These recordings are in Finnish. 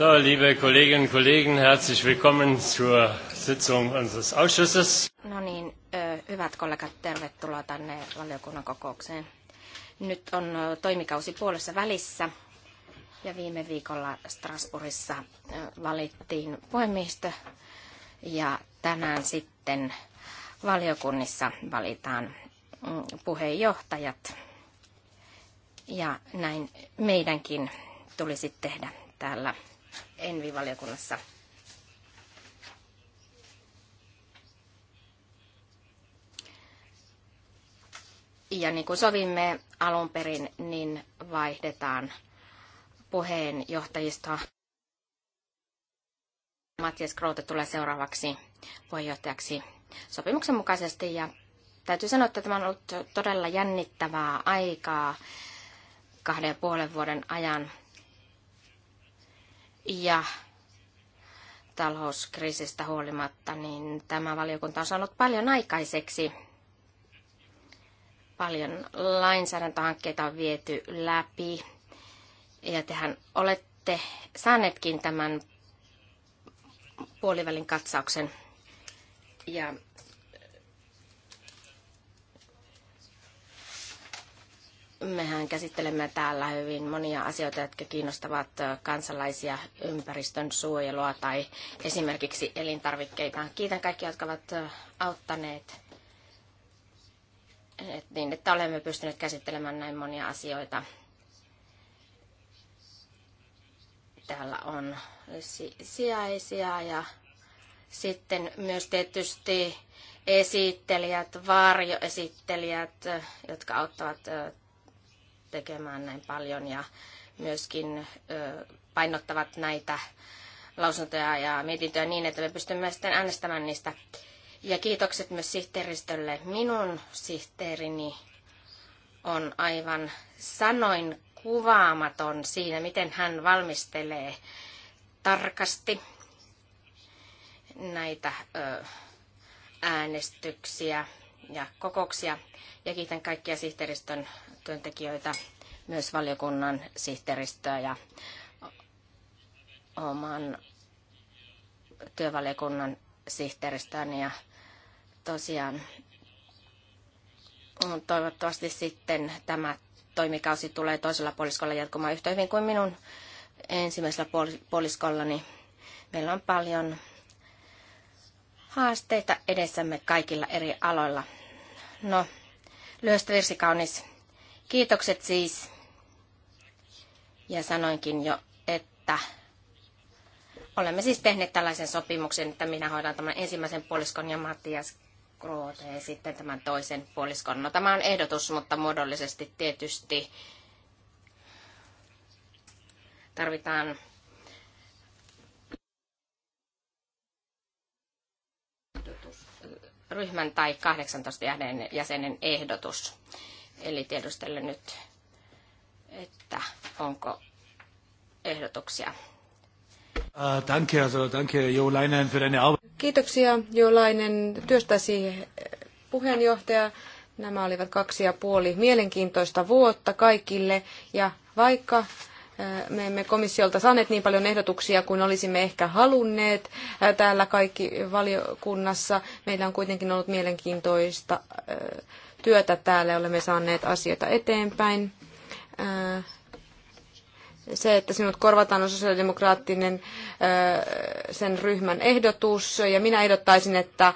So, liebe Kolleginnen und Kollegen, herzlich willkommen zur Sitzung unseres Ausschusses. No niin, hyvät kollegat, tervetuloa tänne valiokunnan kokoukseen. Nyt on toimikausi puolessa välissä ja viime viikolla Strasbourgissa valittiin puhemiehistö ja tänään sitten valiokunnissa valitaan mm, puheenjohtajat. Ja näin meidänkin tulisi tehdä täällä Envi-valiokunnassa. Ja niin kuin sovimme alun perin, niin vaihdetaan puheenjohtajistoa. Matias Kroote tulee seuraavaksi puheenjohtajaksi sopimuksen mukaisesti. Ja täytyy sanoa, että tämä on ollut todella jännittävää aikaa kahden ja puolen vuoden ajan. Ja talouskriisistä huolimatta, niin tämä valiokunta on saanut paljon aikaiseksi. Paljon lainsäädäntöhankkeita on viety läpi. Ja tehän olette saaneetkin tämän puolivälin katsauksen. Ja Mehän käsittelemme täällä hyvin monia asioita, jotka kiinnostavat kansalaisia, ympäristön suojelua tai esimerkiksi elintarvikkeita. Kiitän kaikkia, jotka ovat auttaneet et niin, että olemme pystyneet käsittelemään näin monia asioita. Täällä on sijaisia ja sitten myös tietysti esittelijät, varjoesittelijät, jotka auttavat tekemään näin paljon ja myöskin painottavat näitä lausuntoja ja mietintöjä niin, että me pystymme sitten äänestämään niistä. Ja kiitokset myös sihteeristölle. Minun sihteerini on aivan sanoin kuvaamaton siinä, miten hän valmistelee tarkasti näitä äänestyksiä ja kokouksia. Ja kiitän kaikkia sihteeristön työntekijöitä, myös valiokunnan sihteeristöä ja oman työvaliokunnan sihteeristöäni. ja tosiaan mm, toivottavasti sitten tämä toimikausi tulee toisella puoliskolla jatkumaan yhtä hyvin kuin minun ensimmäisellä puoliskollani. Meillä on paljon haasteita edessämme kaikilla eri aloilla. No, lyhyesti virsi kaunis. Kiitokset siis. Ja sanoinkin jo, että olemme siis tehneet tällaisen sopimuksen, että minä hoidan tämän ensimmäisen puoliskon ja Mattias Kroote ja sitten tämän toisen puoliskon. No tämä on ehdotus, mutta muodollisesti tietysti tarvitaan ryhmän tai 18 jäsenen ehdotus. Eli tiedustelen nyt, että onko ehdotuksia. Äh, Kiitoksia Jo työstäsi puheenjohtaja. Nämä olivat kaksi ja puoli mielenkiintoista vuotta kaikille ja vaikka äh, me emme komissiolta saaneet niin paljon ehdotuksia kuin olisimme ehkä halunneet äh, täällä kaikki valiokunnassa. Meillä on kuitenkin ollut mielenkiintoista työtä täällä, olemme saaneet asioita eteenpäin. Se, että sinut korvataan on sosiaalidemokraattinen sen ryhmän ehdotus, ja minä ehdottaisin, että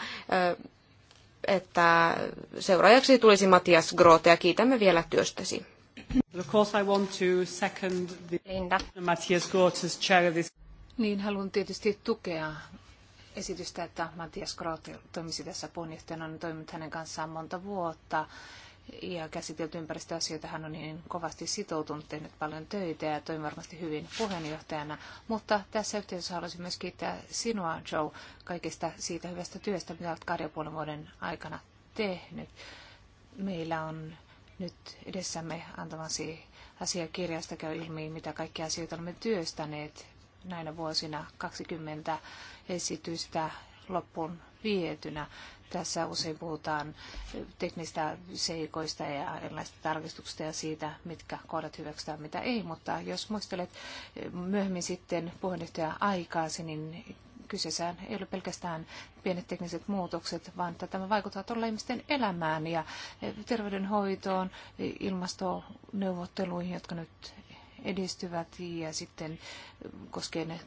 että seuraajaksi tulisi Matias Grote ja kiitämme vielä työstäsi. Linda. Niin haluan tietysti tukea esitystä, että Mattias Kraut toimisi tässä puheenjohtajana. On toiminut hänen kanssaan monta vuotta ja käsitelty ympäristöasioita. Hän on niin kovasti sitoutunut, tehnyt paljon töitä ja toimi varmasti hyvin puheenjohtajana. Mutta tässä yhteydessä haluaisin myös kiittää sinua, Joe, kaikesta siitä hyvästä työstä, mitä olet kahden puolen vuoden aikana tehnyt. Meillä on nyt edessämme antamasi asiakirjasta käy ilmi, mitä kaikkia asioita olemme työstäneet näinä vuosina 20 esitystä loppuun vietynä. Tässä usein puhutaan teknistä seikoista ja erilaisista tarkistuksista ja siitä, mitkä kohdat hyväksytään, mitä ei. Mutta jos muistelet myöhemmin sitten puheenjohtaja aikaasi, niin kyseessään ei ole pelkästään pienet tekniset muutokset, vaan että tämä vaikuttaa tuolla ihmisten elämään ja terveydenhoitoon, ilmastoneuvotteluihin, jotka nyt edistyvät ja sitten koskien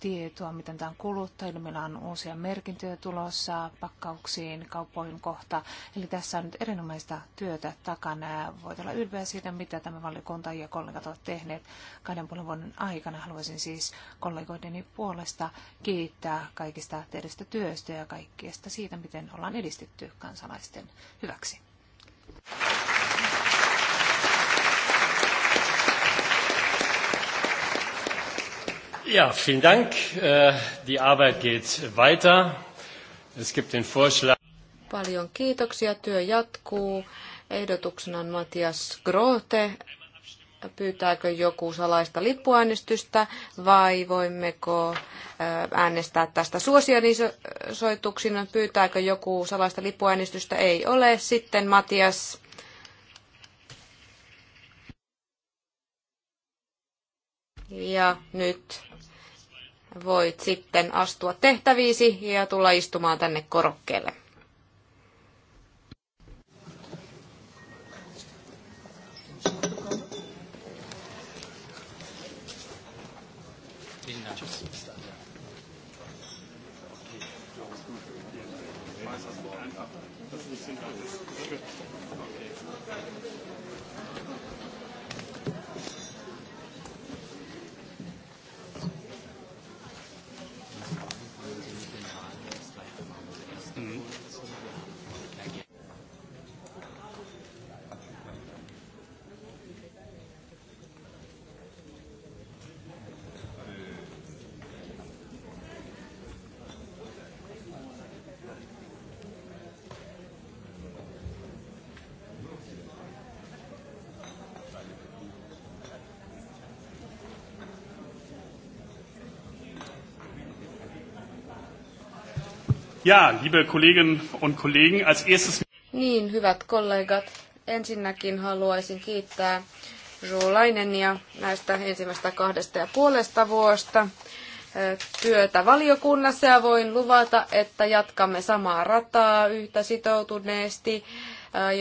tietoa, miten tämä on kuluttajille. Meillä on uusia merkintöjä tulossa pakkauksiin, kauppoihin kohta. Eli tässä on nyt erinomaista työtä takana. Voit olla ylpeä siitä, mitä tämä valiokunta ja kollegat ovat tehneet kahden puolen vuoden aikana. Haluaisin siis kollegoideni puolesta kiittää kaikista tehdystä työstä ja kaikkiesta siitä, miten ollaan edistytty kansalaisten hyväksi. Thank you. Ja, vielen Dank. Äh, die Arbeit geht weiter. Es gibt den Vorschlag. Paljon kiitoksia. Työ jatkuu. Ehdotuksena on Matias Grote. Pyytääkö joku salaista lippuäänestystä vai voimmeko äh, äänestää tästä suosionisoituksina? Pyytääkö joku salaista lippuäänestystä? Ei ole. Sitten Matias. Ja nyt voit sitten astua tehtäviisi ja tulla istumaan tänne korokkeelle. Ja, liebe Kolleginnen und Kollegen, als erstes... Niin, hyvät kollegat, ensinnäkin haluaisin kiittää ja näistä ensimmäistä kahdesta ja puolesta vuosta työtä valiokunnassa ja voin luvata, että jatkamme samaa rataa yhtä sitoutuneesti.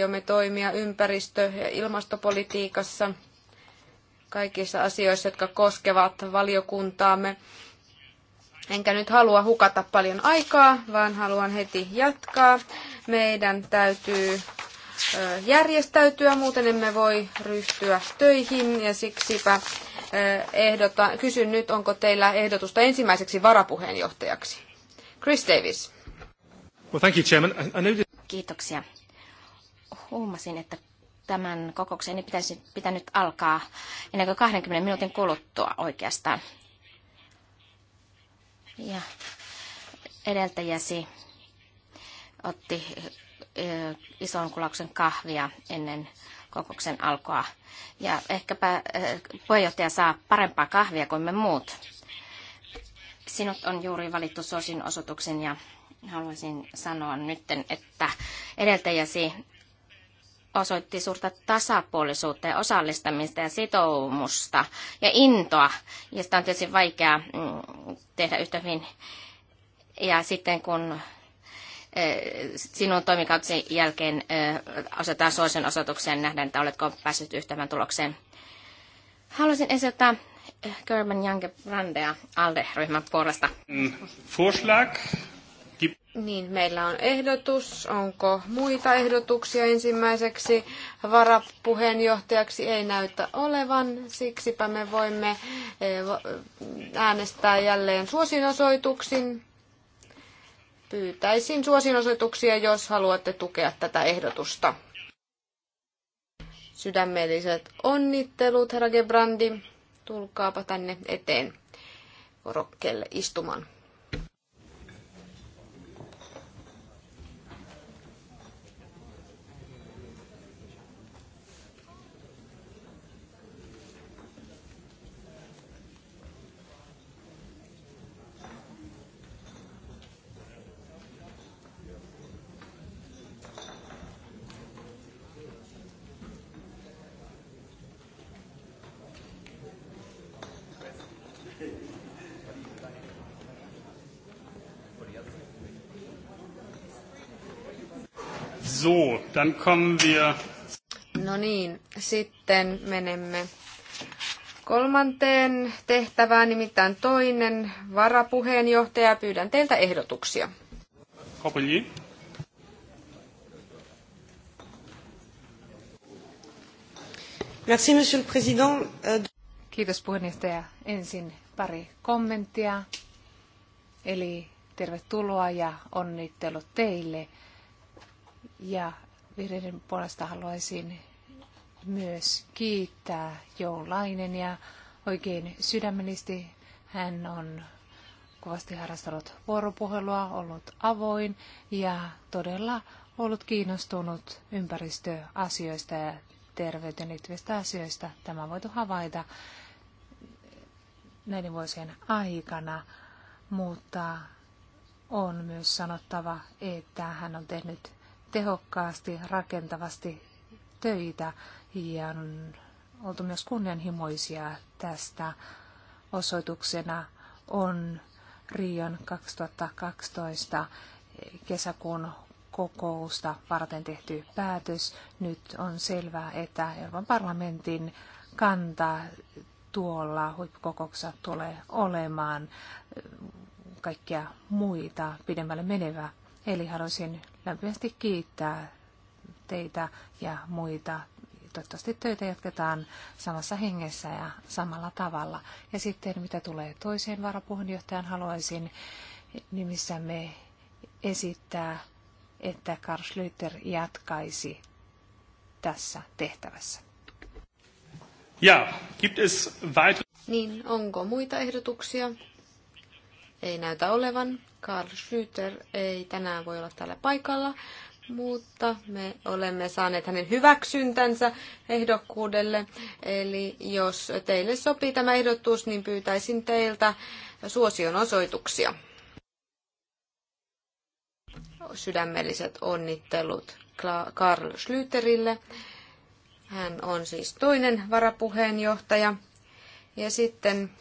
me toimia ympäristö- ja ilmastopolitiikassa kaikissa asioissa, jotka koskevat valiokuntaamme. Enkä nyt halua hukata paljon aikaa, vaan haluan heti jatkaa. Meidän täytyy järjestäytyä, muuten emme voi ryhtyä töihin ja siksipä ehdota, kysyn nyt, onko teillä ehdotusta ensimmäiseksi varapuheenjohtajaksi. Chris Davis. Well, thank you, Chairman. I know Kiitoksia. Huomasin, että tämän kokouksen ei pitäisi, pitänyt alkaa ennen kuin 20 minuutin kuluttua oikeastaan. Ja edeltäjäsi otti ison kulauksen kahvia ennen kokouksen alkoa. Ja ehkäpä puheenjohtaja saa parempaa kahvia kuin me muut. Sinut on juuri valittu sosin osoituksen ja haluaisin sanoa nyt, että edeltäjäsi osoitti suurta tasapuolisuutta ja osallistamista ja sitoumusta ja intoa. Ja sitä on tietysti vaikea mm, tehdä yhtä hyvin. Ja sitten kun e, sinun toimikautesi jälkeen osoitetaan e, suosion osoitukseen, nähdään, että oletko päässyt yhtävän tulokseen. Haluaisin esittää e, Gerben Janke Brandea ALDE-ryhmän puolesta. Vorschlag. Niin, meillä on ehdotus. Onko muita ehdotuksia ensimmäiseksi varapuheenjohtajaksi? Ei näytä olevan. Siksipä me voimme eh, äänestää jälleen suosinosoituksin. Pyytäisin suosinosoituksia, jos haluatte tukea tätä ehdotusta. Sydämelliset onnittelut, herra Gebrandi. Tulkaapa tänne eteen korokkeelle istumaan. So, dann kommen wir... No niin, sitten menemme kolmanteen tehtävään, nimittäin toinen varapuheenjohtaja. Pyydän teiltä ehdotuksia. Kopelier. Merci, monsieur le président. Euh, Kiitos puheenjohtaja. Ensin pari kommenttia. Eli tervetuloa ja onnittelut teille ja vihreiden puolesta haluaisin myös kiittää Joulainen ja oikein sydämellisesti hän on kovasti harrastanut vuoropuhelua, ollut avoin ja todella ollut kiinnostunut ympäristöasioista ja terveyteen liittyvistä asioista. Tämä on voitu havaita näiden vuosien aikana, mutta on myös sanottava, että hän on tehnyt tehokkaasti, rakentavasti töitä ja on oltu myös kunnianhimoisia tästä osoituksena on Rion 2012 kesäkuun kokousta varten tehty päätös. Nyt on selvää, että Euroopan parlamentin kanta tuolla huippukokouksessa tulee olemaan kaikkia muita pidemmälle menevää Eli haluaisin lämpimästi kiittää teitä ja muita. Toivottavasti töitä jatketaan samassa hengessä ja samalla tavalla. Ja sitten mitä tulee toiseen varapuheenjohtajan, haluaisin nimissämme esittää, että Karl Schlüter jatkaisi tässä tehtävässä. Ja, gibt es weiter... Niin, onko muita ehdotuksia? Ei näytä olevan. Carl Schlüter ei tänään voi olla täällä paikalla, mutta me olemme saaneet hänen hyväksyntänsä ehdokkuudelle. Eli jos teille sopii tämä ehdotus, niin pyytäisin teiltä suosion osoituksia. Sydämelliset onnittelut Karl Schlüterille. Hän on siis toinen varapuheenjohtaja. Ja sitten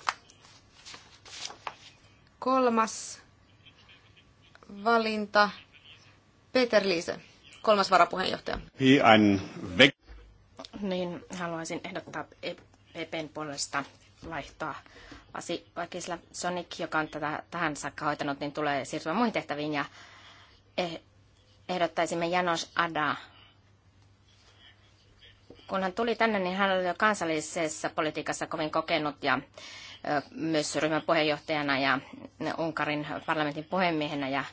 kolmas valinta Peter Liise, kolmas varapuheenjohtaja. Niin, haluaisin ehdottaa EPn e puolesta vaihtaa Pasi Vakisla Sonic, joka on tätä tähän saakka hoitanut, niin tulee siirtyä muihin tehtäviin ja e- ehdottaisimme Janos Ada. Kun hän tuli tänne, niin hän oli jo kansallisessa politiikassa kovin kokenut ja myös ryhmän puheenjohtajana ja Unkarin parlamentin puhemiehenä ja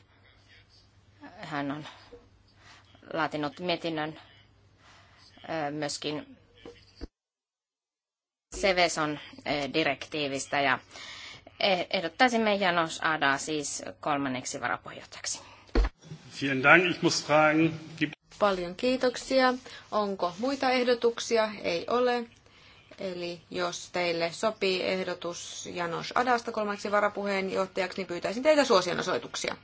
hän on laatinut mietinnön myöskin Seveson direktiivistä ja e, ehdottaisimme Janos Adaa siis kolmanneksi varapuheenjohtajaksi. Vielen Dank. Ich muss fragen, Paljon kiitoksia. Onko muita ehdotuksia? Ei ole. Eli jos teille sopii ehdotus Janos Adasta kolmanneksi varapuheenjohtajaksi, niin pyytäisin suosien suosionosoituksia.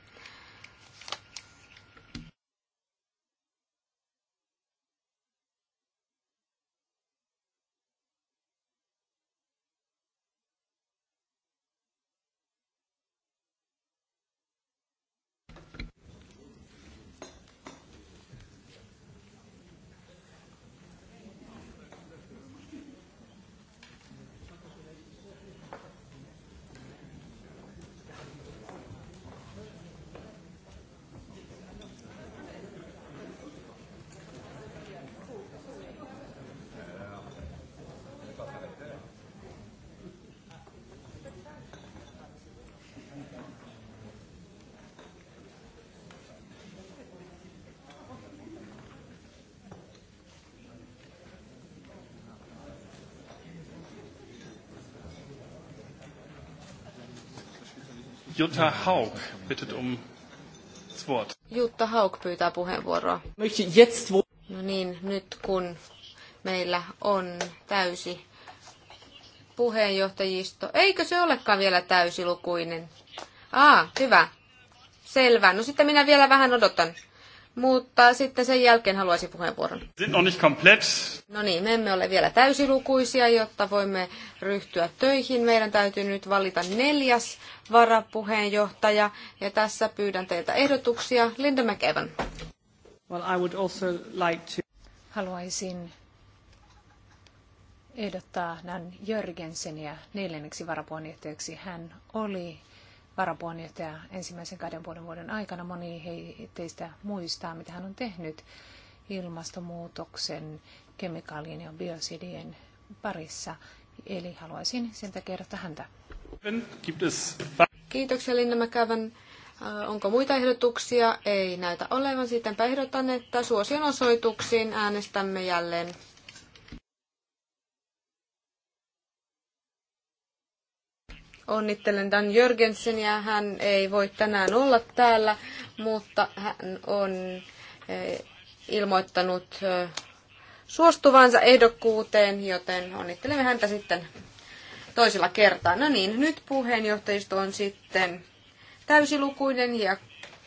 Jutta Haug bittet um das Wort. Jutta Haug pyytää puheenvuoroa. No niin, nyt kun meillä on täysi puheenjohtajisto. Eikö se olekaan vielä täysilukuinen? Aa, hyvä. Selvä. No sitten minä vielä vähän odotan mutta sitten sen jälkeen haluaisin puheenvuoron. No niin, me emme ole vielä täysilukuisia, jotta voimme ryhtyä töihin. Meidän täytyy nyt valita neljäs varapuheenjohtaja, ja tässä pyydän teiltä ehdotuksia. Linda McEvan. Well, I would also like to... Haluaisin ehdottaa Nan Jörgenseniä neljänneksi varapuheenjohtajaksi. Hän oli varapuheenjohtaja ensimmäisen kahden puolen vuoden aikana. Moni hei, teistä muistaa, mitä hän on tehnyt ilmastonmuutoksen, kemikaalien ja biosidien parissa. Eli haluaisin takia kertoa häntä. Kiitoksia Linna Mäkävän. Äh, onko muita ehdotuksia? Ei näytä olevan. Sittenpä ehdotan, että suosion osoituksiin äänestämme jälleen Onnittelen Dan Jörgenseniä. Hän ei voi tänään olla täällä, mutta hän on eh, ilmoittanut eh, suostuvansa ehdokkuuteen, joten onnittelemme häntä sitten toisella kertaa. No niin, nyt puheenjohtajisto on sitten täysilukuinen ja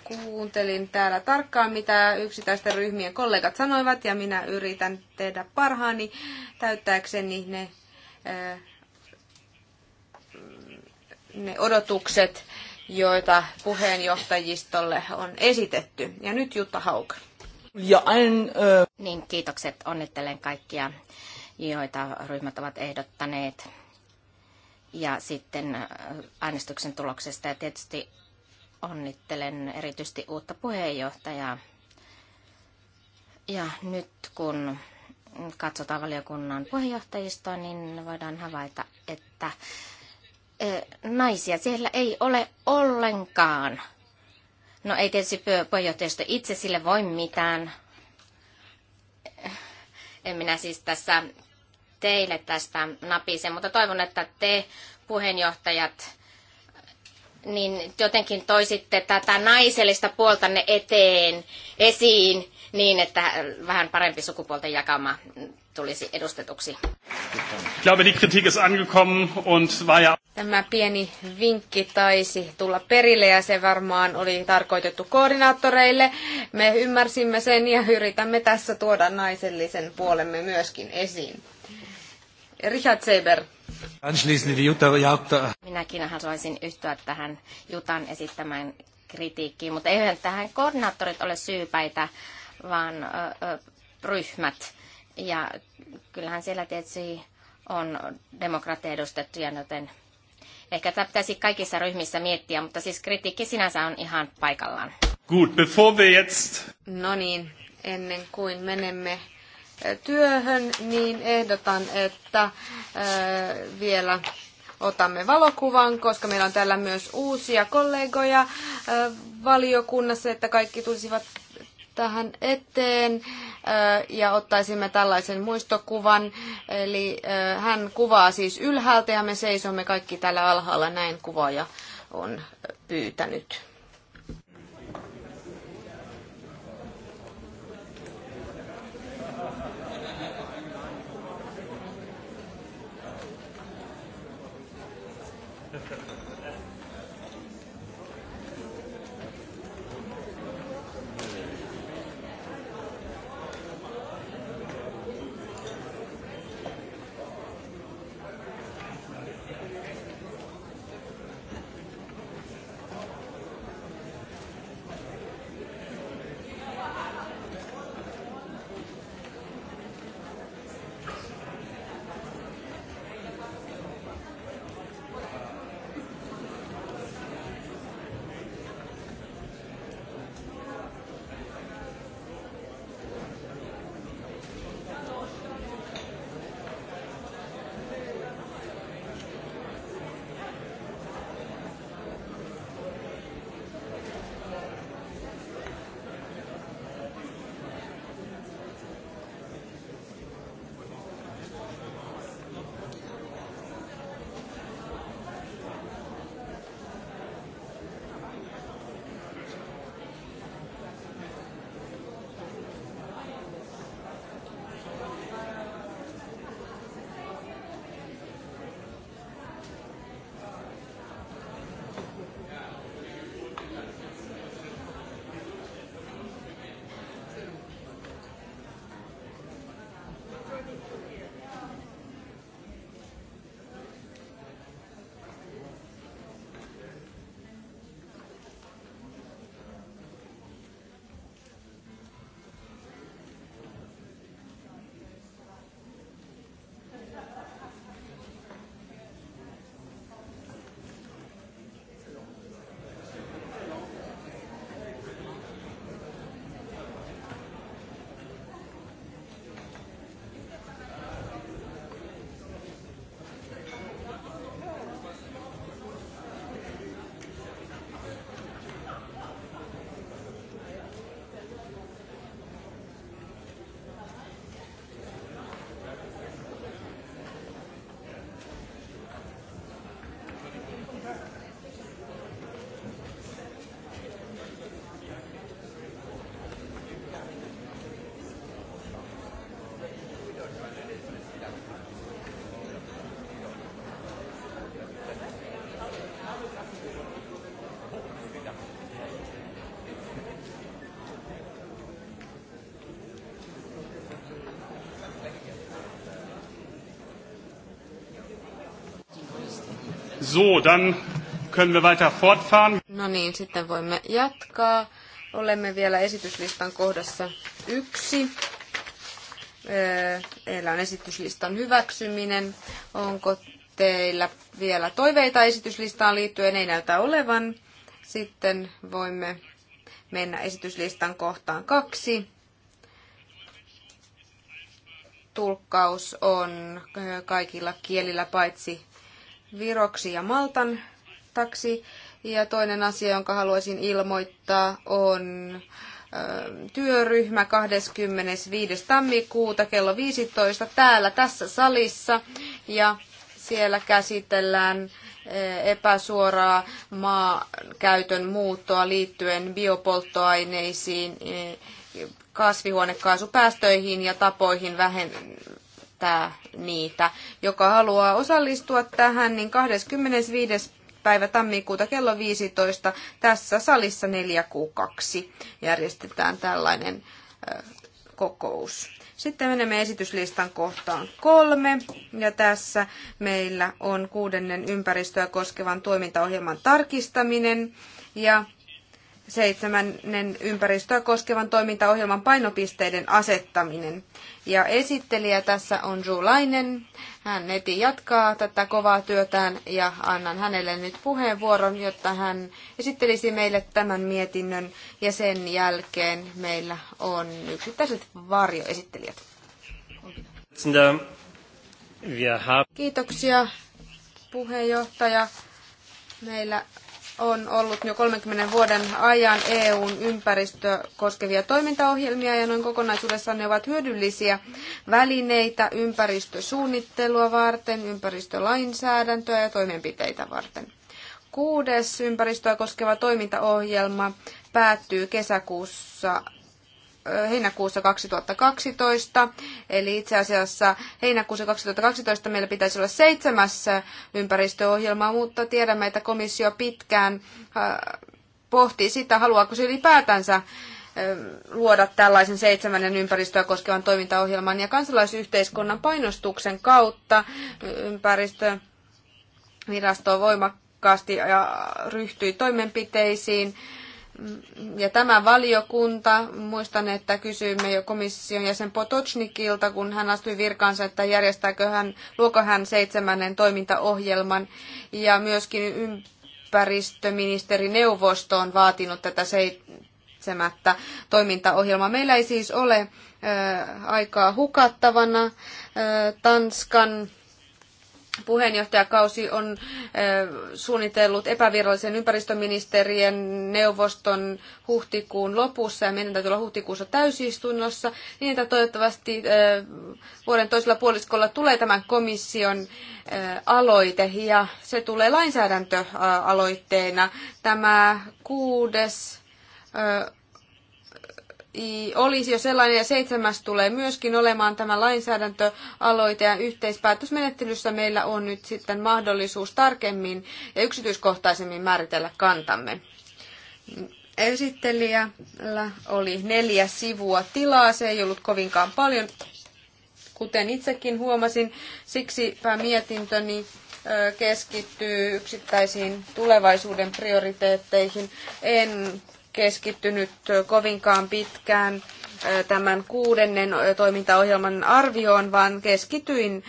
kuuntelin täällä tarkkaan, mitä yksittäisten ryhmien kollegat sanoivat ja minä yritän tehdä parhaani täyttääkseni ne eh, ne odotukset, joita puheenjohtajistolle on esitetty. Ja nyt Jutta Hauk. Ja en, ö... Niin, kiitokset. Onnittelen kaikkia, joita ryhmät ovat ehdottaneet. Ja sitten äänestyksen tuloksesta ja tietysti onnittelen erityisesti uutta puheenjohtajaa. Ja nyt kun katsotaan valiokunnan puheenjohtajistoa, niin voidaan havaita, että naisia siellä ei ole ollenkaan. No ei tietysti puheenjohtajisto itse sille voi mitään. En minä siis tässä teille tästä napise, mutta toivon, että te puheenjohtajat niin jotenkin toisitte tätä naisellista puoltanne eteen, esiin, niin että vähän parempi sukupuolten jakama tulisi edustetuksi. Ich glaube, die Kritik ist angekommen und war ja... Tämä pieni vinkki taisi tulla perille ja se varmaan oli tarkoitettu koordinaattoreille. Me ymmärsimme sen ja yritämme tässä tuoda naisellisen puolemme myöskin esiin. Richard Seber. Minäkin haluaisin yhtyä tähän Jutan esittämään kritiikkiin, mutta eihän tähän koordinaattorit ole syypäitä, vaan ö, ryhmät. Ja kyllähän siellä tietysti on demokratia edustettuja, joten Ehkä tämä pitäisi kaikissa ryhmissä miettiä, mutta siis kritiikki sinänsä on ihan paikallaan. Gut, bevor wir jetzt... No niin, ennen kuin menemme työhön, niin ehdotan, että äh, vielä otamme valokuvan, koska meillä on täällä myös uusia kollegoja äh, valiokunnassa, että kaikki tulisivat tähän eteen äh, ja ottaisimme tällaisen muistokuvan. Eli äh, hän kuvaa siis ylhäältä ja me seisomme kaikki täällä alhaalla, näin kuvaaja on pyytänyt. Thank you. So, dann können wir weiter fortfahren. No niin, sitten voimme jatkaa. Olemme vielä esityslistan kohdassa yksi. Meillä öö, on esityslistan hyväksyminen. Onko teillä vielä toiveita esityslistaan liittyen? Ei näytä olevan. Sitten voimme mennä esityslistan kohtaan kaksi. Tulkkaus on öö, kaikilla kielillä paitsi Viroksi ja Maltan taksi. Ja toinen asia, jonka haluaisin ilmoittaa, on työryhmä 25. tammikuuta kello 15 täällä tässä salissa ja siellä käsitellään epäsuoraa maakäytön muuttoa liittyen biopolttoaineisiin, kasvihuonekaasupäästöihin ja tapoihin vähentää äänestää niitä. Joka haluaa osallistua tähän, niin 25 päivä tammikuuta kello 15 tässä salissa 4Q2 järjestetään tällainen kokous. Sitten menemme esityslistan kohtaan kolme, ja tässä meillä on kuudennen ympäristöä koskevan toimintaohjelman tarkistaminen, ja seitsemännen ympäristöä koskevan toimintaohjelman painopisteiden asettaminen. Ja esittelijä tässä on Lainen. Hän heti jatkaa tätä kovaa työtään ja annan hänelle nyt puheenvuoron, jotta hän esittelisi meille tämän mietinnön ja sen jälkeen meillä on yksittäiset varjoesittelijät. Kiitoksia puheenjohtaja. Meillä on ollut jo 30 vuoden ajan EUn ympäristö koskevia toimintaohjelmia ja noin kokonaisuudessaan ne ovat hyödyllisiä välineitä ympäristösuunnittelua varten, ympäristölainsäädäntöä ja toimenpiteitä varten. Kuudes ympäristöä koskeva toimintaohjelma päättyy kesäkuussa heinäkuussa 2012, eli itse asiassa heinäkuussa 2012 meillä pitäisi olla seitsemäs ympäristöohjelma, mutta tiedämme, että komissio pitkään äh, pohtii sitä, haluaako se ylipäätänsä ähm, luoda tällaisen seitsemännen ympäristöä koskevan toimintaohjelman ja kansalaisyhteiskunnan painostuksen kautta äh, ympäristövirasto voimakkaasti äh, ryhtyi toimenpiteisiin ja tämä valiokunta, muistan, että kysyimme jo komission jäsen Potocnikilta, kun hän astui virkaansa, että järjestääkö hän, luoko hän seitsemännen toimintaohjelman. Ja myöskin ympäristöministerineuvosto on vaatinut tätä seitsemättä toimintaohjelmaa. Meillä ei siis ole aikaa hukattavana. Tanskan Puheenjohtajakausi on suunnitellut epävirallisen ympäristöministerien neuvoston huhtikuun lopussa ja meidän täytyy olla huhtikuussa täysistunnossa, niin että toivottavasti vuoden toisella puoliskolla tulee tämän komission aloite ja se tulee lainsäädäntöaloitteena. Tämä kuudes olisi jo sellainen ja seitsemäs tulee myöskin olemaan tämä lainsäädäntöaloite ja yhteispäätösmenettelyssä meillä on nyt sitten mahdollisuus tarkemmin ja yksityiskohtaisemmin määritellä kantamme. Esittelijällä oli neljä sivua tilaa, se ei ollut kovinkaan paljon, kuten itsekin huomasin. siksi mietintöni keskittyy yksittäisiin tulevaisuuden prioriteetteihin. En keskittynyt kovinkaan pitkään tämän kuudennen toimintaohjelman arvioon, vaan keskityin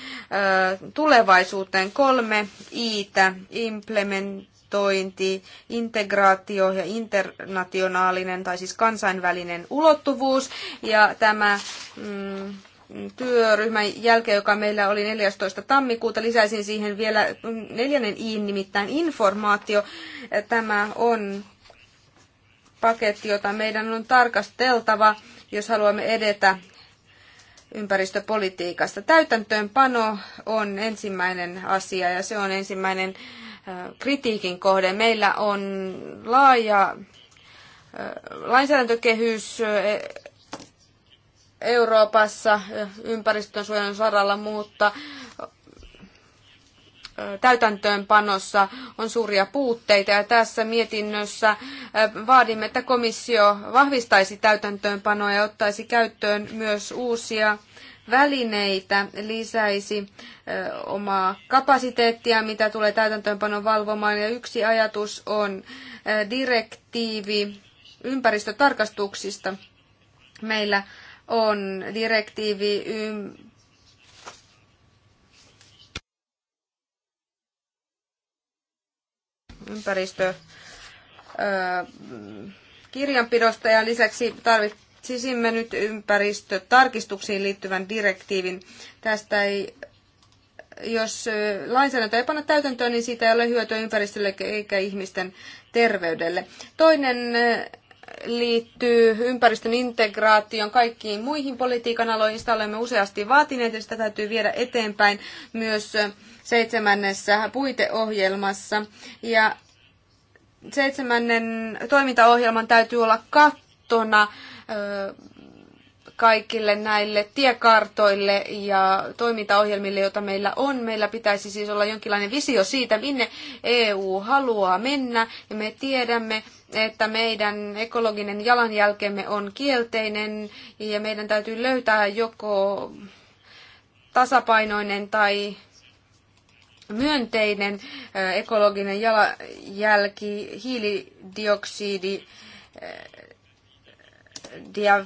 tulevaisuuteen kolme iitä, implementointi, integraatio ja internationaalinen tai siis kansainvälinen ulottuvuus. Ja tämä mm, työryhmän jälkeen, joka meillä oli 14. tammikuuta. Lisäisin siihen vielä mm, neljännen iin nimittäin informaatio. Tämä on paketti, jota meidän on tarkasteltava, jos haluamme edetä ympäristöpolitiikasta. Täytäntöönpano on ensimmäinen asia ja se on ensimmäinen kritiikin kohde. Meillä on laaja lainsäädäntökehys e, Euroopassa ympäristönsuojelun saralla, mutta täytäntöönpanossa on suuria puutteita ja tässä mietinnössä vaadimme, että komissio vahvistaisi täytäntöönpanoa ja ottaisi käyttöön myös uusia välineitä, lisäisi omaa kapasiteettia, mitä tulee täytäntöönpanon valvomaan. Ja yksi ajatus on direktiivi ympäristötarkastuksista. Meillä on direktiivi ympäristötarkastuksista ympäristö kirjanpidosta ja lisäksi tarvitsisimme nyt ympäristötarkistuksiin liittyvän direktiivin. Tästä ei, jos lainsäädäntö ei panna täytäntöön, niin siitä ei ole hyötyä ympäristölle eikä ihmisten terveydelle. Toinen liittyy ympäristön integraation kaikkiin muihin politiikan aloihin. Sitä olemme useasti vaatineet ja sitä täytyy viedä eteenpäin myös seitsemännessä puiteohjelmassa. Ja seitsemännen toimintaohjelman täytyy olla kattona kaikille näille tiekartoille ja toimintaohjelmille, joita meillä on. Meillä pitäisi siis olla jonkinlainen visio siitä, minne EU haluaa mennä, ja me tiedämme, että meidän ekologinen jalanjälkemme on kielteinen ja meidän täytyy löytää joko tasapainoinen tai myönteinen ekologinen jalanjälki, hiilidioksidi ja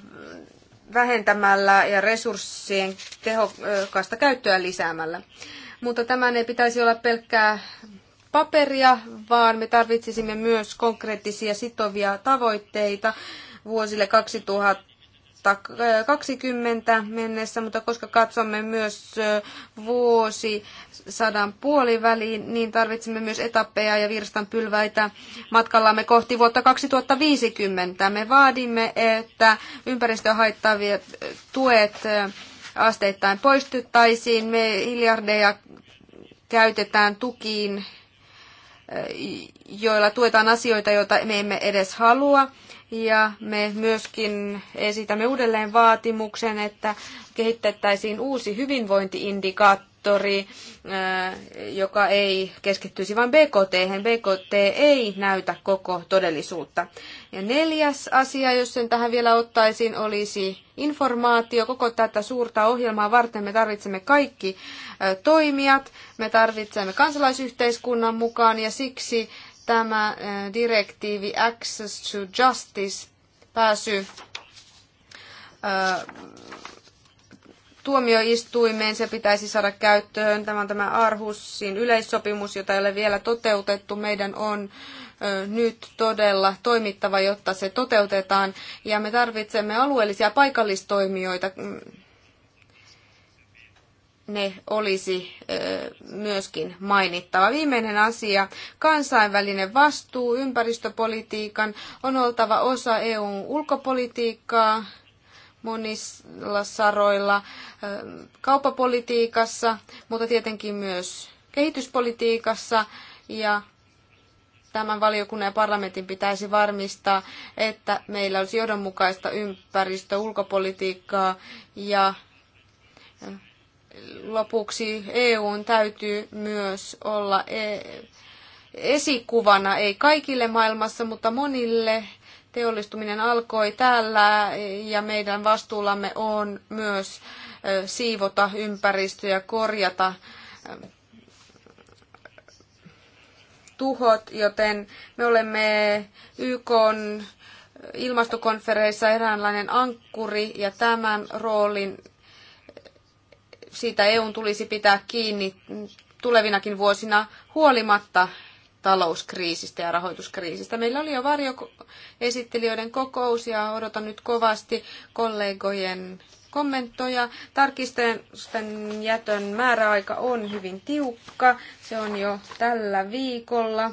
vähentämällä ja resurssien tehokasta käyttöä lisäämällä. Mutta tämän ei pitäisi olla pelkkää paperia, vaan me tarvitsisimme myös konkreettisia sitovia tavoitteita vuosille 2000 2020 mennessä, mutta koska katsomme myös vuosi sadan puoliväliin, niin tarvitsemme myös etappeja ja virstanpylväitä matkallamme kohti vuotta 2050. Me vaadimme, että ympäristöhaittavia tuet asteittain poistettaisiin, me miljardeja käytetään tukiin joilla tuetaan asioita, joita me emme edes halua. Ja me myöskin esitämme uudelleen vaatimuksen, että kehitettäisiin uusi hyvinvointiindikaattori, äh, joka ei keskittyisi vain BKT. BKT ei näytä koko todellisuutta. Ja neljäs asia, jos sen tähän vielä ottaisin, olisi informaatio. Koko tätä suurta ohjelmaa varten me tarvitsemme kaikki toimijat, me tarvitsemme kansalaisyhteiskunnan mukaan ja siksi tämä direktiivi Access to Justice pääsy tuomioistuimeen, se pitäisi saada käyttöön. Tämä on tämä Arhusin yleissopimus, jota ei ole vielä toteutettu. Meidän on nyt todella toimittava, jotta se toteutetaan. Ja me tarvitsemme alueellisia paikallistoimijoita. Ne olisi myöskin mainittava. Viimeinen asia, kansainvälinen vastuu ympäristöpolitiikan on oltava osa EUn ulkopolitiikkaa monilla saroilla kauppapolitiikassa, mutta tietenkin myös kehityspolitiikassa ja tämän valiokunnan ja parlamentin pitäisi varmistaa, että meillä olisi johdonmukaista ympäristö- ulkopolitiikkaa ja lopuksi EUn täytyy myös olla e- esikuvana, ei kaikille maailmassa, mutta monille teollistuminen alkoi täällä ja meidän vastuullamme on myös siivota ympäristöä, korjata tuhot, joten me olemme YK ilmastokonferenssissa eräänlainen ankkuri ja tämän roolin siitä EUn tulisi pitää kiinni tulevinakin vuosina huolimatta talouskriisistä ja rahoituskriisistä. Meillä oli jo varjoesittelijöiden kokous ja odotan nyt kovasti kollegojen kommentoja. Tarkisten jätön määräaika on hyvin tiukka. Se on jo tällä viikolla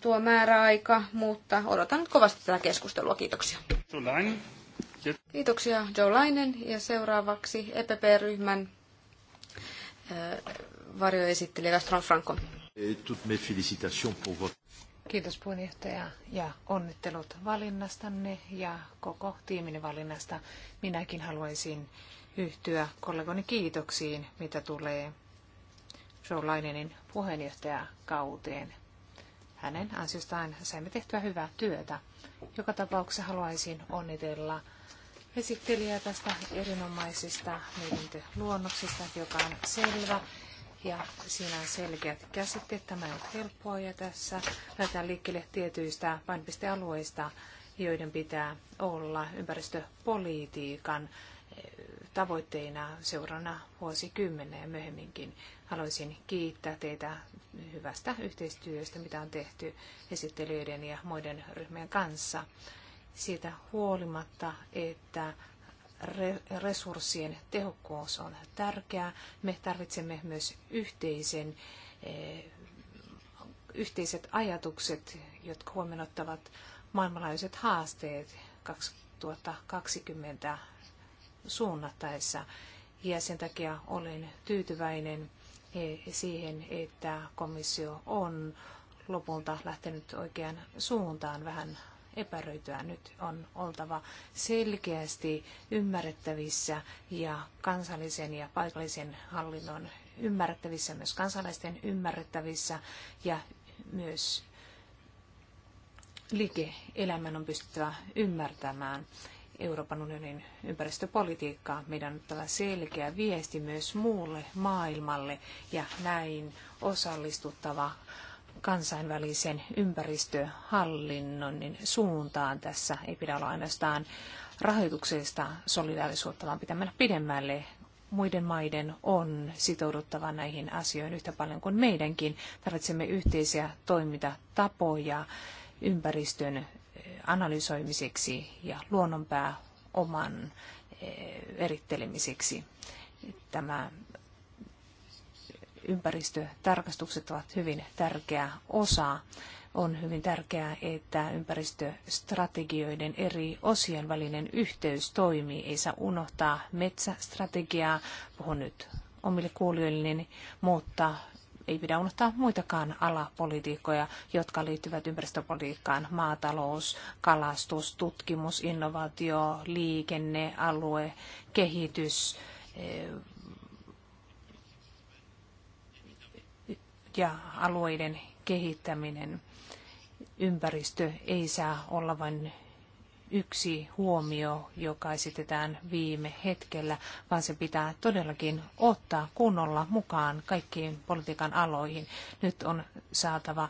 tuo määräaika, mutta odotan nyt kovasti tätä keskustelua. Kiitoksia. Kiitoksia Joe Lainen ja seuraavaksi EPP-ryhmän varjoesittelijä Gastron Franco. Kiitos puheenjohtaja ja onnittelut valinnastanne ja koko tiimin valinnasta. Minäkin haluaisin yhtyä kollegoni kiitoksiin, mitä tulee Joe Lainenin puheenjohtajakauteen. Hänen ansiostaan saimme tehtyä hyvää työtä. Joka tapauksessa haluaisin onnitella esittelijää tästä erinomaisesta mietintöluonnoksesta, joka on selvä ja siinä on selkeät käsitteet. Tämä ei ole helppoa ja tässä lähdetään liikkeelle tietyistä painopistealueista, joiden pitää olla ympäristöpolitiikan eh, tavoitteina seurana vuosikymmenen ja myöhemminkin. Haluaisin kiittää teitä hyvästä yhteistyöstä, mitä on tehty esittelijöiden ja muiden ryhmien kanssa. Siitä huolimatta, että resurssien tehokkuus on tärkeää. Me tarvitsemme myös yhteisen, eh, yhteiset ajatukset, jotka huomioittavat maailmanlaajuiset haasteet 2020 suunnattaessa. Ja sen takia olen tyytyväinen eh, siihen, että komissio on lopulta lähtenyt oikeaan suuntaan vähän epäröityä. Nyt on oltava selkeästi ymmärrettävissä ja kansallisen ja paikallisen hallinnon ymmärrettävissä, myös kansalaisten ymmärrettävissä ja myös liike-elämän on pystyttävä ymmärtämään Euroopan unionin ympäristöpolitiikkaa. Meidän on tämä selkeä viesti myös muulle maailmalle ja näin osallistuttava kansainvälisen ympäristöhallinnon suuntaan tässä. Ei pidä olla ainoastaan rahoituksesta solidaarisuutta, vaan pitää mennä pidemmälle. Muiden maiden on sitouduttava näihin asioihin yhtä paljon kuin meidänkin. Tarvitsemme yhteisiä toimintatapoja ympäristön eh, analysoimiseksi ja luonnonpää oman eh, erittelemiseksi. Tämä ympäristötarkastukset ovat hyvin tärkeä osa. On hyvin tärkeää, että ympäristöstrategioiden eri osien välinen yhteys toimii. Ei saa unohtaa metsästrategiaa, puhun nyt omille kuulijoilleni, mutta ei pidä unohtaa muitakaan alapolitiikkoja, jotka liittyvät ympäristöpolitiikkaan, maatalous, kalastus, tutkimus, innovaatio, liikenne, alue, kehitys, ja alueiden kehittäminen. Ympäristö ei saa olla vain yksi huomio, joka esitetään viime hetkellä, vaan se pitää todellakin ottaa kunnolla mukaan kaikkiin politiikan aloihin. Nyt on saatava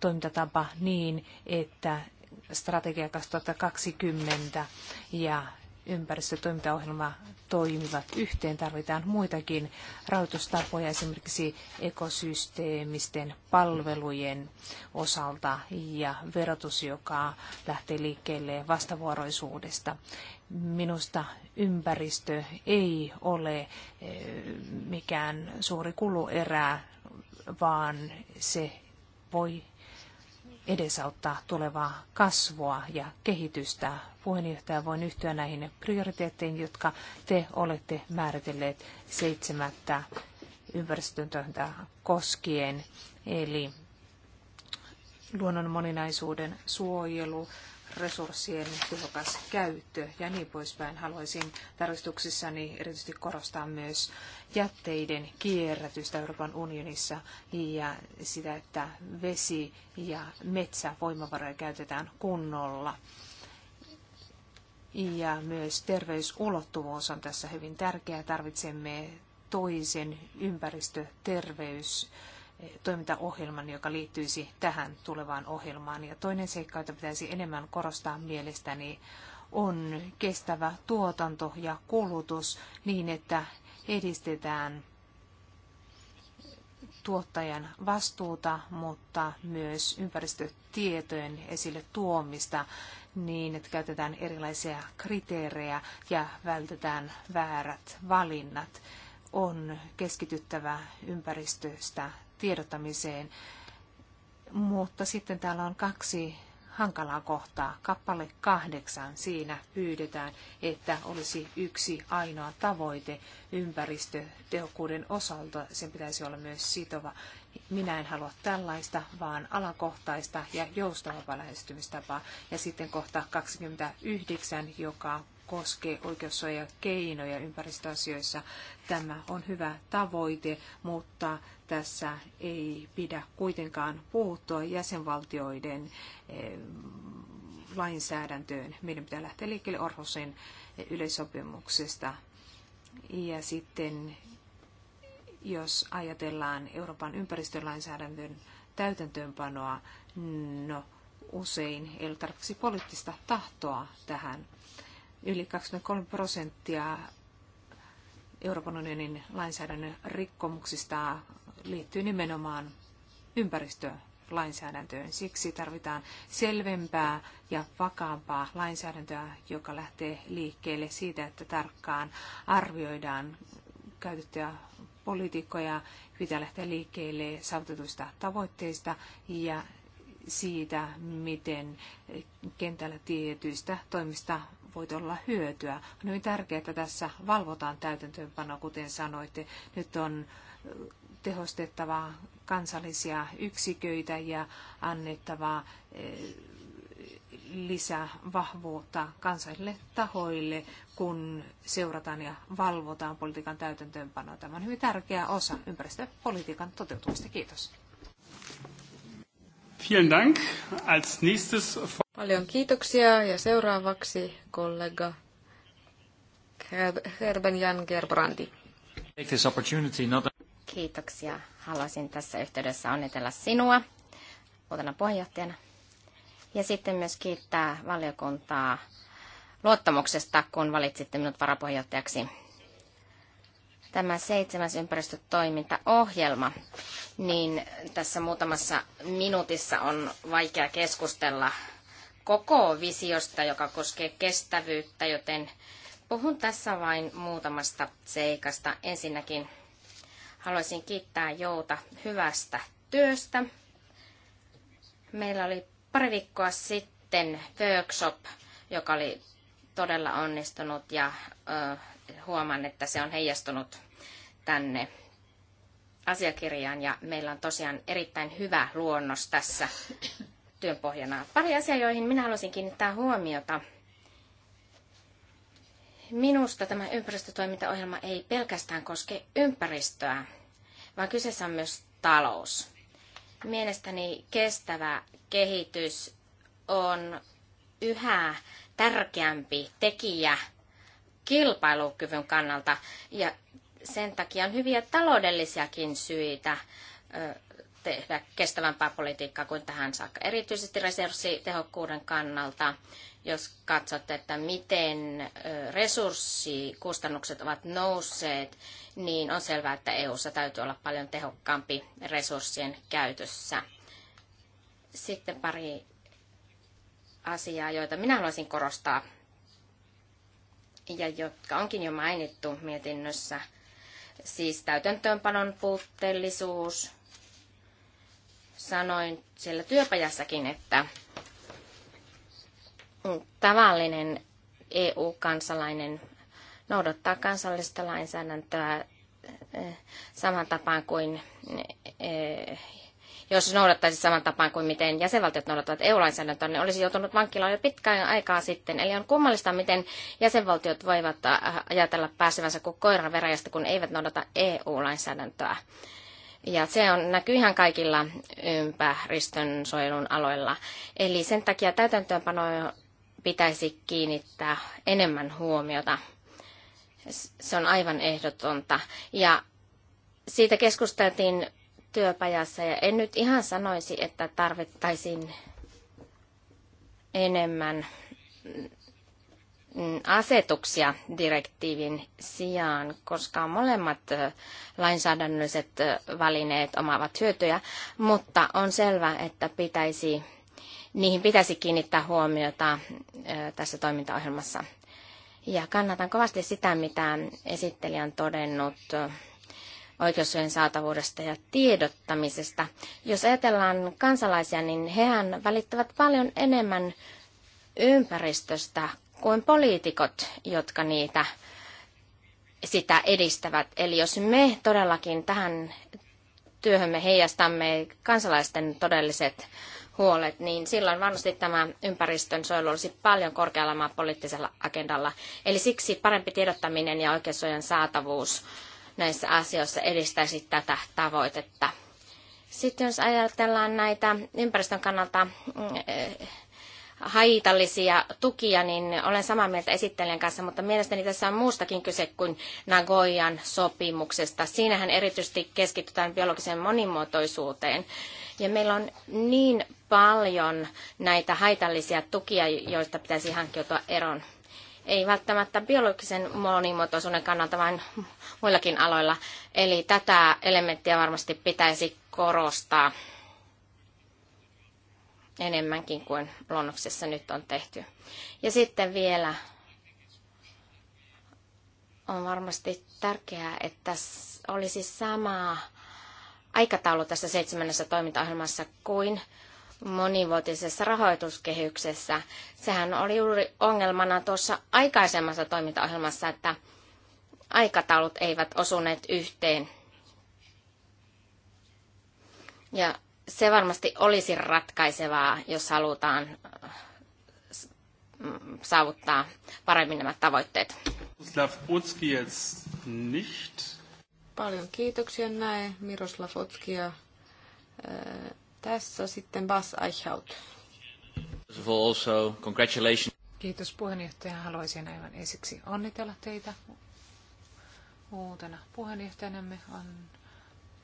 toimintatapa niin, että strategia 2020 ja ympäristötoimintaohjelma toimivat yhteen. Tarvitaan muitakin rahoitustapoja esimerkiksi ekosysteemisten palvelujen osalta ja verotus, joka lähtee liikkeelle vastavuoroisuudesta. Minusta ympäristö ei ole eh, mikään suuri kuluerä, vaan se voi edesauttaa tulevaa kasvua ja kehitystä. Puheenjohtaja, voin yhtyä näihin prioriteetteihin, jotka te olette määritelleet seitsemättä ympäristöntöntä koskien, eli luonnon moninaisuuden suojelu, resurssien tehokas käyttö ja niin poispäin. Haluaisin tarkistuksissani erityisesti korostaa myös jätteiden kierrätystä Euroopan unionissa ja sitä, että vesi- ja metsävoimavaroja käytetään kunnolla. Ja myös terveysulottuvuus on tässä hyvin tärkeää Tarvitsemme toisen ympäristöterveys toimintaohjelman, joka liittyisi tähän tulevaan ohjelmaan. Ja toinen seikka, jota pitäisi enemmän korostaa mielestäni, on kestävä tuotanto ja kulutus niin, että edistetään tuottajan vastuuta, mutta myös ympäristötietojen esille tuomista niin, että käytetään erilaisia kriteerejä ja vältetään väärät valinnat. On keskityttävä ympäristöstä tiedottamiseen. Mutta sitten täällä on kaksi hankalaa kohtaa. Kappale kahdeksan siinä pyydetään, että olisi yksi ainoa tavoite ympäristötehokkuuden osalta. Sen pitäisi olla myös sitova. Minä en halua tällaista, vaan alakohtaista ja joustavaa lähestymistapaa. Ja sitten kohta 29, joka koskee oikeussuojakeinoja ympäristöasioissa. Tämä on hyvä tavoite, mutta tässä ei pidä kuitenkaan puuttua jäsenvaltioiden eh, lainsäädäntöön. Meidän pitää lähteä liikkeelle Orhosen eh, yleissopimuksesta. Ja sitten jos ajatellaan Euroopan ympäristölainsäädännön täytäntöönpanoa, no usein ei ole tarpeeksi poliittista tahtoa tähän. Yli 23 prosenttia Euroopan unionin lainsäädännön rikkomuksista liittyy nimenomaan ympäristölainsäädäntöön. Siksi tarvitaan selvempää ja vakaampaa lainsäädäntöä, joka lähtee liikkeelle siitä, että tarkkaan arvioidaan käytettyjä poliitikkoja, pitää lähteä liikkeelle saavutetuista tavoitteista ja siitä, miten kentällä tietyistä toimista voi olla hyötyä. On hyvin tärkeää, että tässä valvotaan täytäntöönpanoa, kuten sanoitte. Nyt on tehostettava kansallisia yksiköitä ja annettava eh, lisää vahvuutta kansallisille tahoille, kun seurataan ja valvotaan politiikan täytäntöönpanoa. Tämä on hyvin tärkeä osa ympäristöpolitiikan toteutumista. Kiitos. Vielen Dank. Als nächstes... Paljon kiitoksia ja seuraavaksi kollega Herben Jan Gerbrandi. Take this opportunity not Kiitoksia. Haluaisin tässä yhteydessä onnitella sinua uutena puheenjohtajana. Ja sitten myös kiittää valiokuntaa luottamuksesta, kun valitsitte minut varapuheenjohtajaksi. Tämä seitsemäs ympäristötoimintaohjelma, niin tässä muutamassa minuutissa on vaikea keskustella koko visiosta, joka koskee kestävyyttä, joten puhun tässä vain muutamasta seikasta. Ensinnäkin Haluaisin kiittää Jouta hyvästä työstä. Meillä oli pari viikkoa sitten workshop, joka oli todella onnistunut ja ö, huomaan, että se on heijastunut tänne asiakirjaan ja meillä on tosiaan erittäin hyvä luonnos tässä työn pohjana. Pari asiaa, joihin minä haluaisin kiinnittää huomiota. Minusta tämä ympäristötoimintaohjelma ei pelkästään koske ympäristöä, vaan kyseessä on myös talous. Mielestäni kestävä kehitys on yhä tärkeämpi tekijä kilpailukyvyn kannalta ja sen takia on hyviä taloudellisiakin syitä tehdä kestävämpää politiikkaa kuin tähän saakka, erityisesti resurssitehokkuuden kannalta jos katsotte, että miten resurssikustannukset ovat nousseet, niin on selvää, että EU:ssa täytyy olla paljon tehokkaampi resurssien käytössä. Sitten pari asiaa, joita minä haluaisin korostaa ja jotka onkin jo mainittu mietinnössä. Siis täytäntöönpanon puutteellisuus. Sanoin siellä työpajassakin, että tavallinen EU-kansalainen noudattaa kansallista lainsäädäntöä eh, saman tapaan kuin, eh, jos noudattaisi saman tapaan kuin miten jäsenvaltiot noudattavat EU-lainsäädäntöä, niin olisi joutunut vankilaan jo pitkään aikaa sitten. Eli on kummallista, miten jäsenvaltiot voivat eh, ajatella pääsevänsä kuin koira veräjästä, kun eivät noudata EU-lainsäädäntöä. Ja se on, näkyy ihan kaikilla ympäristönsuojelun aloilla. Eli sen takia täytäntöönpano pitäisi kiinnittää enemmän huomiota. Se on aivan ehdotonta. Ja siitä keskusteltiin työpajassa ja en nyt ihan sanoisi, että tarvittaisiin enemmän mm, asetuksia direktiivin sijaan, koska molemmat lainsäädännölliset välineet omaavat hyötyjä, mutta on selvää, että pitäisi niihin pitäisi kiinnittää huomiota tässä toimintaohjelmassa. Ja kannatan kovasti sitä, mitä esittelijä on todennut oikeussuojan saatavuudesta ja tiedottamisesta. Jos ajatellaan kansalaisia, niin hehän välittävät paljon enemmän ympäristöstä kuin poliitikot, jotka niitä sitä edistävät. Eli jos me todellakin tähän työhömme heijastamme kansalaisten todelliset huolet, niin silloin varmasti tämä ympäristön suojelu olisi paljon korkealla poliittisella agendalla. Eli siksi parempi tiedottaminen ja oikeussuojan saatavuus näissä asioissa edistäisi tätä tavoitetta. Sitten jos ajatellaan näitä ympäristön kannalta mm, eh, haitallisia tukia, niin olen samaa mieltä esittelijän kanssa, mutta mielestäni tässä on muustakin kyse kuin Nagoyan sopimuksesta. Siinähän erityisesti keskitytään biologiseen monimuotoisuuteen ja meillä on niin paljon näitä haitallisia tukia, joista pitäisi hankkiutua eroon. Ei välttämättä biologisen monimuotoisuuden kannalta, vaan muillakin aloilla. Eli tätä elementtiä varmasti pitäisi korostaa enemmänkin kuin luonnoksessa nyt on tehty. Ja sitten vielä on varmasti tärkeää, että olisi samaa aikataulu tässä seitsemännessä toimintaohjelmassa kuin monivuotisessa rahoituskehyksessä. Sehän oli juuri ongelmana tuossa aikaisemmassa toimintaohjelmassa, että aikataulut eivät osuneet yhteen. Ja se varmasti olisi ratkaisevaa, jos halutaan mm, saavuttaa paremmin nämä tavoitteet. jetzt nicht. Paljon kiitoksia näin Miroslav Otskia. Tässä sitten Bas Eichhout. Also, congratulations. Kiitos puheenjohtaja. Haluaisin aivan ensiksi onnitella teitä uutena puheenjohtajanamme. On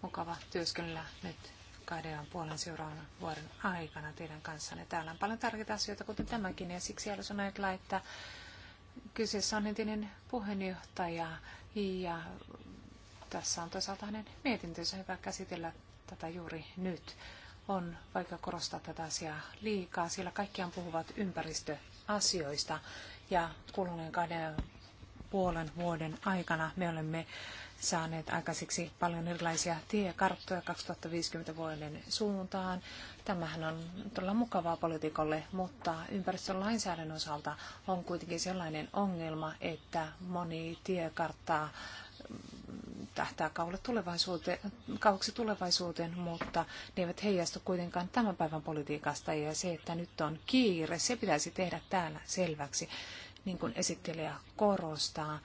mukava työskennellä nyt kahden ja puolen seuraavan vuoden aikana teidän kanssanne. Täällä on paljon tärkeitä asioita, kuten tämäkin, ja siksi haluaisin ajatella, että kyseessä on entinen puheenjohtaja ja tässä on toisaalta hänen mietintönsä hyvä käsitellä tätä juuri nyt. On vaikea korostaa tätä asiaa liikaa, sillä kaikkiaan puhuvat ympäristöasioista. Ja kuluneen kahden puolen vuoden aikana me olemme saaneet aikaiseksi paljon erilaisia tiekarttoja 2050 vuoden suuntaan. Tämähän on todella mukavaa politiikolle, mutta ympäristön lainsäädännön osalta on kuitenkin sellainen ongelma, että moni tiekarttaa tähtää kaualle tulevaisuuteen, kauaksi tulevaisuuteen, mutta ne eivät heijastu kuitenkaan tämän päivän politiikasta. Ja se, että nyt on kiire, se pitäisi tehdä täällä selväksi, niin kuin esittelijä korostaa.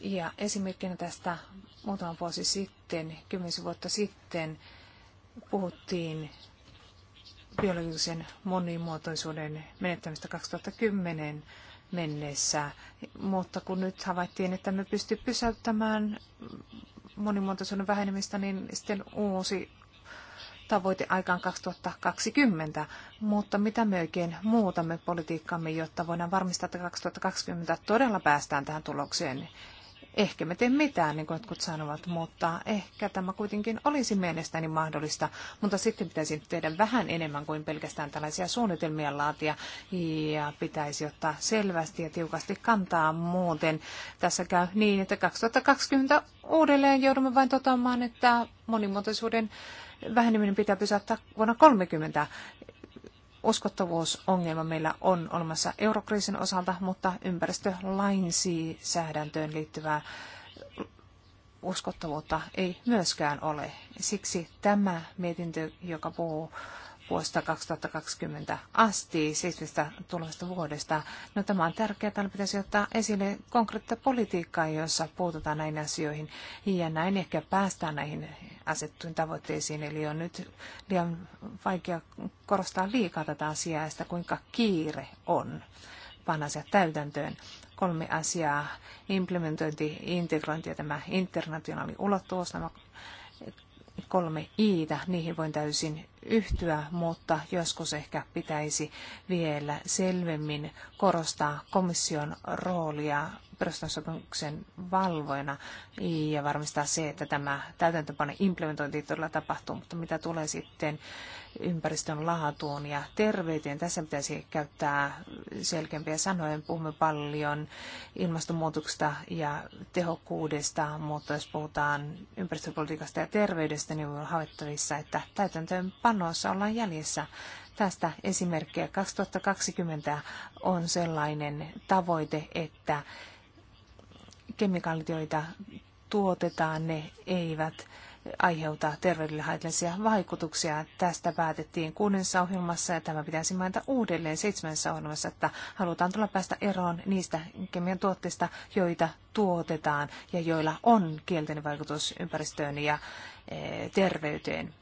Ja esimerkkinä tästä muutama vuosi sitten, kymmenen vuotta sitten, puhuttiin biologisen monimuotoisuuden menettämistä 2010 mennessä. Mutta kun nyt havaittiin, että me pysty pysäyttämään monimuotoisuuden vähenemistä, niin sitten uusi tavoite aikaan 2020, mutta mitä me oikein muutamme politiikkamme, jotta voidaan varmistaa, että 2020 todella päästään tähän tulokseen, Ehkä me teemme mitään, niin kuin jotkut sanovat, mutta ehkä tämä kuitenkin olisi mielestäni mahdollista. Mutta sitten pitäisi tehdä vähän enemmän kuin pelkästään tällaisia suunnitelmia laatia ja pitäisi ottaa selvästi ja tiukasti kantaa muuten. Tässä käy niin, että 2020 uudelleen joudumme vain toteamaan, että monimuotoisuuden väheneminen pitää pysäyttää vuonna 30 uskottavuusongelma meillä on olemassa eurokriisin osalta, mutta ympäristölainsäädäntöön liittyvää uskottavuutta ei myöskään ole. Siksi tämä mietintö, joka puhuu vuodesta 2020 asti, seitsemästä tulevasta vuodesta. No tämä on tärkeää, täällä pitäisi ottaa esille konkreettista politiikkaa, jossa puututaan näihin asioihin ja näin ehkä päästään näihin asettuihin tavoitteisiin. Eli on nyt liian vaikea korostaa liikaa tätä asiaa ja sitä, kuinka kiire on panna asiat täytäntöön kolme asiaa, implementointi, integrointi ja tämä internationaali ulottuvuus, nämä kolme iitä, niihin voin täysin yhtyä, mutta joskus ehkä pitäisi vielä selvemmin korostaa komission roolia perustan sopimuksen valvojana ja varmistaa se, että tämä täytäntöpano implementointi todella tapahtuu, mutta mitä tulee sitten ympäristön laatuun ja terveyteen. Tässä pitäisi käyttää selkeämpiä sanoja. Puhumme paljon ilmastonmuutoksesta ja tehokkuudesta, mutta jos puhutaan ympäristöpolitiikasta ja terveydestä, niin on havaittavissa, että täytäntöönpanossa ollaan jäljessä. Tästä esimerkkiä 2020 on sellainen tavoite, että kemikaalit, joita tuotetaan, ne eivät aiheuta terveydelle haitallisia vaikutuksia. Tästä päätettiin kuudessa ohjelmassa ja tämä pitäisi mainita uudelleen seitsemässä ohjelmassa, että halutaan tulla päästä eroon niistä kemian tuotteista, joita tuotetaan ja joilla on kielteinen vaikutus ympäristöön ja eh, terveyteen.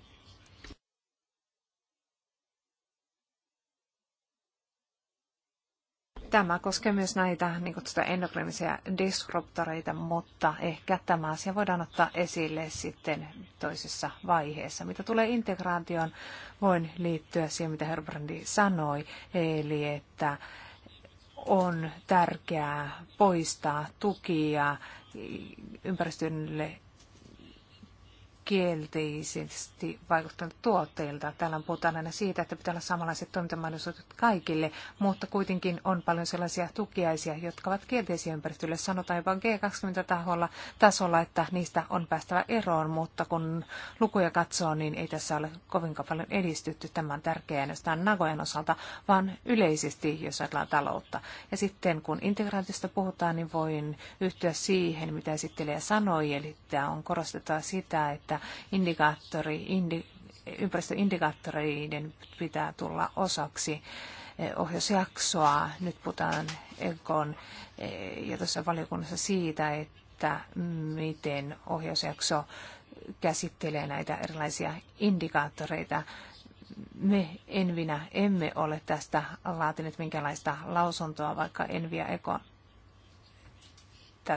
Tämä koskee myös näitä niin kutsutaan endokrinisia disruptoreita, mutta ehkä tämä asia voidaan ottaa esille sitten toisessa vaiheessa. Mitä tulee integraatioon, voin liittyä siihen, mitä Herbrandi sanoi, eli että on tärkeää poistaa tukia ympäristölle kielteisesti vaikuttanut tuotteilta. Täällä puhutaan aina siitä, että pitää olla samanlaiset toimintamahdollisuudet kaikille, mutta kuitenkin on paljon sellaisia tukiaisia, jotka ovat kielteisiä ympäristölle. Sanotaan jopa G20-taholla tasolla, että niistä on päästävä eroon, mutta kun lukuja katsoo, niin ei tässä ole kovin paljon edistytty. Tämä on tärkeää ainoastaan osalta, vaan yleisesti, jos ajatellaan taloutta. Ja sitten kun integraatiosta puhutaan, niin voin yhtyä siihen, mitä esittelijä sanoi, eli tämä on korostettava sitä, että indikaattori, indi, ympäristöindikaattoreiden pitää tulla osaksi eh, ohjausjaksoa. Nyt puhutaan Ekon eh, ja tässä valiokunnassa siitä, että miten ohjausjakso käsittelee näitä erilaisia indikaattoreita. Me Envinä emme ole tästä laatineet minkälaista lausuntoa, vaikka Envi ja Eko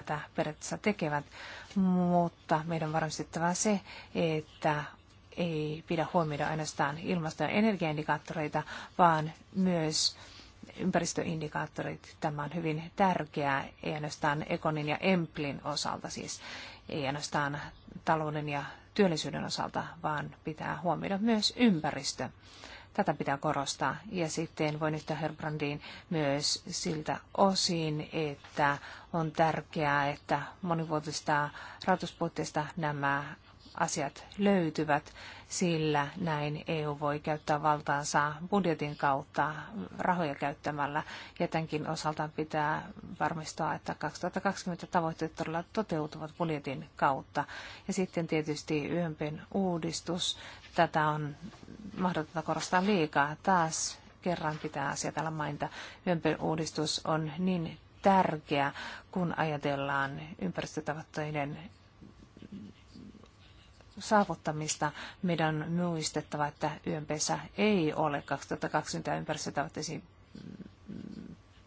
tätä periaatteessa tekevät, mutta meidän on varmistettava se, että ei pidä huomioida ainoastaan ilmasto- ja energiaindikaattoreita, vaan myös ympäristöindikaattorit. Tämä on hyvin tärkeää, ei ainoastaan Ekonin ja Emplin osalta, siis ei ainoastaan talouden ja työllisyyden osalta, vaan pitää huomioida myös ympäristö. Tätä pitää korostaa. Ja sitten voin yhtä Herbrandiin myös siltä osin, että on tärkeää, että monivuotisista rahoituspuitteista nämä asiat löytyvät, sillä näin EU voi käyttää valtaansa budjetin kautta rahoja käyttämällä. Ja tämänkin osaltaan pitää varmistaa, että 2020 tavoitteet todella toteutuvat budjetin kautta. Ja sitten tietysti YMPn uudistus. Tätä on mahdotonta korostaa liikaa. Taas kerran pitää asia täällä mainita. uudistus on niin tärkeä, kun ajatellaan ympäristötavoitteiden saavuttamista. Meidän on muistettava, että YMPssä ei ole 2020 ympäristötavoitteisiin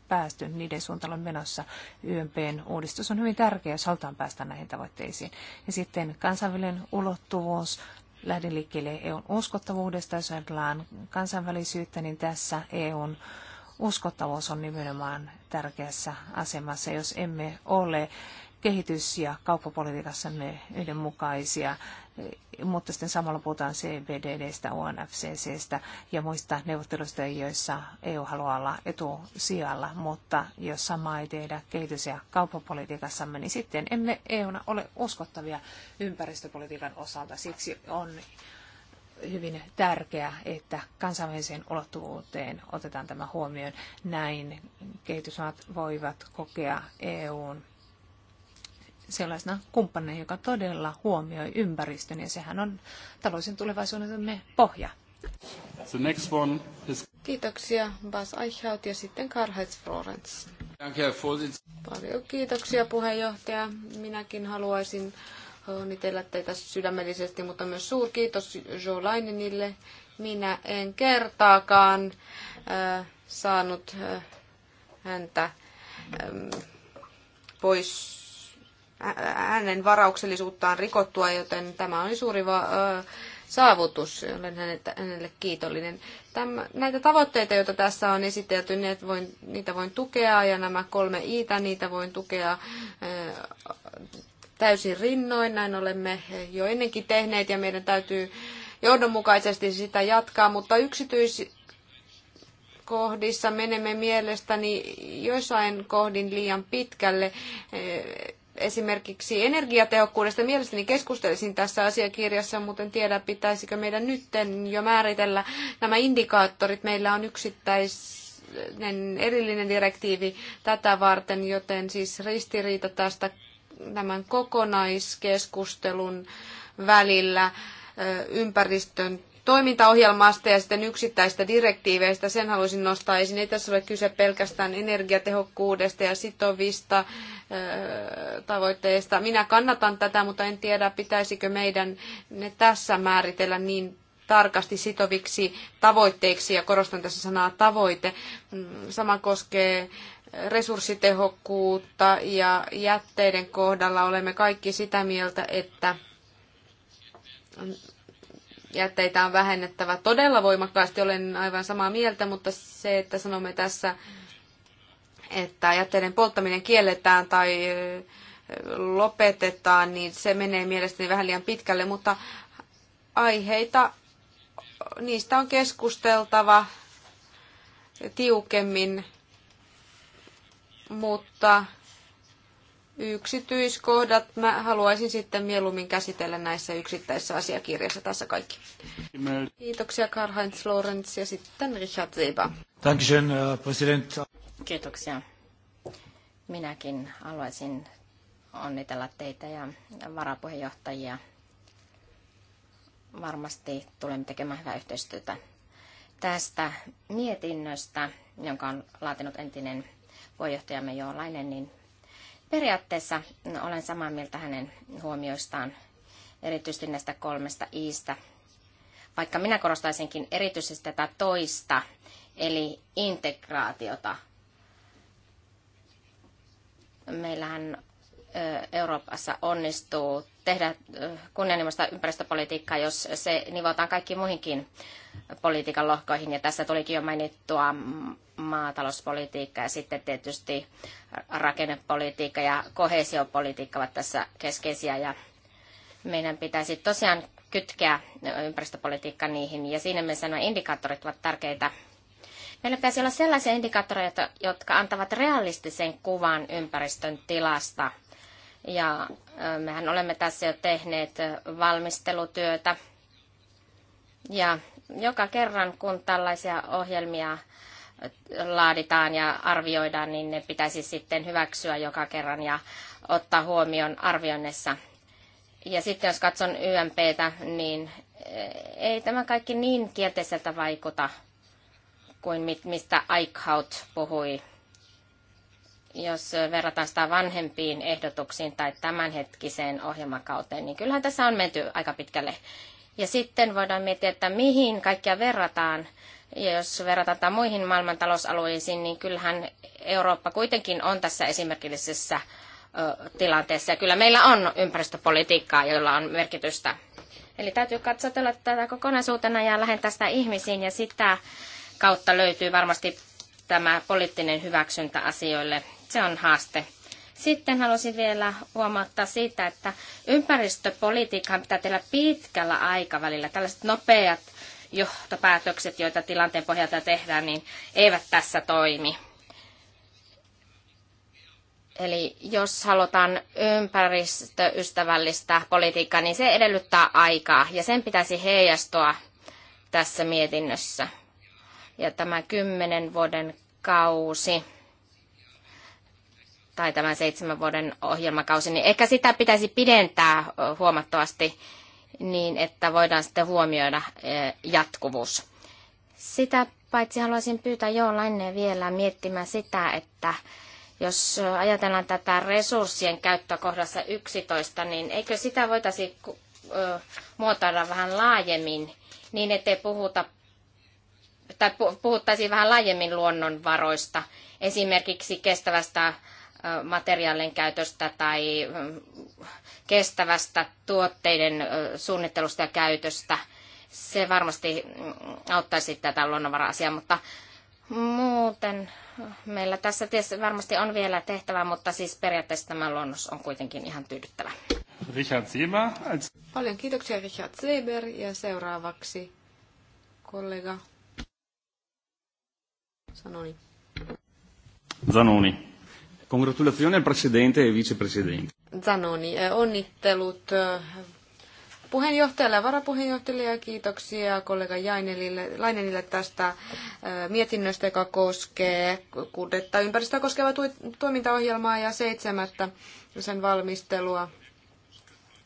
päästy, niiden suuntaan menossa. YMPn uudistus on hyvin tärkeä, jos halutaan päästä näihin tavoitteisiin. Ja sitten kansainvälinen ulottuvuus, lähdin liikkeelle EUn uskottavuudesta, jos ajatellaan kansainvälisyyttä, niin tässä EUn uskottavuus on nimenomaan tärkeässä asemassa. Jos emme ole kehitys- ja kauppapolitiikassamme yhdenmukaisia, mutta sitten samalla puhutaan CBDDstä, UNFCCstä ja muista neuvotteluista, joissa EU haluaa olla etusijalla, mutta jos sama ei tehdä kehitys- ja kauppapolitiikassamme, niin sitten emme EUna ole uskottavia ympäristöpolitiikan osalta. Siksi on hyvin tärkeää, että kansainväliseen ulottuvuuteen otetaan tämä huomioon. Näin kehitysmaat voivat kokea EUn sellaisena kumppanina, joka todella huomioi ympäristön ja sehän on taloudellisen tulevaisuutemme pohja. The next one is... Kiitoksia Bas Eichhout ja sitten Karl-Heinz Florence. Paljon kiitoksia puheenjohtaja. Minäkin haluaisin onnitella teitä sydämellisesti, mutta myös suurkiitos Jo Lainenille. Minä en kertaakaan äh, saanut äh, häntä äh, pois hänen varauksellisuuttaan rikottua, joten tämä oli suuri va- saavutus. Olen hänelle kiitollinen. Täm näitä tavoitteita, joita tässä on esitelty, voin, niitä voin tukea ja nämä kolme iitä, niitä voin tukea täysin rinnoin. Näin olemme jo ennenkin tehneet ja meidän täytyy johdonmukaisesti sitä jatkaa, mutta yksityis, kohdissa menemme mielestäni joissain kohdin liian pitkälle esimerkiksi energiatehokkuudesta. Mielestäni keskustelisin tässä asiakirjassa, mutta en tiedä, pitäisikö meidän nyt jo määritellä nämä indikaattorit. Meillä on yksittäinen erillinen direktiivi tätä varten, joten siis ristiriita tästä tämän kokonaiskeskustelun välillä ympäristön toimintaohjelmasta ja sitten yksittäistä direktiiveistä. Sen haluaisin nostaa esiin. Ei tässä ole kyse pelkästään energiatehokkuudesta ja sitovista tavoitteista. Minä kannatan tätä, mutta en tiedä, pitäisikö meidän ne tässä määritellä niin tarkasti sitoviksi tavoitteiksi, ja korostan tässä sanaa tavoite. Mm, sama koskee resurssitehokkuutta ja jätteiden kohdalla olemme kaikki sitä mieltä, että jätteitä on vähennettävä todella voimakkaasti. Olen aivan samaa mieltä, mutta se, että sanomme tässä että jätteiden polttaminen kielletään tai lopetetaan, niin se menee mielestäni vähän liian pitkälle, mutta aiheita, niistä on keskusteltava tiukemmin, mutta yksityiskohdat mä haluaisin sitten mieluummin käsitellä näissä yksittäisissä asiakirjassa. Tässä kaikki. Kiitoksia Karl-Heinz Lorenz ja sitten Richard Seba. Dankeschön, äh, Präsident. Kiitoksia. Minäkin haluaisin onnitella teitä ja varapuheenjohtajia. Varmasti tulemme tekemään hyvää yhteistyötä tästä mietinnöstä, jonka on laatinut entinen puheenjohtajamme Joolainen, niin periaatteessa olen samaa mieltä hänen huomioistaan, erityisesti näistä kolmesta iistä. Vaikka minä korostaisinkin erityisesti tätä toista, eli integraatiota meillähän Euroopassa onnistuu tehdä kunnianhimoista ympäristöpolitiikkaa, jos se nivotaan kaikkiin muihinkin politiikan lohkoihin. Ja tässä tulikin jo mainittua maatalouspolitiikka ja sitten tietysti rakennepolitiikka ja kohesiopolitiikka ovat tässä keskeisiä. Ja meidän pitäisi tosiaan kytkeä ympäristöpolitiikka niihin. Ja siinä mielessä nämä indikaattorit ovat tärkeitä Meillä pitäisi olla sellaisia indikaattoreita, jotka antavat realistisen kuvan ympäristön tilasta. Ja mehän olemme tässä jo tehneet valmistelutyötä. Ja joka kerran, kun tällaisia ohjelmia laaditaan ja arvioidaan, niin ne pitäisi sitten hyväksyä joka kerran ja ottaa huomioon arvioinnissa. Ja sitten jos katson YMPtä, niin ei tämä kaikki niin kielteiseltä vaikuta – kuin mistä Eichhout puhui. Jos verrataan sitä vanhempiin ehdotuksiin tai tämänhetkiseen ohjelmakauteen, niin kyllähän tässä on menty aika pitkälle. Ja sitten voidaan miettiä, että mihin kaikkia verrataan. Ja jos verrataan tämä muihin maailman talousalueisiin, niin kyllähän Eurooppa kuitenkin on tässä esimerkillisessä tilanteessa. Ja kyllä meillä on ympäristöpolitiikkaa, jolla on merkitystä. Eli täytyy katsotella tätä kokonaisuutena ja lähentää sitä ihmisiin ja sitä kautta löytyy varmasti tämä poliittinen hyväksyntä asioille. Se on haaste. Sitten halusin vielä huomauttaa siitä, että ympäristöpolitiikkaan pitää tehdä pitkällä aikavälillä. Tällaiset nopeat johtopäätökset, joita tilanteen pohjalta tehdään, niin eivät tässä toimi. Eli jos halutaan ympäristöystävällistä politiikkaa, niin se edellyttää aikaa ja sen pitäisi heijastua tässä mietinnössä. Ja tämä kymmenen vuoden kausi tai tämä seitsemän vuoden ohjelmakausi, niin ehkä sitä pitäisi pidentää huomattavasti niin, että voidaan sitten huomioida jatkuvuus. Sitä paitsi haluaisin pyytää jo Laineen vielä miettimään sitä, että jos ajatellaan tätä resurssien käyttöä kohdassa 11, niin eikö sitä voitaisi muotoilla vähän laajemmin niin, ettei puhuta tai puhuttaisiin vähän laajemmin luonnonvaroista, esimerkiksi kestävästä materiaalien käytöstä tai kestävästä tuotteiden suunnittelusta ja käytöstä. Se varmasti mm, auttaisi tätä luonnonvara-asiaa, mutta muuten meillä tässä tietysti varmasti on vielä tehtävää, mutta siis periaatteessa tämä luonnos on kuitenkin ihan tyydyttävä. Richard Sieber. Paljon kiitoksia Richard Seber ja seuraavaksi kollega Zanoni. Zanoni. Congratulazioni al presidente e vicepresidente. Zanoni, eh, onnittelut eh, puheenjohtajalle ja varapuheenjohtajalle ja kiitoksia kollega Jainelille, Lainenille tästä eh, mietinnöstä, joka koskee kuudetta ympäristöä koskevaa toimintaohjelmaa ja seitsemättä sen valmistelua.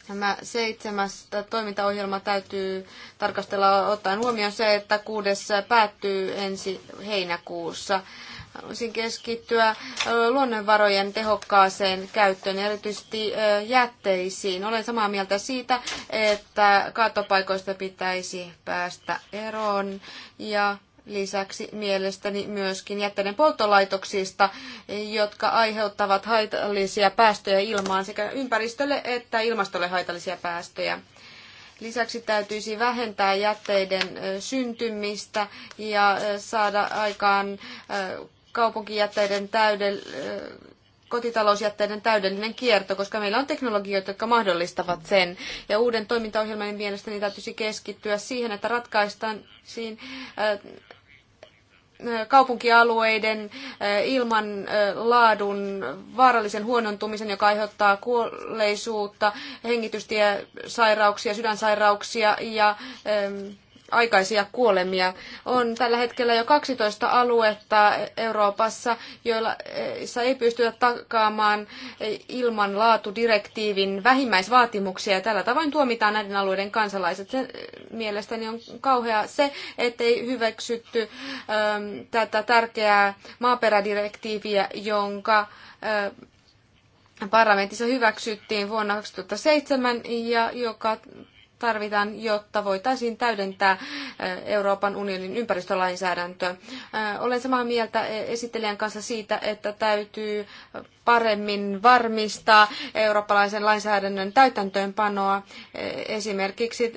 Tämä seitsemäs toimintaohjelma täytyy tarkastella ottaen huomioon se, että kuudes päättyy ensi heinäkuussa. Haluaisin keskittyä luonnonvarojen tehokkaaseen käyttöön, erityisesti jätteisiin. Olen samaa mieltä siitä, että kaatopaikoista pitäisi päästä eroon ja lisäksi mielestäni myöskin jätteiden polttolaitoksista, jotka aiheuttavat haitallisia päästöjä ilmaan sekä ympäristölle että ilmastolle haitallisia päästöjä. Lisäksi täytyisi vähentää jätteiden syntymistä ja saada aikaan kaupunkijätteiden täydell- kotitalousjätteiden täydellinen kierto, koska meillä on teknologioita, jotka mahdollistavat sen. Ja uuden toimintaohjelman mielestäni täytyisi keskittyä siihen, että ratkaistaan siinä kaupunkialueiden eh, ilmanlaadun eh, vaarallisen huonontumisen, joka aiheuttaa kuolleisuutta, hengitystiesairauksia, sydänsairauksia ja aikaisia kuolemia. On tällä hetkellä jo 12 aluetta Euroopassa, eh, joissa ei pystytä takaamaan eh, ilman laatudirektiivin vähimmäisvaatimuksia. Tällä tavoin tuomitaan näiden alueiden kansalaiset. Sen eh, mielestäni on kauhea se, ettei hyväksytty äm, ehm, tätä tärkeää maaperädirektiiviä, jonka ä, parlamentissa hyväksyttiin vuonna 2007 ja joka tarvitaan, jotta voitaisiin täydentää eh, Euroopan unionin ympäristölainsäädäntöä. Eh, olen samaa mieltä eh, esittelijän kanssa siitä, että täytyy paremmin varmistaa eurooppalaisen lainsäädännön täytäntöönpanoa esimerkiksi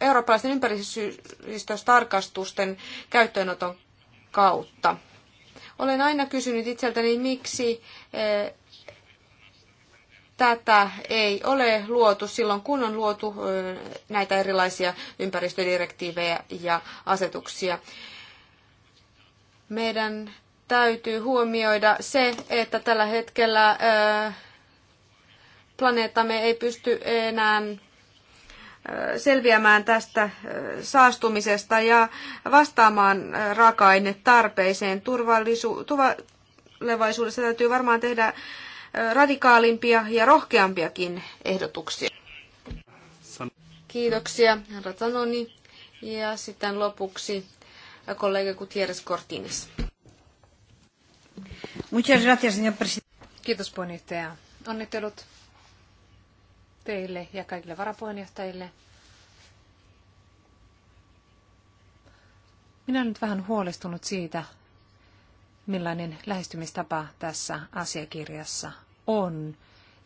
eurooppalaisten ympäristöstarkastusten käyttöönoton kautta. Olen aina kysynyt itseltäni, miksi tätä ei ole luotu silloin, kun on luotu näitä erilaisia ympäristödirektiivejä ja asetuksia. Meidän täytyy huomioida se, että tällä hetkellä planeettamme ei pysty enää selviämään tästä saastumisesta ja vastaamaan raaka-ainetarpeeseen. Tulevaisuudessa täytyy varmaan tehdä radikaalimpia ja rohkeampiakin ehdotuksia. Kiitoksia, herra Tanoni. Ja sitten lopuksi kollega Gutierrez Cortines. Kiitos puheenjohtaja. Onnittelut teille ja kaikille varapuheenjohtajille. Minä olen nyt vähän huolestunut siitä, millainen lähestymistapa tässä asiakirjassa on.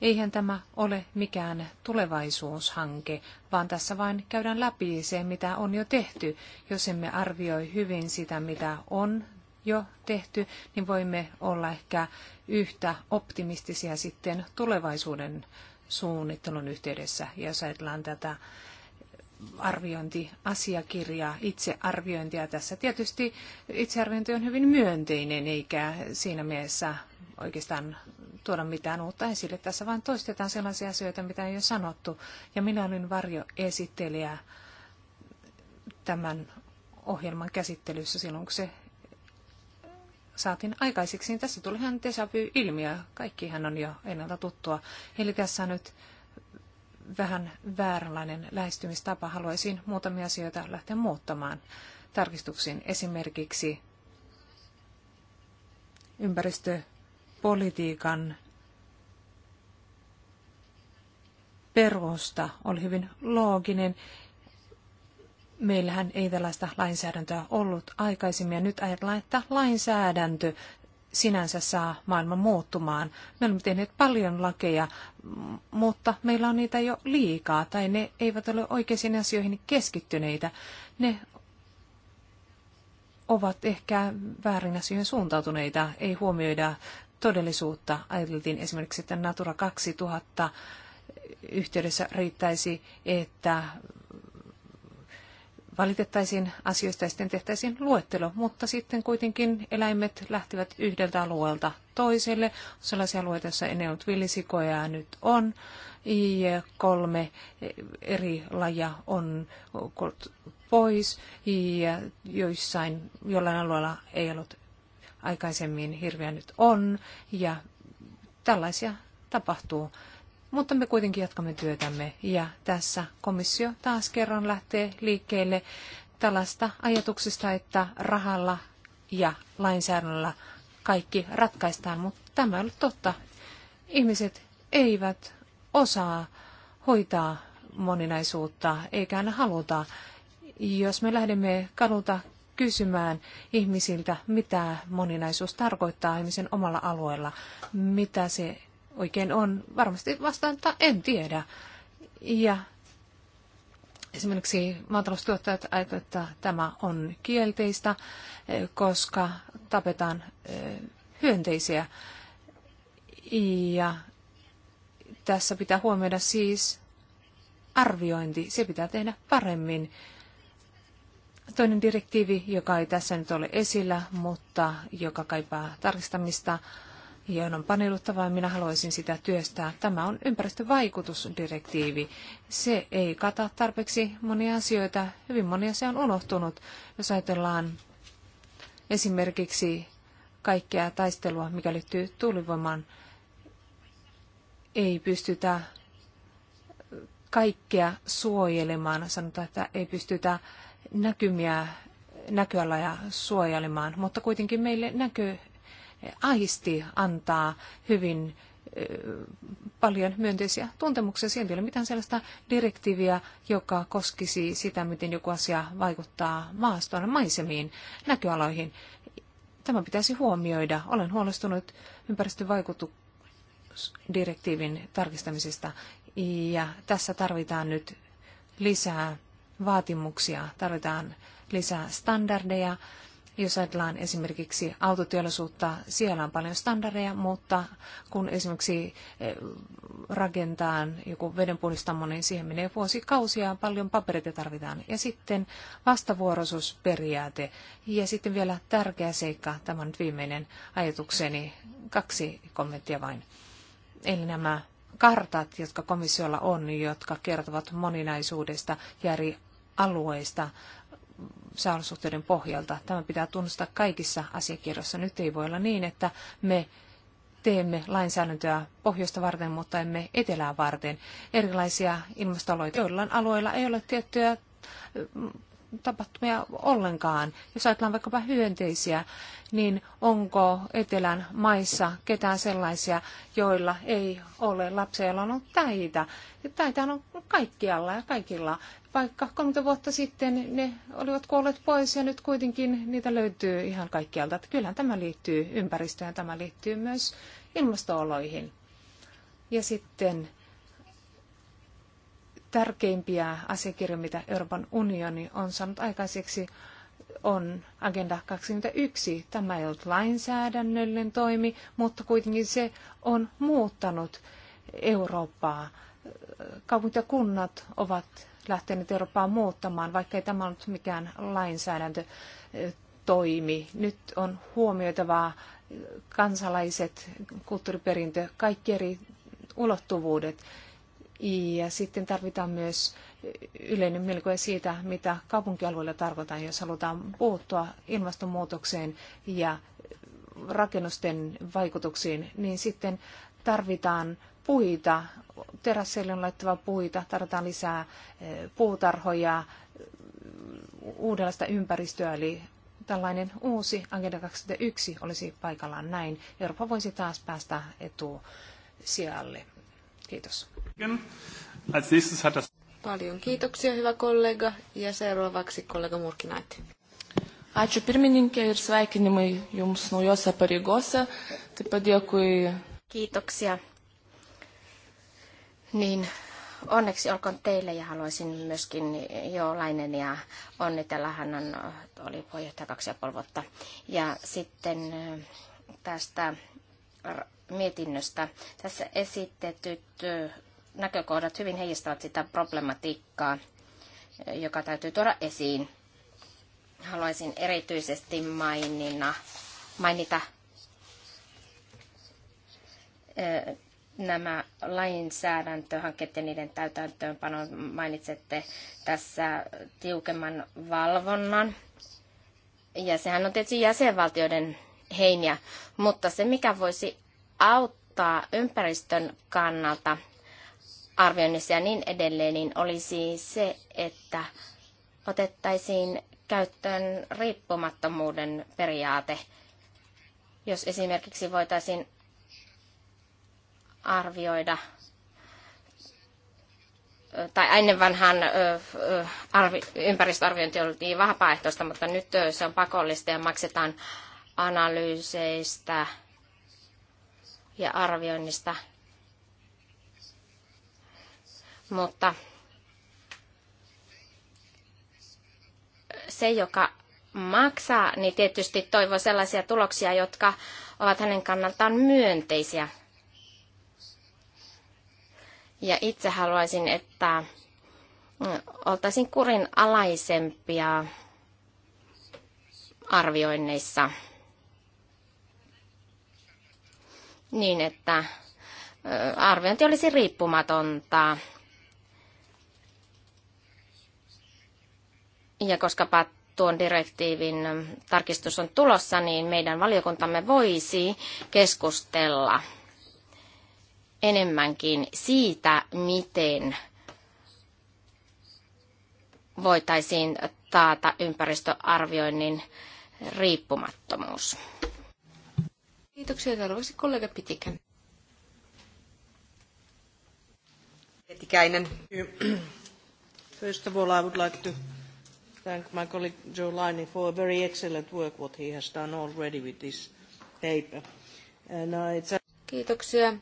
Eihän tämä ole mikään tulevaisuushanke, vaan tässä vain käydään läpi se, mitä on jo tehty. Jos emme arvioi hyvin sitä, mitä on jo tehty, niin voimme olla ehkä yhtä optimistisia sitten tulevaisuuden suunnittelun yhteydessä. Ja jos ajatellaan tätä arviointiasiakirjaa, itsearviointia tässä. Tietysti itsearviointi on hyvin myönteinen, eikä siinä mielessä oikeastaan tuoda mitään uutta esille. Tässä vain toistetaan sellaisia asioita, mitä ei ole sanottu. Ja minä olin esittelijä tämän ohjelman käsittelyssä silloin, kun se saatiin aikaiseksi, niin tässä tuli ihan ilmiö. Kaikkihan on jo ennalta tuttua. Eli tässä on nyt vähän vääränlainen lähestymistapa. Haluaisin muutamia asioita lähteä muuttamaan tarkistuksiin. Esimerkiksi ympäristö- politiikan perusta oli hyvin looginen. Meillähän ei tällaista lainsäädäntöä ollut aikaisemmin ja nyt ajatellaan, että lainsäädäntö sinänsä saa maailman muuttumaan. Me olemme tehneet paljon lakeja, mutta meillä on niitä jo liikaa tai ne eivät ole oikeisiin asioihin keskittyneitä. Ne ovat ehkä väärin asioihin suuntautuneita, ei huomioida todellisuutta. Ajateltiin esimerkiksi, että Natura 2000 yhteydessä riittäisi, että valitettaisiin asioista ja sitten tehtäisiin luettelo, mutta sitten kuitenkin eläimet lähtivät yhdeltä alueelta toiselle. Sellaisia alueita, joissa ei ollut villisikoja nyt on. Ja kolme eri lajia on pois ja joissain, jollain alueella ei ollut aikaisemmin hirviä nyt on ja tällaisia tapahtuu. Mutta me kuitenkin jatkamme työtämme ja tässä komissio taas kerran lähtee liikkeelle tällaista ajatuksesta, että rahalla ja lainsäädännöllä kaikki ratkaistaan, mutta tämä on totta. Ihmiset eivät osaa hoitaa moninaisuutta eikä aina haluta. Jos me lähdemme kadulta kysymään ihmisiltä, mitä moninaisuus tarkoittaa ihmisen omalla alueella, mitä se oikein on. Varmasti vastaan, että en tiedä. Ja esimerkiksi maataloustuottajat ajattelevat, että tämä on kielteistä, koska tapetaan hyönteisiä. Ja tässä pitää huomioida siis arviointi. Se pitää tehdä paremmin. Toinen direktiivi, joka ei tässä nyt ole esillä, mutta joka kaipaa tarkistamista, johon on paneuduttava, minä haluaisin sitä työstää. Tämä on ympäristövaikutusdirektiivi. Se ei kata tarpeeksi monia asioita. Hyvin monia se on unohtunut. Jos ajatellaan esimerkiksi kaikkea taistelua, mikä liittyy tuulivoimaan, ei pystytä kaikkea suojelemaan. Sanotaan, että ei pystytä näkymiä, näköalaa suojelemaan, mutta kuitenkin meille näkö aisti antaa hyvin paljon myönteisiä tuntemuksia. siinä ei ole mitään sellaista direktiiviä, joka koskisi sitä, miten joku asia vaikuttaa maastoon, maisemiin, näköaloihin. Tämä pitäisi huomioida. Olen huolestunut ympäristövaikutusdirektiivin tarkistamisesta ja tässä tarvitaan nyt lisää vaatimuksia, tarvitaan lisää standardeja. Jos ajatellaan esimerkiksi autoteollisuutta, siellä on paljon standardeja, mutta kun esimerkiksi eh, rakentaa joku vedenpuhdistamo, niin siihen menee vuosikausia, paljon papereita tarvitaan. Ja sitten vastavuoroisuusperiaate. Ja sitten vielä tärkeä seikka, tämä on nyt viimeinen ajatukseni, kaksi kommenttia vain. Eli nämä kartat, jotka komissiolla on, jotka kertovat moninaisuudesta ja eri alueista saarisuhteiden pohjalta. Tämä pitää tunnustaa kaikissa asiakirjoissa. Nyt ei voi olla niin, että me teemme lainsäädäntöä pohjoista varten, mutta emme etelää varten. Erilaisia ilmastoalueita, joilla alueilla ei ole tiettyjä tapahtumia ollenkaan. Jos ajatellaan vaikkapa hyönteisiä, niin onko etelän maissa ketään sellaisia, joilla ei ole lapsia, joilla on täitä? Täitä on kaikkialla ja kaikilla vaikka 30 vuotta sitten ne olivat kuolleet pois ja nyt kuitenkin niitä löytyy ihan kaikkialta. Että kyllähän tämä liittyy ympäristöön, tämä liittyy myös ilmastooloihin. Ja sitten tärkeimpiä asiakirjoja, mitä Euroopan unioni on saanut aikaiseksi, on Agenda 21. Tämä ei ollut lainsäädännöllinen toimi, mutta kuitenkin se on muuttanut Eurooppaa. Kaupunkit ja kunnat ovat lähtenyt Eurooppaa muuttamaan, vaikka ei tämä ollut mikään lainsäädäntö toimi. Nyt on huomioitavaa kansalaiset, kulttuuriperintö, kaikki eri ulottuvuudet. Ja sitten tarvitaan myös yleinen mielikuva siitä, mitä kaupunkialueilla tarkoitaan, jos halutaan puuttua ilmastonmuutokseen ja rakennusten vaikutuksiin, niin sitten tarvitaan puita, terassille on laittava puita, tarvitaan lisää eh, puutarhoja, eh, uudenlaista ympäristöä, eli tällainen uusi Agenda 21 olisi paikallaan näin. Eurooppa voisi taas päästä etusijalle. Kiitos. Paljon kiitoksia, hyvä kollega. Ja seuraavaksi kollega Murkinaiti. Ačiū pirmininkė ir sveikinimai jums naujose pareigose. Taip pat dėkui. Kiitoksia niin onneksi olkoon teille ja haluaisin myöskin jo Lainen ja onnitella. Hän äh, oli puheenjohtaja kaksi ja puoli vuotta. Ja sitten äh, tästä mietinnöstä. Tässä esitetyt äh, näkökohdat hyvin heijastavat sitä problematiikkaa, joka täytyy tuoda esiin. Haluaisin erityisesti mainina, mainita nämä lainsäädäntöhankkeet ja niiden täytäntöönpano mainitsette tässä tiukemman valvonnan. Ja sehän on tietysti jäsenvaltioiden heiniä, mutta se mikä voisi auttaa ympäristön kannalta arvioinnissa ja niin edelleen, niin olisi se, että otettaisiin käyttöön riippumattomuuden periaate. Jos esimerkiksi voitaisiin arvioida tai ennen vanhan arvi, ympäristöarviointi oli niin vapaaehtoista, mutta nyt se on pakollista ja maksetaan analyyseistä ja arvioinnista. Mutta se, joka maksaa, niin tietysti toivoo sellaisia tuloksia, jotka ovat hänen kannaltaan myönteisiä. Ja itse haluaisin, että mm, oltaisiin kurin alaisempia arvioinneissa niin, että arviointi olisi riippumatonta. Ja koska tuon direktiivin tarkistus on tulossa, niin meidän valiokuntamme voisi keskustella enemmänkin siitä, miten voitaisiin taata ympäristöarvioinnin riippumattomuus. Kiitoksia. arvoisa kollega Pitikän. Pitikäinen. First of all, I would like to thank my colleague Joe Liney for very excellent work what he has done already with this paper. And I, it's Kiitoksia.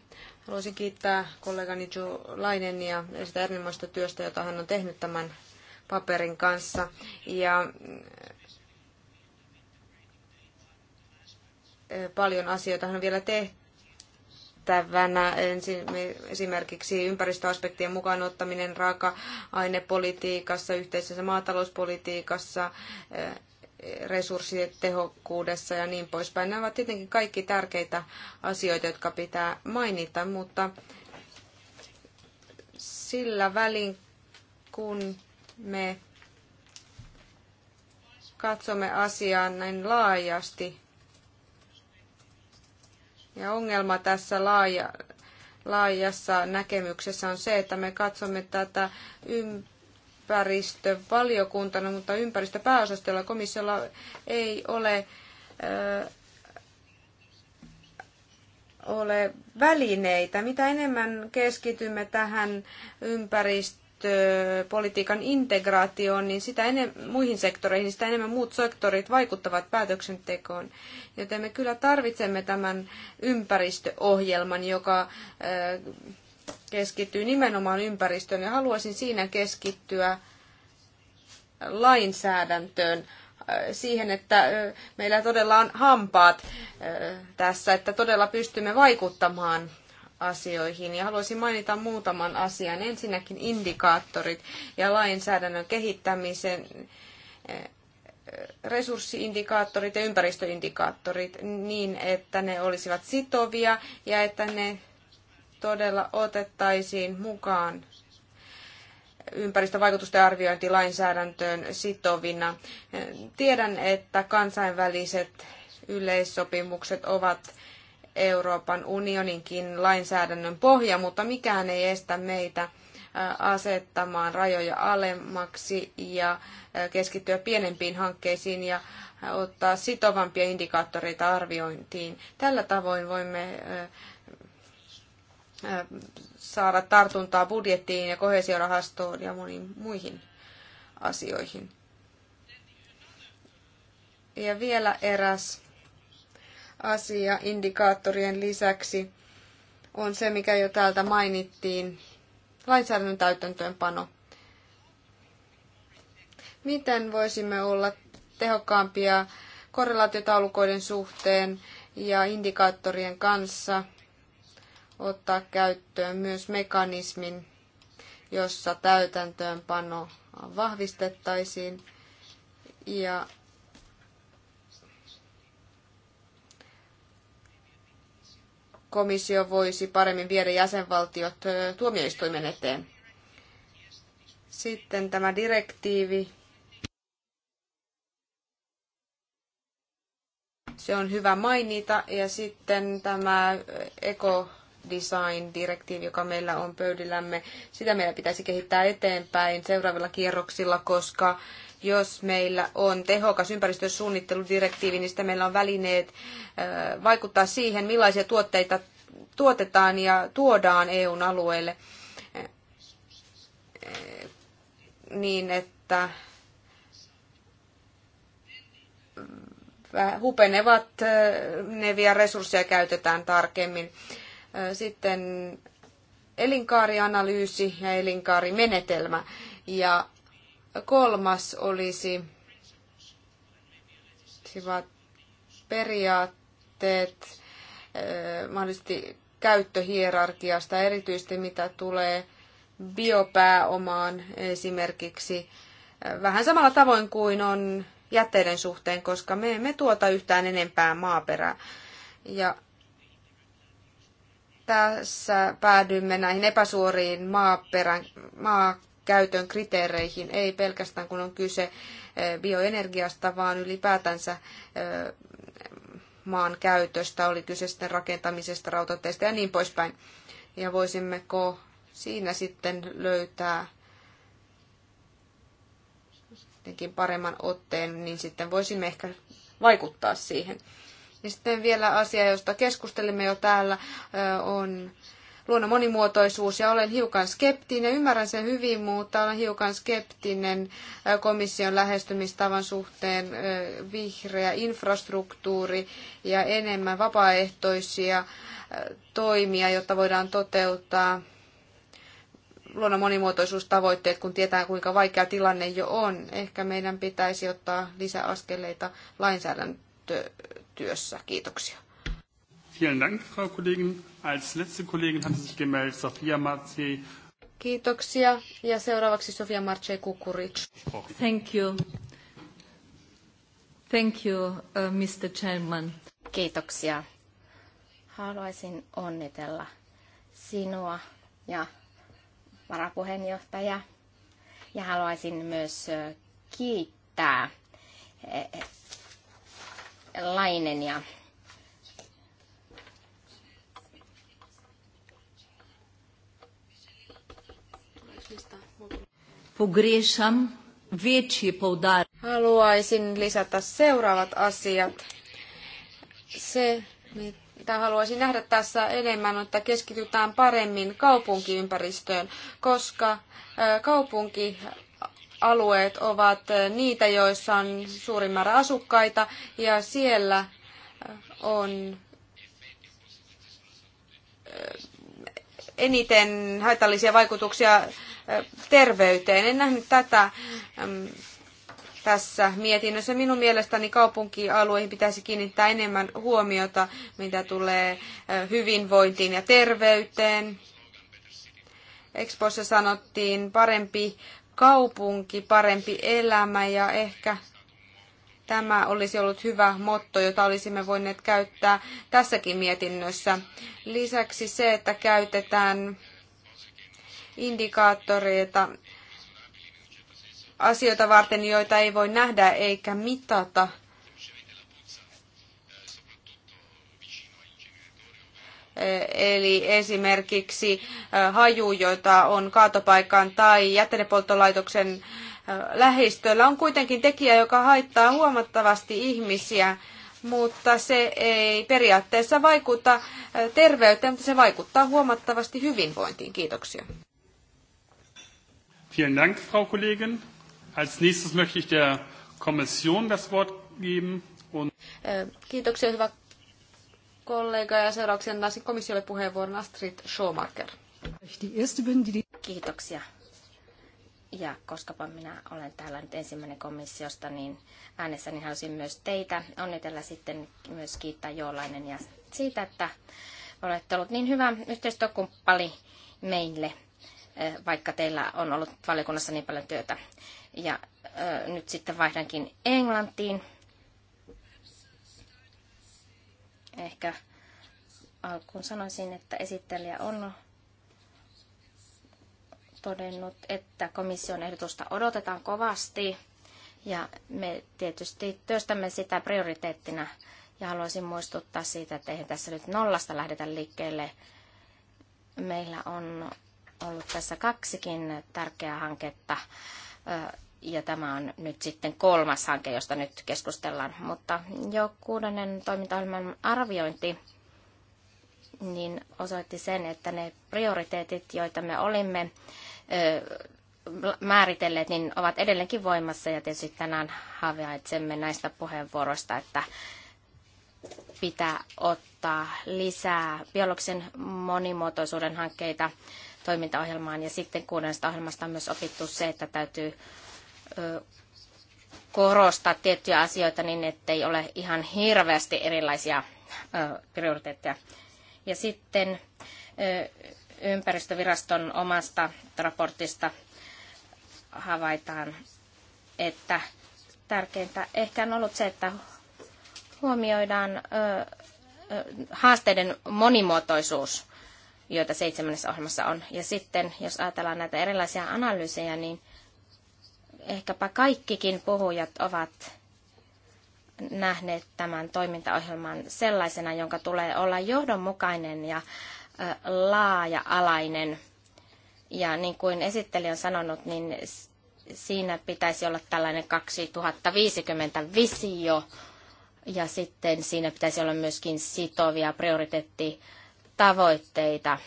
Haluaisin kiittää kollegani Joe Lainenia sitä erinomaista työstä, jota hän on tehnyt tämän paperin kanssa. Ja paljon asioita hän on vielä tehtävänä. Esimerkiksi ympäristöaspektien mukaan ottaminen raaka-ainepolitiikassa, yhteisessä maatalouspolitiikassa, resurssitehokkuudessa ja niin poispäin. Nämä ovat tietenkin kaikki tärkeitä asioita, jotka pitää mainita, mutta sillä välin, kun me katsomme asiaa näin laajasti, ja ongelma tässä laaja, laajassa näkemyksessä on se, että me katsomme tätä ympäristöä, ympäristövaliokuntana, mutta ympäristöpääosastolla komissiolla ei ole, äh, ole välineitä. Mitä enemmän keskitymme tähän ympäristöpolitiikan integraatioon, niin sitä enemmän, muihin sektoreihin, sitä enemmän muut sektorit vaikuttavat päätöksentekoon. Joten me kyllä tarvitsemme tämän ympäristöohjelman, joka äh, keskittyy nimenomaan ympäristöön ja haluaisin siinä keskittyä lainsäädäntöön äh, siihen, että äh, meillä todella on hampaat äh, tässä, että todella pystymme vaikuttamaan asioihin. Ja haluaisin mainita muutaman asian. Ensinnäkin indikaattorit ja lainsäädännön kehittämisen resurssiindikaattorit ja ympäristöindikaattorit niin, että ne olisivat sitovia ja että ne todella otettaisiin mukaan ympäristövaikutusten arviointi lainsäädäntöön sitovina. Tiedän, että kansainväliset yleissopimukset ovat Euroopan unioninkin lainsäädännön pohja, mutta mikään ei estä meitä asettamaan rajoja alemmaksi ja keskittyä pienempiin hankkeisiin ja ottaa sitovampia indikaattoreita arviointiin. Tällä tavoin voimme saada tartuntaa budjettiin ja kohesiorahastoon ja moniin muihin asioihin. Ja vielä eräs asia indikaattorien lisäksi on se, mikä jo täältä mainittiin, lainsäädännön täytäntöönpano. Miten voisimme olla tehokkaampia korrelaatiotaulukoiden suhteen ja indikaattorien kanssa – ottaa käyttöön myös mekanismin, jossa täytäntöönpano vahvistettaisiin ja komissio voisi paremmin viedä jäsenvaltiot tuomioistuimen eteen. Sitten tämä direktiivi. Se on hyvä mainita. Ja sitten tämä eko design-direktiivi, joka meillä on pöydillämme, sitä meillä pitäisi kehittää eteenpäin seuraavilla kierroksilla, koska jos meillä on tehokas ympäristösuunnitteludirektiivi, niin sitä meillä on välineet vaikuttaa siihen, millaisia tuotteita tuotetaan ja tuodaan EUn alueelle niin, että hupenevat neviä resursseja käytetään tarkemmin. Sitten elinkaarianalyysi ja elinkaarimenetelmä. Ja kolmas olisi periaatteet, mahdollisesti käyttöhierarkiasta, erityisesti mitä tulee biopääomaan esimerkiksi, vähän samalla tavoin kuin on jätteiden suhteen, koska me emme tuota yhtään enempää maaperää. Ja tässä päädymme näihin epäsuoriin maaperän, maakäytön kriteereihin, ei pelkästään kun on kyse eh, bioenergiasta, vaan ylipäätänsä eh, maan käytöstä, oli kyse sitten rakentamisesta, rautateista ja niin poispäin. Ja voisimmeko siinä sitten löytää paremman otteen, niin sitten voisimme ehkä vaikuttaa siihen. Ja sitten vielä asia, josta keskustelimme jo täällä, on luonnon monimuotoisuus ja olen hiukan skeptinen, ymmärrän sen hyvin, mutta olen hiukan skeptinen komission lähestymistavan suhteen vihreä infrastruktuuri ja enemmän vapaaehtoisia toimia, jotta voidaan toteuttaa luonnon monimuotoisuustavoitteet, kun tietää kuinka vaikea tilanne jo on. Ehkä meidän pitäisi ottaa lisäaskeleita lainsäädäntöön työssä. Kiitoksia. Vielen Dank, Frau Kollegin. Als letzte Kollegin hat sich gemeldet Sofia Kiitoksia. Ja seuraavaksi Sofia Marce Kukuric. Thank you. Thank you, uh, Mr. Chairman. Kiitoksia. Haluaisin onnitella sinua ja varapuheenjohtaja. Ja haluaisin myös uh, kiittää eh, Lainenia. Pogrešam veći poudar. Haluaisin lisätä seuraavat asiat. Se, mitä haluaisin nähdä tässä enemmän, on, että keskitytään paremmin kaupunkiympäristöön, koska kaupunki alueet ovat niitä, joissa on suurin määrä asukkaita ja siellä on eh, eniten haitallisia vaikutuksia eh, terveyteen. En nähnyt tätä mm, tässä mietinnössä. Minun mielestäni kaupunkialueihin pitäisi kiinnittää enemmän huomiota, mitä tulee eh, hyvinvointiin ja terveyteen. Expossa sanottiin parempi kaupunki, parempi elämä ja ehkä tämä olisi ollut hyvä motto, jota olisimme voineet käyttää tässäkin mietinnössä. Lisäksi se, että käytetään indikaattoreita asioita varten, joita ei voi nähdä eikä mitata – Eli esimerkiksi haju, jota on kaatopaikan tai jätteenpolttolaitoksen lähistöllä, on kuitenkin tekijä, joka haittaa huomattavasti ihmisiä, mutta se ei periaatteessa vaikuta terveyteen, mutta se vaikuttaa huomattavasti hyvinvointiin. Kiitoksia. Vielen Dank, Frau Kollegin. Als nächstes möchte ich der Kommission das Wort geben. Und Kiitoksia, hyvä kollega ja seuraavaksi antaisin komissiolle puheenvuoron Astrid Schomaker. Kiitoksia. Ja koskapa minä olen täällä nyt ensimmäinen komissiosta, niin äänessäni niin halusin myös teitä onnitella sitten myös kiittää Joolainen ja siitä, että olette ollut niin hyvä yhteistyökumppani meille, vaikka teillä on ollut valiokunnassa niin paljon työtä. Ja nyt sitten vaihdankin Englantiin Ehkä alkuun sanoisin, että esittelijä on todennut, että komission ehdotusta odotetaan kovasti ja me tietysti työstämme sitä prioriteettina ja haluaisin muistuttaa siitä, että eihän tässä nyt nollasta lähdetä liikkeelle. Meillä on ollut tässä kaksikin tärkeää hanketta ja tämä on nyt sitten kolmas hanke, josta nyt keskustellaan. Mutta jo kuudennen toimintaohjelman arviointi niin osoitti sen, että ne prioriteetit, joita me olimme määritelleet, niin ovat edelleenkin voimassa. Ja tietysti tänään havaitsemme näistä puheenvuoroista, että pitää ottaa lisää biologisen monimuotoisuuden hankkeita toimintaohjelmaan. Ja sitten kuudennesta ohjelmasta on myös opittu se, että täytyy korostaa tiettyjä asioita niin, ettei ole ihan hirveästi erilaisia prioriteetteja. Ja sitten ympäristöviraston omasta raportista havaitaan, että tärkeintä ehkä on ollut se, että huomioidaan haasteiden monimuotoisuus, joita seitsemännessä ohjelmassa on. Ja sitten, jos ajatellaan näitä erilaisia analyysejä, niin ehkäpä kaikkikin puhujat ovat nähneet tämän toimintaohjelman sellaisena, jonka tulee olla johdonmukainen ja laaja-alainen. Ja niin kuin esittelijä on sanonut, niin siinä pitäisi olla tällainen 2050 visio, ja sitten siinä pitäisi olla myöskin sitovia prioriteettitavoitteita.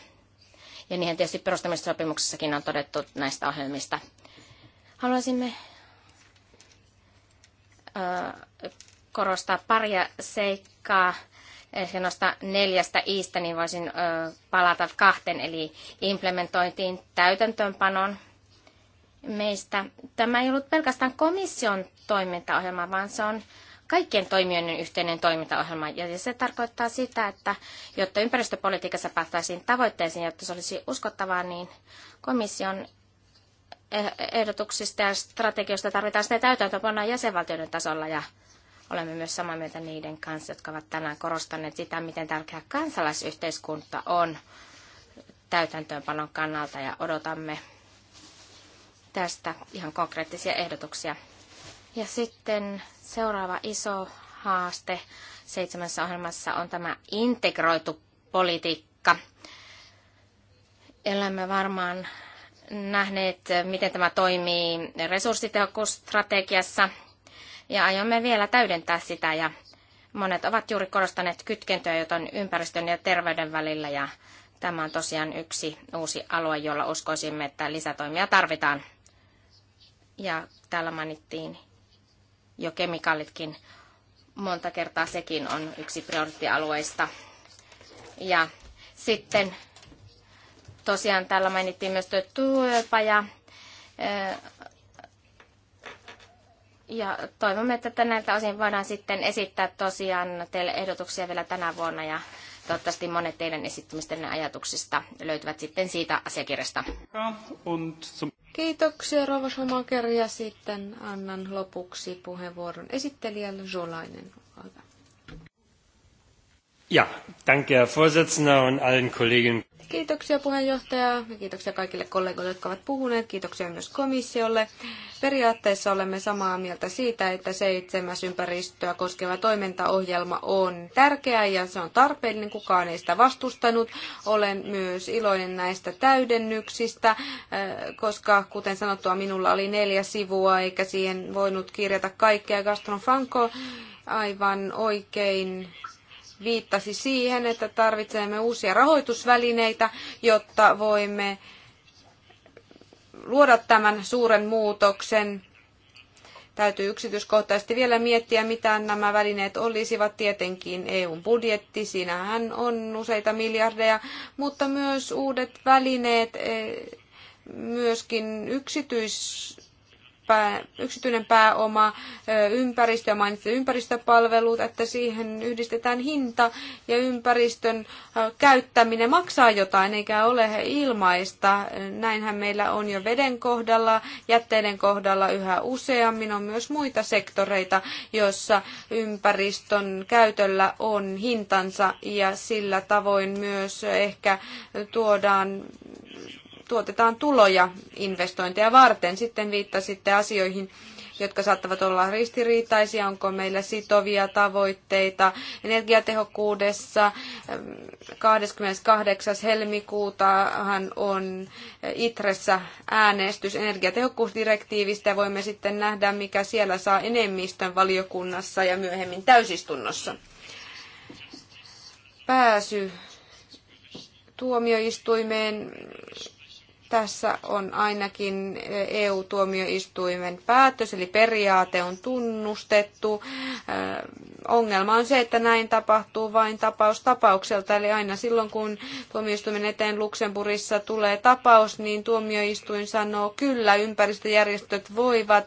Ja niihin tietysti perustamissopimuksessakin on todettu näistä ohjelmista. Haluaisimme korostaa paria seikkaa. Ehkä noista neljästä iistä niin voisin palata kahteen, eli implementointiin täytäntöönpanon meistä. Tämä ei ollut pelkästään komission toimintaohjelma, vaan se on kaikkien toimijoiden yhteinen toimintaohjelma. Ja se tarkoittaa sitä, että jotta ympäristöpolitiikassa päästäisiin tavoitteisiin, jotta se olisi uskottavaa, niin komission ehdotuksista ja strategioista tarvitaan sitä täytäntöpanoa jäsenvaltioiden tasolla ja olemme myös samaa mieltä niiden kanssa, jotka ovat tänään korostaneet sitä, miten tärkeä kansalaisyhteiskunta on täytäntöönpanon kannalta ja odotamme tästä ihan konkreettisia ehdotuksia. Ja sitten seuraava iso haaste seitsemässä ohjelmassa on tämä integroitu politiikka. Elämme varmaan nähneet, miten tämä toimii resurssitehokkuusstrategiassa, ja aiomme vielä täydentää sitä, ja monet ovat juuri korostaneet kytkentöä, jota on ympäristön ja terveyden välillä, ja tämä on tosiaan yksi uusi alue, jolla uskoisimme, että lisätoimia tarvitaan. Ja täällä mainittiin jo kemikaalitkin monta kertaa, sekin on yksi prioriittialueista. Ja sitten Tosiaan täällä mainittiin myös tuo työpaja. Ja toivomme, että näiltä osin voidaan sitten esittää tosiaan teille ehdotuksia vielä tänä vuonna ja toivottavasti monet teidän esittämisten ajatuksista löytyvät sitten siitä asiakirjasta. Kiitoksia Rova Schumacher ja sitten annan lopuksi puheenvuoron esittelijälle Jolainen. Ja, danke Herr Vorsitzender und allen Kollegen. Kiitoksia puheenjohtaja ja kiitoksia kaikille kollegoille, jotka ovat puhuneet. Kiitoksia myös komissiolle. Periaatteessa olemme samaa mieltä siitä, että seitsemäs ympäristöä koskeva toimintaohjelma on tärkeä ja se on tarpeellinen. Kukaan ei sitä vastustanut. Olen myös iloinen näistä täydennyksistä, äh, koska kuten sanottua, minulla oli neljä sivua eikä siihen voinut kirjata kaikkea. Gastron Franco aivan oikein viittasi siihen, että tarvitsemme uusia rahoitusvälineitä, jotta voimme luoda tämän suuren muutoksen. Täytyy yksityiskohtaisesti vielä miettiä, mitä nämä välineet olisivat. Tietenkin EUn budjetti, siinähän on useita miljardeja, mutta myös uudet välineet, e, myöskin yksityis pää, yksityinen pääoma, ympäristö ja mainitsin ympäristöpalvelut, että siihen yhdistetään hinta ja ympäristön käyttäminen maksaa jotain eikä ole ilmaista. Näinhän meillä on jo veden kohdalla, jätteiden kohdalla yhä useammin on myös muita sektoreita, joissa ympäristön käytöllä on hintansa ja sillä tavoin myös ehkä tuodaan tuotetaan tuloja investointeja varten. Sitten viittasitte asioihin, jotka saattavat olla ristiriitaisia. Onko meillä sitovia tavoitteita energiatehokkuudessa? 28. helmikuutahan on Itressä äänestys energiatehokkuusdirektiivistä. Voimme sitten nähdä, mikä siellä saa enemmistön valiokunnassa ja myöhemmin täysistunnossa. Pääsy tuomioistuimeen tässä on ainakin EU-tuomioistuimen päätös, eli periaate on tunnustettu. Ongelma on se, että näin tapahtuu vain tapaus tapaukselta, eli aina silloin kun tuomioistuimen eteen Luxemburissa tulee tapaus, niin tuomioistuin sanoo, kyllä ympäristöjärjestöt voivat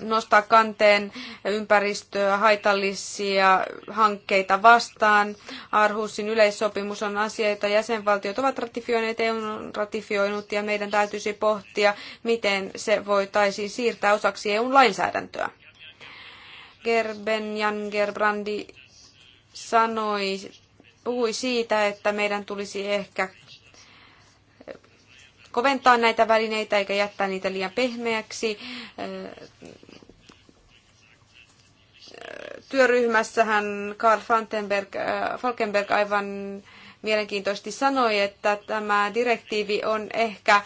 nostaa kanteen ympäristöä haitallisia hankkeita vastaan. Arhusin yleissopimus on asia, jota jäsenvaltiot ovat ratifioineet, EU on ratifioinut ja meidän täytyisi pohtia, miten se voitaisiin siirtää osaksi EUn lainsäädäntöä. Gerben Jan Gerbrandi sanoi, puhui siitä, että meidän tulisi ehkä koventaa näitä välineitä eikä jättää niitä liian pehmeäksi työryhmässähän Karl Falkenberg, äh, Falkenberg aivan mielenkiintoisesti sanoi, että tämä direktiivi on ehkä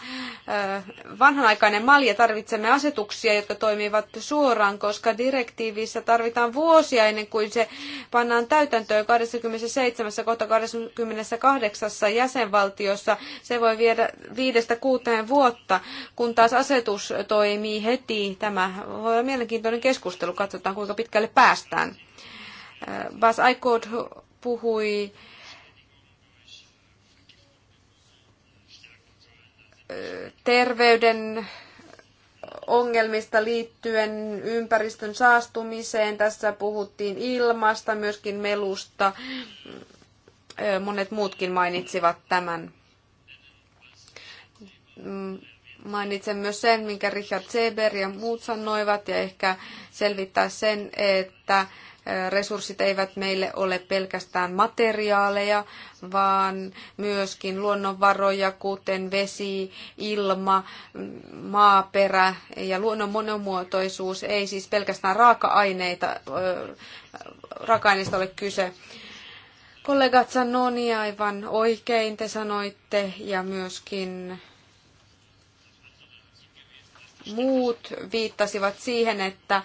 vanhanaikainen ja Tarvitsemme asetuksia, jotka toimivat suoraan, koska direktiivissä tarvitaan vuosia ennen kuin se pannaan täytäntöön 27. kohta 28 jäsenvaltiossa. Se voi viedä viidestä kuuteen vuotta, kun taas asetus toimii heti. Tämä voi olla mielenkiintoinen keskustelu. Katsotaan, kuinka pitkälle päästään. Bas Aikood puhui terveyden ongelmista liittyen ympäristön saastumiseen. Tässä puhuttiin ilmasta, myöskin melusta. Monet muutkin mainitsivat tämän. Mm, mainitsen myös sen, minkä Richard Seber ja muut sanoivat, ja ehkä selvittää sen, että Resurssit eivät meille ole pelkästään materiaaleja, vaan myöskin luonnonvaroja, kuten vesi, ilma, maaperä ja luonnon monimuotoisuus. Ei siis pelkästään raaka-aineita, raaka-aineista ole kyse. Kollegat Sanoni aivan oikein te sanoitte ja myöskin muut viittasivat siihen, että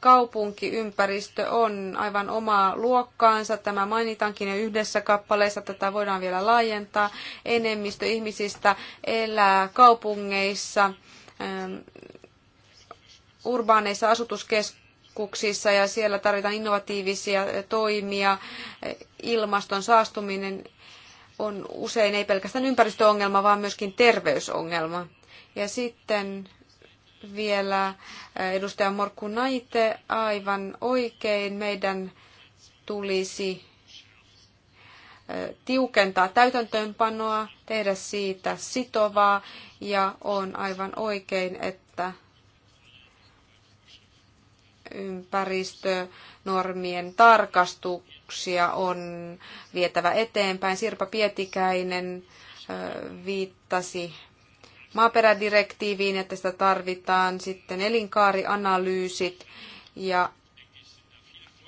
kaupunkiympäristö on aivan omaa luokkaansa. Tämä mainitankin jo yhdessä kappaleessa, tätä voidaan vielä laajentaa. Enemmistö ihmisistä elää kaupungeissa, ähm, urbaaneissa asutuskeskuksissa ja siellä tarvitaan innovatiivisia toimia. Ilmaston saastuminen on usein ei pelkästään ympäristöongelma, vaan myöskin terveysongelma. Ja sitten vielä äh, edustaja Morkku Naite aivan oikein. Meidän tulisi äh, tiukentaa täytäntöönpanoa, tehdä siitä sitovaa ja on aivan oikein, että ympäristönormien tarkastuksia on vietävä eteenpäin. Sirpa Pietikäinen äh, viittasi maaperädirektiiviin, että sitä tarvitaan sitten elinkaarianalyysit ja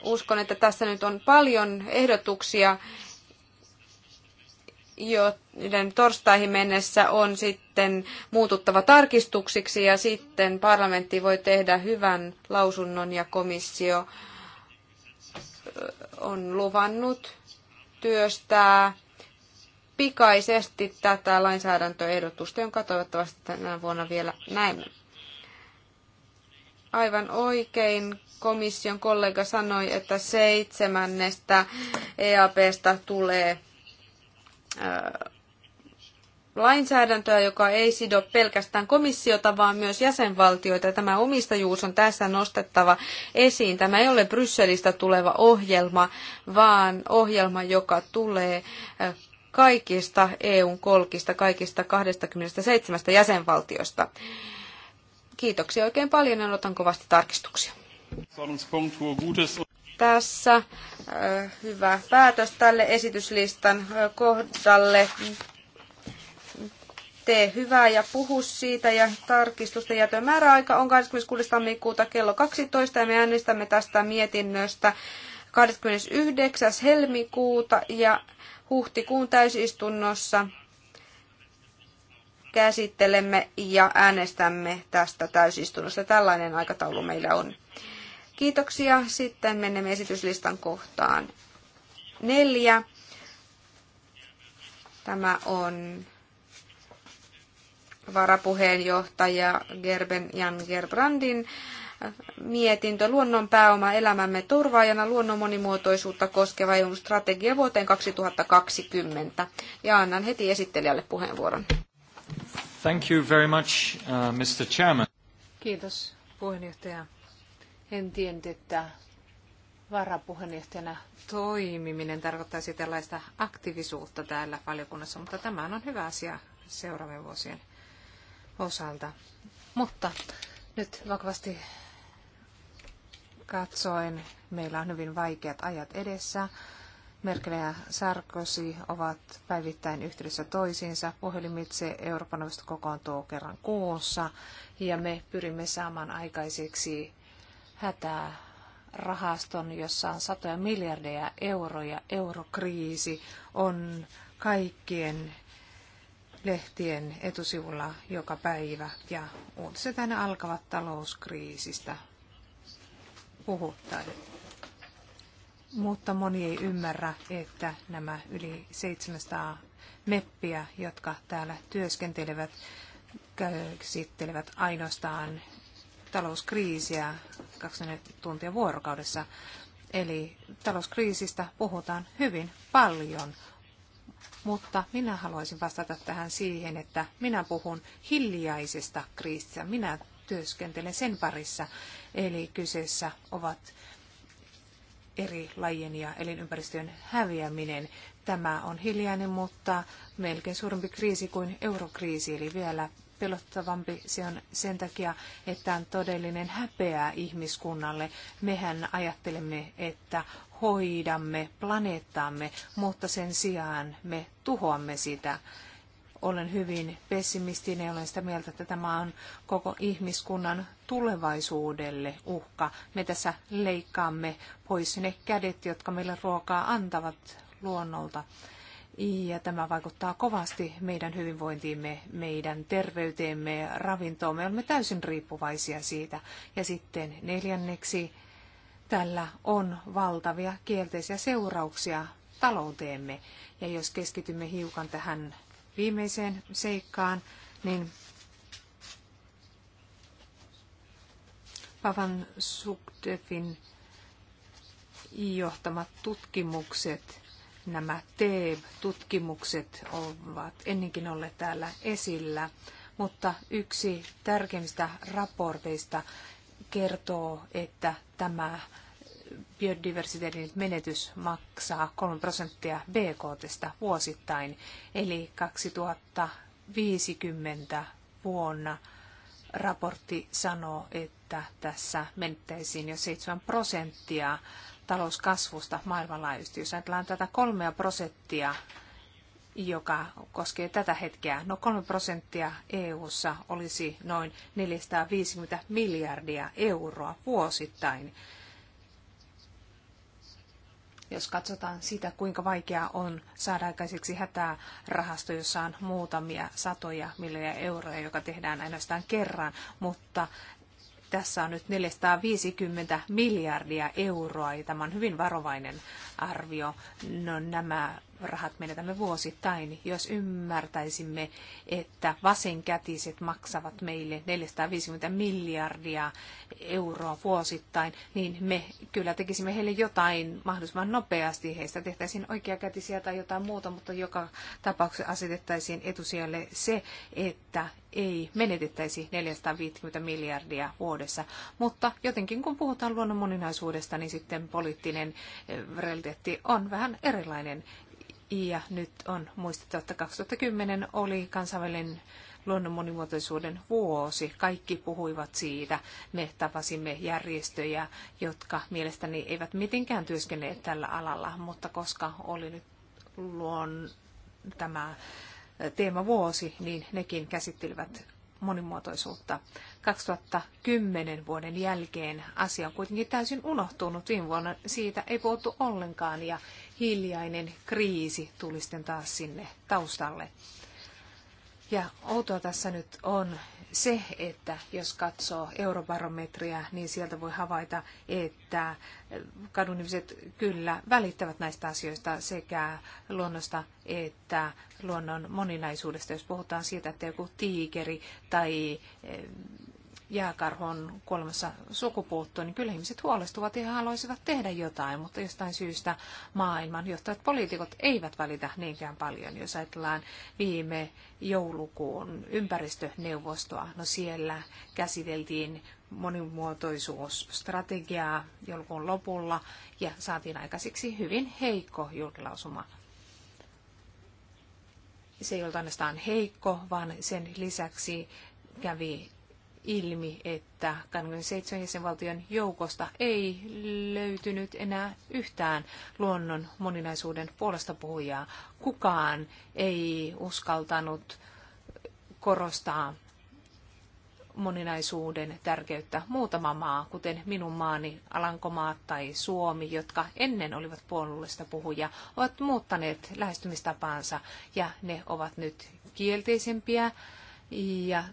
uskon, että tässä nyt on paljon ehdotuksia, joiden torstaihin mennessä on sitten muututtava tarkistuksiksi ja sitten parlamentti voi tehdä hyvän lausunnon ja komissio on luvannut työstää pikaisesti tätä lainsäädäntöehdotusta, jonka toivottavasti tänä vuonna vielä näemme. Aivan oikein komission kollega sanoi, että seitsemännestä EAPstä tulee lainsäädäntöä, joka ei sido pelkästään komissiota, vaan myös jäsenvaltioita. Tämä omistajuus on tässä nostettava esiin. Tämä ei ole Brysselistä tuleva ohjelma, vaan ohjelma, joka tulee kaikista EUn kolkista, kaikista 27 jäsenvaltiosta. Kiitoksia oikein paljon ja odotan kovasti tarkistuksia. Tässä äh, hyvä päätös tälle esityslistan äh, kohdalle tee hyvää ja puhu siitä ja tarkistusten jätön määräaika on 26. tammikuuta kello 12 ja me äänestämme tästä mietinnöstä 29. helmikuuta ja huhtikuun täysistunnossa käsittelemme ja äänestämme tästä täysistunnosta. Tällainen aikataulu meillä on. Kiitoksia. Sitten menemme esityslistan kohtaan neljä. Tämä on varapuheenjohtaja Gerben Jan Gerbrandin mietintö Luonnon pääoma elämämme turvaajana luonnon monimuotoisuutta koskeva EUn strategia vuoteen 2020. Ja annan heti esittelijälle puheenvuoron. Thank you very much, uh, Mr. Chairman. Kiitos puheenjohtaja. En tiennyt, että varapuheenjohtajana toimiminen tarkoittaisi tällaista aktiivisuutta täällä valiokunnassa, mutta tämä on hyvä asia seuraavien vuosien osalta. Mutta nyt vakavasti katsoen meillä on hyvin vaikeat ajat edessä. Merkel ja Sarkozy ovat päivittäin yhteydessä toisiinsa. Puhelimitse Euroopan neuvosto kokoontuu kerran kuussa ja me pyrimme saamaan aikaiseksi hätää rahaston, jossa on satoja miljardeja euroja. Eurokriisi on kaikkien lehtien etusivulla joka päivä ja uutiset aina alkavat talouskriisistä puhuttaa. Mutta moni ei ymmärrä, että nämä yli 700 meppiä, jotka täällä työskentelevät, käsittelevät ainoastaan talouskriisiä 24 tuntia vuorokaudessa. Eli talouskriisistä puhutaan hyvin paljon, mutta minä haluaisin vastata tähän siihen, että minä puhun hiljaisesta kriisistä. Minä työskentelen sen parissa. Eli kyseessä ovat eri lajien ja elinympäristöjen häviäminen. Tämä on hiljainen, mutta melkein suurempi kriisi kuin eurokriisi, eli vielä pelottavampi se on sen takia, että on todellinen häpeä ihmiskunnalle. Mehän ajattelemme, että hoidamme planeettaamme, mutta sen sijaan me tuhoamme sitä olen hyvin pessimistinen ja olen sitä mieltä, että tämä on koko ihmiskunnan tulevaisuudelle uhka. Me tässä leikkaamme pois ne kädet, jotka meille ruokaa antavat luonnolta. Ja tämä vaikuttaa kovasti meidän hyvinvointiimme, meidän terveyteemme, ravintoomme. Me olemme täysin riippuvaisia siitä. Ja sitten neljänneksi tällä on valtavia kielteisiä seurauksia talouteemme. Ja jos keskitymme hiukan tähän viimeiseen seikkaan, niin Pavan Sukdefin johtamat tutkimukset, nämä teb tutkimukset ovat ennenkin olleet täällä esillä, mutta yksi tärkeimmistä raporteista kertoo, että tämä biodiversiteetin menetys maksaa 3 prosenttia BKTstä vuosittain, eli 2050 vuonna raportti sanoo, että tässä menttäisiin jo 7 prosenttia talouskasvusta maailmanlaajuisesti. Jos ajatellaan tätä 3 prosenttia, joka koskee tätä hetkeä, no 3 prosenttia EU-ssa olisi noin 450 miljardia euroa vuosittain jos katsotaan sitä, kuinka vaikeaa on saada aikaiseksi hätärahasto, jossa on muutamia satoja miljoja euroja, joka tehdään ainoastaan kerran, mutta tässä on nyt 450 miljardia euroa, ja tämä on hyvin varovainen arvio. No, nämä rahat menetämme vuosittain, jos ymmärtäisimme, että vasenkätiset maksavat meille 450 miljardia euroa vuosittain, niin me kyllä tekisimme heille jotain mahdollisimman nopeasti. Heistä tehtäisiin oikeakätisiä tai jotain muuta, mutta joka tapauksessa asetettaisiin etusijalle se, että ei menetettäisi 450 miljardia vuodessa. Mutta jotenkin kun puhutaan luonnon moninaisuudesta, niin sitten poliittinen eh, realiteetti on vähän erilainen. Ja nyt on muistettava, että 2010 oli kansainvälinen luonnon monimuotoisuuden vuosi. Kaikki puhuivat siitä. Me tapasimme järjestöjä, jotka mielestäni eivät mitenkään työskenneet tällä alalla, mutta koska oli nyt luon tämä teema vuosi, niin nekin käsittelivät monimuotoisuutta. 2010 vuoden jälkeen asia on kuitenkin täysin unohtunut. Viime vuonna siitä ei puhuttu ollenkaan ja hiljainen kriisi tuli sitten taas sinne taustalle. Ja outoa tässä nyt on se, että jos katsoo eurobarometria, niin sieltä voi havaita, että kadun ihmiset kyllä välittävät näistä asioista sekä luonnosta että luonnon moninaisuudesta. Jos puhutaan siitä, että joku tiikeri tai eh, jääkarhu on kuolemassa sukupuuttoon, niin kyllä ihmiset huolestuvat ja haluaisivat tehdä jotain, mutta jostain syystä maailman johtajat poliitikot eivät välitä niinkään paljon. Jos ajatellaan viime joulukuun ympäristöneuvostoa, no siellä käsiteltiin monimuotoisuusstrategiaa joulukuun lopulla ja saatiin aikaisiksi hyvin heikko julkilausuma se ei ollut ainoastaan heikko, vaan sen lisäksi kävi ilmi, että seitsemän jäsenvaltion joukosta ei löytynyt enää yhtään luonnon moninaisuuden puolesta puhujaa. Kukaan ei uskaltanut korostaa moninaisuuden tärkeyttä muutama maa, kuten minun maani, Alankomaat tai Suomi, jotka ennen olivat puolueellista puhuja, ovat muuttaneet lähestymistapaansa ja ne ovat nyt kielteisempiä ja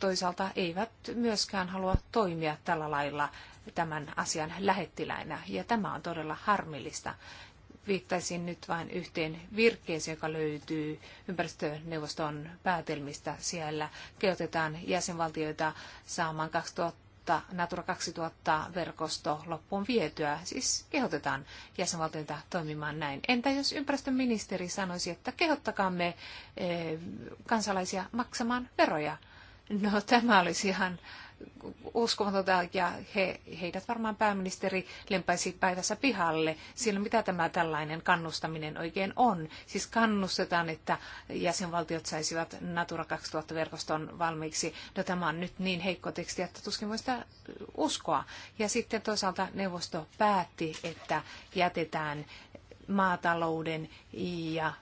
toisaalta eivät myöskään halua toimia tällä lailla tämän asian lähettiläinä. Ja tämä on todella harmillista. Viittaisin nyt vain yhteen virkkeeseen, joka löytyy ympäristöneuvoston päätelmistä. Siellä kehotetaan jäsenvaltioita saamaan 2000, Natura 2000-verkosto loppuun vietyä. Siis kehotetaan jäsenvaltioita toimimaan näin. Entä jos ympäristöministeri sanoisi, että kehottakaamme eh, kansalaisia maksamaan veroja? No tämä olisi ihan uskomatonta ja he, heidät varmaan pääministeri lempaisi päivässä pihalle, Siellä mitä tämä tällainen kannustaminen oikein on. Siis kannustetaan, että jäsenvaltiot saisivat Natura 2000-verkoston valmiiksi. No tämä on nyt niin heikko teksti, että tuskin voi sitä uskoa. Ja sitten toisaalta neuvosto päätti, että jätetään maatalouden ja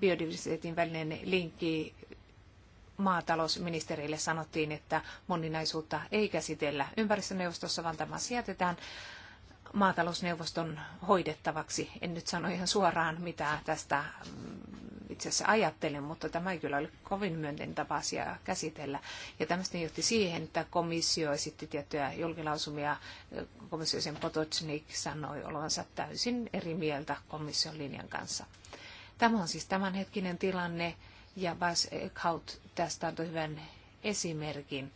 biodiversiteetin välinen linkki maatalousministerille sanottiin, että moninaisuutta ei käsitellä ympäristöneuvostossa, vaan tämä sijoitetaan maatalousneuvoston hoidettavaksi. En nyt sano ihan suoraan, mitä tästä mm, itse asiassa ajattelen, mutta tämä ei kyllä ole kovin myönteinen tapa asiaa käsitellä. Ja tämmöistä johti siihen, että komissio esitti tiettyjä julkilausumia. Komissio sen Potocnik sanoi olevansa täysin eri mieltä komission linjan kanssa. Tämä on siis tämänhetkinen tilanne ja Bas Kaut tästä antoi hyvän esimerkin.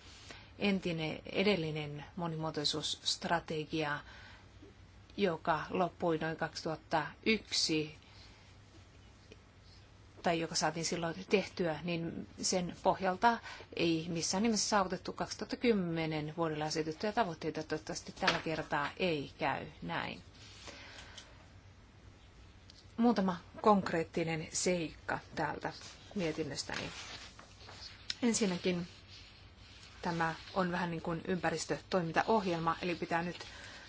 Entinen, edellinen monimuotoisuusstrategia, joka loppui noin 2001 tai joka saatiin silloin tehtyä, niin sen pohjalta ei missään nimessä saavutettu 2010 vuodella asetettuja tavoitteita. Toivottavasti tällä kertaa ei käy näin. Muutama konkreettinen seikka täältä Mietinnöstä niin Ensinnäkin tämä on vähän niin kuin ympäristötoimintaohjelma, eli pitää nyt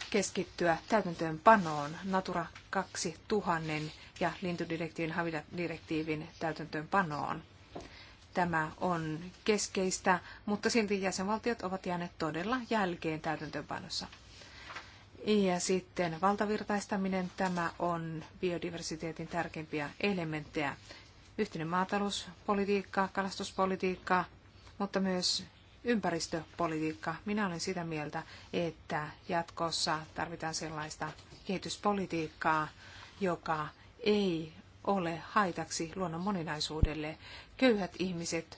keskittyä täytäntöönpanoon Natura 2000 ja lintudirektiivin, havidadirektiivin täytäntöönpanoon. Tämä on keskeistä, mutta silti jäsenvaltiot ovat jääneet todella jälkeen täytäntöönpanossa. Ja sitten valtavirtaistaminen, tämä on biodiversiteetin tärkeimpiä elementtejä yhteinen maatalouspolitiikka, kalastuspolitiikka, mutta myös ympäristöpolitiikka. Minä olen sitä mieltä, että jatkossa tarvitaan sellaista kehityspolitiikkaa, joka ei ole haitaksi luonnon moninaisuudelle. Köyhät ihmiset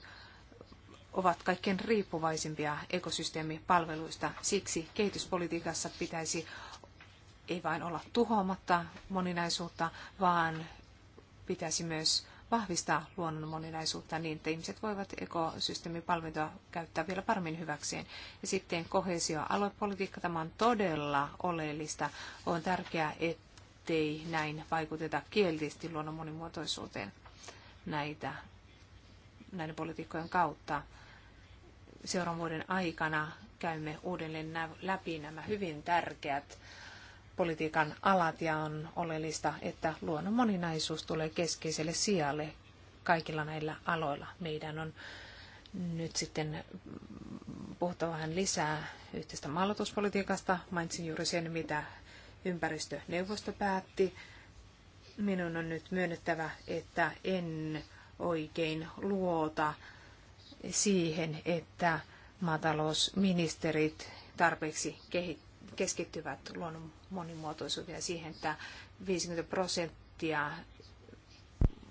ovat kaikkein riippuvaisimpia ekosysteemipalveluista. Siksi kehityspolitiikassa pitäisi ei vain olla tuhoamatta moninaisuutta, vaan pitäisi myös vahvistaa luonnon moninaisuutta niin, että ihmiset voivat ekosysteemipalveluita käyttää vielä paremmin hyväkseen. Ja sitten kohesio aluepolitiikka, tämä on todella oleellista. On tärkeää, ettei näin vaikuteta kielteisesti luonnon monimuotoisuuteen näitä, näiden politiikkojen kautta. Seuraavan vuoden aikana käymme uudelleen läpi nämä hyvin tärkeät politiikan alat ja on oleellista, että luonnon moninaisuus tulee keskeiselle sijalle kaikilla näillä aloilla. Meidän on nyt sitten puhuttava vähän lisää yhteistä maalotuspolitiikasta. Mainitsin juuri sen, mitä ympäristöneuvosto päätti. Minun on nyt myönnettävä, että en oikein luota siihen, että maatalousministerit tarpeeksi kehittyvät keskittyvät luonnon monimuotoisuuteen ja siihen, että 50 prosenttia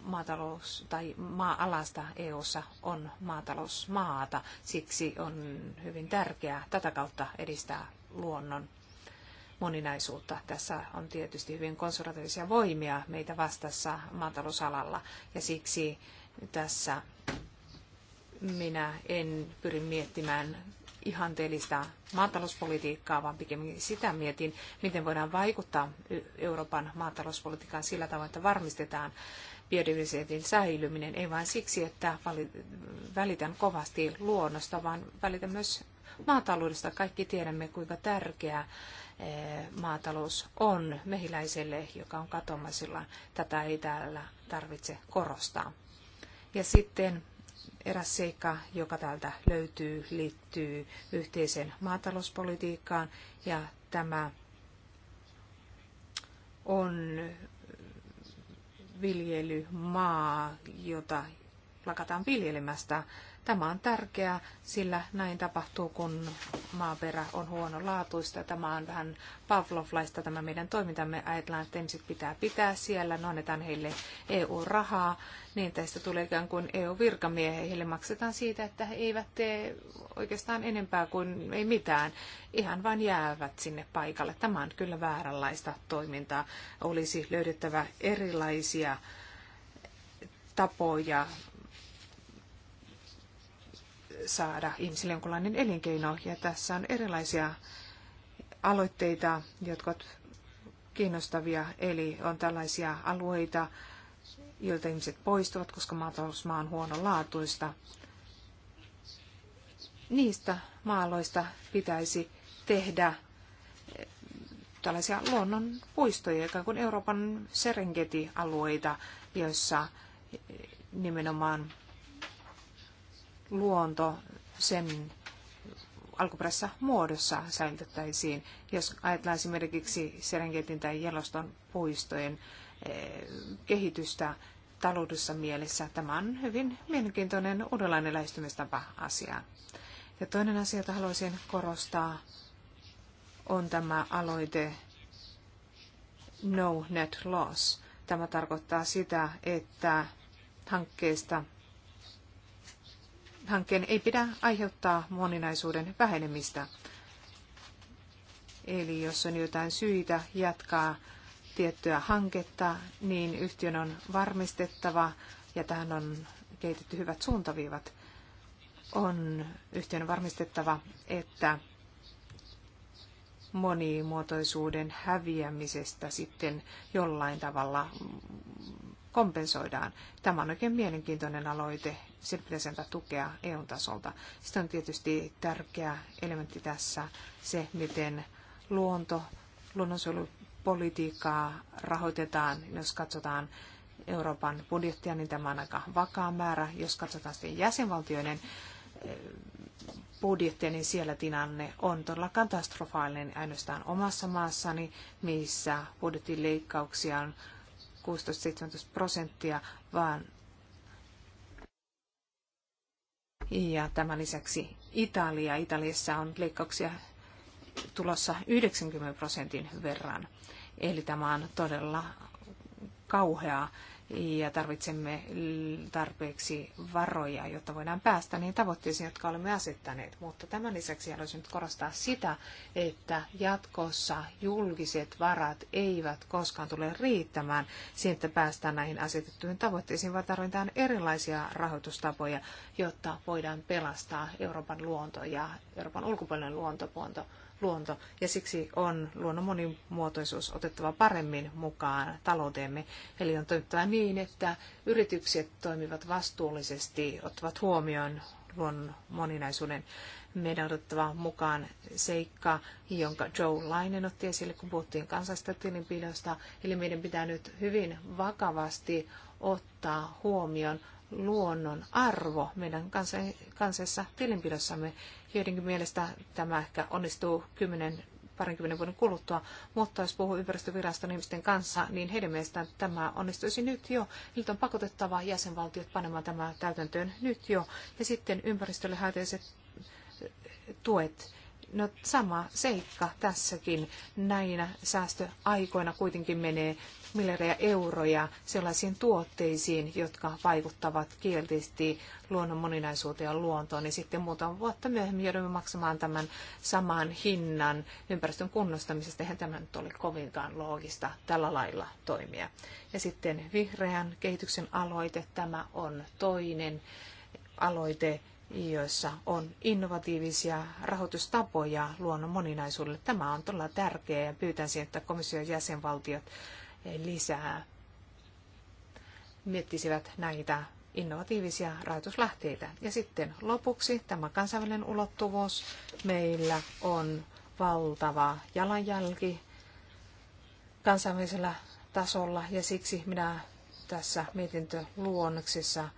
maatalous- tai maa-alasta EU:ssa on maatalousmaata. Siksi on hyvin tärkeää tätä kautta edistää luonnon moninaisuutta. Tässä on tietysti hyvin konservatiivisia voimia meitä vastassa maatalousalalla ja siksi tässä minä en pyri miettimään ihanteellista maatalouspolitiikkaa, vaan pikemminkin sitä mietin, miten voidaan vaikuttaa Euroopan maatalouspolitiikkaan sillä tavoin, että varmistetaan biodiversiteetin säilyminen, ei vain siksi, että välitän kovasti luonnosta, vaan välitän myös maataloudesta. Kaikki tiedämme, kuinka tärkeä eh, maatalous on mehiläiselle, joka on katomaisilla. Tätä ei täällä tarvitse korostaa. Ja sitten Eräs seikka, joka täältä löytyy, liittyy yhteiseen maatalouspolitiikkaan ja tämä on viljelymaa, jota lakataan viljelemästä Tämä on tärkeää, sillä näin tapahtuu, kun maaperä on huonolaatuista. Tämä on vähän Pavlovlaista tämä meidän toimintamme. Ajatellaan, että ihmiset pitää pitää siellä, no annetaan heille EU-rahaa, niin tästä tulee ikään kuin EU-virkamiehe. Heille maksetaan siitä, että he eivät tee oikeastaan enempää kuin ei mitään. Ihan vain jäävät sinne paikalle. Tämä on kyllä vääränlaista toimintaa. Olisi löydettävä erilaisia tapoja saada ihmisille jonkinlainen elinkeino. Ja tässä on erilaisia aloitteita, jotka ovat kiinnostavia. Eli on tällaisia alueita, joilta ihmiset poistuvat, koska maatalousmaa on huonolaatuista. Niistä maaloista pitäisi tehdä eh, tällaisia luonnonpuistoja, ikään kuin Euroopan serengeti-alueita, joissa eh, nimenomaan luonto sen alkuperäisessä muodossa säilytettäisiin. Jos ajatellaan esimerkiksi Serengetin tai Jeloston puistojen eh, kehitystä taloudessa mielessä, tämä on hyvin mielenkiintoinen uudenlainen lähestymistapa asia. Ja toinen asia, jota haluaisin korostaa, on tämä aloite No Net Loss. Tämä tarkoittaa sitä, että hankkeesta hankkeen ei pidä aiheuttaa moninaisuuden vähenemistä. Eli jos on jotain syitä jatkaa tiettyä hanketta, niin yhtiön on varmistettava, ja tähän on kehitetty hyvät suuntaviivat, on yhtiön varmistettava, että monimuotoisuuden häviämisestä sitten jollain tavalla kompensoidaan. Tämä on oikein mielenkiintoinen aloite. Sillä pitäisi antaa tukea EU-tasolta. Sitten on tietysti tärkeä elementti tässä se, miten luonto, luonnonsuojelupolitiikkaa rahoitetaan, jos katsotaan Euroopan budjettia, niin tämä on aika vakaa määrä. Jos katsotaan sitten jäsenvaltioiden eh, budjettia, niin siellä tilanne on todella katastrofaalinen ainoastaan omassa maassani, missä budjettileikkauksia on 16-17 prosenttia, vaan ja tämän lisäksi Italia. Italiassa on leikkauksia tulossa 90 prosentin verran. Eli tämä on todella kauheaa ja tarvitsemme tarpeeksi varoja, jotta voidaan päästä niin tavoitteisiin, jotka olemme asettaneet. Mutta tämän lisäksi haluaisin nyt korostaa sitä, että jatkossa julkiset varat eivät koskaan tule riittämään siihen, että päästään näihin asetettuihin tavoitteisiin, vaan tarvitaan erilaisia rahoitustapoja, jotta voidaan pelastaa Euroopan luonto ja Euroopan ulkopuolinen luontopuonto. luonto luonto ja siksi on luonnon monimuotoisuus otettava paremmin mukaan talouteemme. Eli on toimittava niin, että yritykset toimivat vastuullisesti, ottavat huomioon luonnon moninaisuuden. Meidän on otettava mukaan seikka, jonka Joe Lainen otti esille, kun puhuttiin kansallista tilinpidosta. Eli meidän pitää nyt hyvin vakavasti ottaa huomioon luonnon arvo meidän kansallisessa tilinpidossamme. Joidenkin mielestä tämä ehkä onnistuu kymmenen parinkymmenen vuoden kuluttua, mutta jos puhuu ympäristöviraston ihmisten kanssa, niin heidän mielestään tämä onnistuisi nyt jo. Niiltä on pakotettava jäsenvaltiot panemaan tämä täytäntöön nyt jo. Ja sitten ympäristölle haitaiset eh, tuet. No sama seikka tässäkin. Näinä säästöaikoina kuitenkin menee miljardeja euroja sellaisiin tuotteisiin, jotka vaikuttavat kielteisesti luonnon moninaisuuteen ja luontoon. Ja sitten muutama vuotta myöhemmin joudumme maksamaan tämän saman hinnan ympäristön kunnostamisesta. Eihän tämä nyt ole kovinkaan loogista tällä lailla toimia. Ja sitten vihreän kehityksen aloite. Tämä on toinen aloite, joissa on innovatiivisia rahoitustapoja luonnon moninaisuudelle. Tämä on todella tärkeää ja pyytäisin, että komission jäsenvaltiot lisää miettisivät näitä innovatiivisia rahoituslähteitä. Ja sitten lopuksi tämä kansainvälinen ulottuvuus. Meillä on valtava jalanjälki kansainvälisellä tasolla ja siksi minä tässä mietintöluonnoksessa,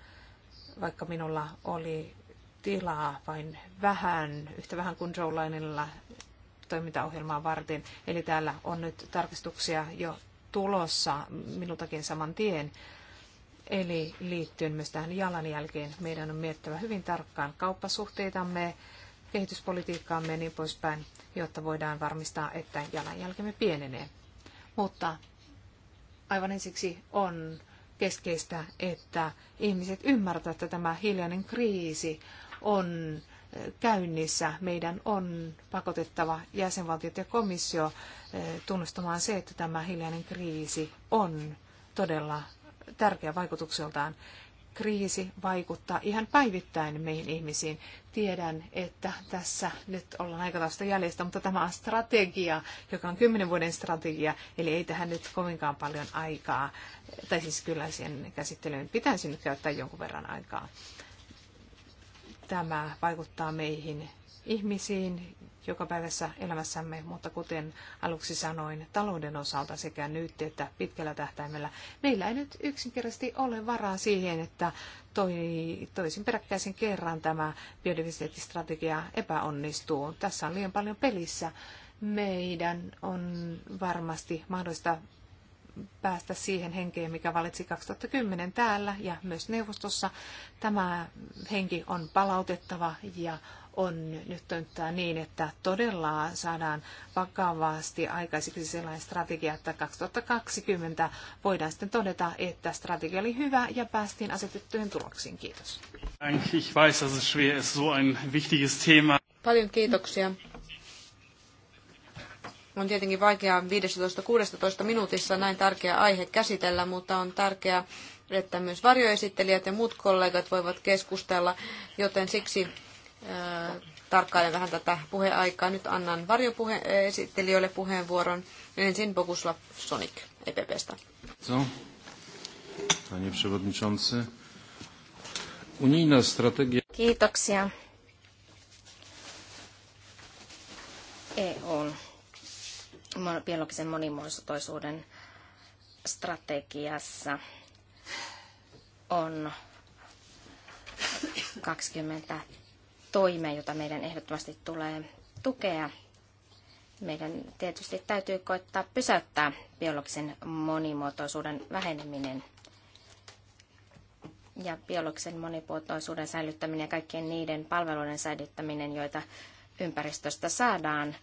vaikka minulla oli tilaa vain vähän, yhtä vähän kuin Joe Linella, toimintaohjelmaa varten. Eli täällä on nyt tarkistuksia jo tulossa minultakin saman tien. Eli liittyen myös tähän jalanjälkeen meidän on miettivä hyvin tarkkaan kauppasuhteitamme, kehityspolitiikkaamme ja niin poispäin, jotta voidaan varmistaa, että jalanjälkemme pienenee. Mutta aivan ensiksi on keskeistä, että ihmiset ymmärtävät, että tämä hiljainen kriisi on käynnissä. Meidän on pakotettava jäsenvaltiot ja komissio eh, tunnustamaan se, että tämä hiljainen kriisi on todella tärkeä vaikutukseltaan. Kriisi vaikuttaa ihan päivittäin meihin ihmisiin. Tiedän, että tässä nyt ollaan aikataulusta jäljestä, mutta tämä on strategia, joka on kymmenen vuoden strategia, eli ei tähän nyt kovinkaan paljon aikaa, tai siis kyllä sen käsittelyyn pitäisi nyt käyttää jonkun verran aikaa. Tämä vaikuttaa meihin ihmisiin joka päivässä elämässämme, mutta kuten aluksi sanoin, talouden osalta sekä nyt että pitkällä tähtäimellä, meillä ei nyt yksinkertaisesti ole varaa siihen, että toi, toisin peräkkäisen kerran tämä biodiversiteettistrategia epäonnistuu. Tässä on liian paljon pelissä. Meidän on varmasti mahdollista päästä siihen henkeen, mikä valitsi 2010 täällä ja myös neuvostossa. Tämä henki on palautettava ja on nyt toimittaa niin, että todella saadaan vakavasti aikaiseksi sellainen strategia, että 2020 voidaan sitten todeta, että strategia oli hyvä ja päästiin asetettuihin tuloksiin. Kiitos. Paljon kiitoksia. On tietenkin vaikea 15-16 minuutissa näin tärkeä aihe käsitellä, mutta on tärkeää, että myös varjoesittelijät ja muut kollegat voivat keskustella, joten siksi äh, tarkkailen vähän tätä puheaikaa. Nyt annan varjoesittelijöille puheenvuoron. Ensin Bogusław Sonik EPPstä. So. Panie przewodniczący. Unijna strategia... Kiitoksia. EUn biologisen monimuotoisuuden strategiassa on 20 toimea, jota meidän ehdottomasti tulee tukea. Meidän tietysti täytyy koittaa pysäyttää biologisen monimuotoisuuden väheneminen ja biologisen monimuotoisuuden säilyttäminen ja kaikkien niiden palveluiden säilyttäminen, joita ympäristöstä saadaan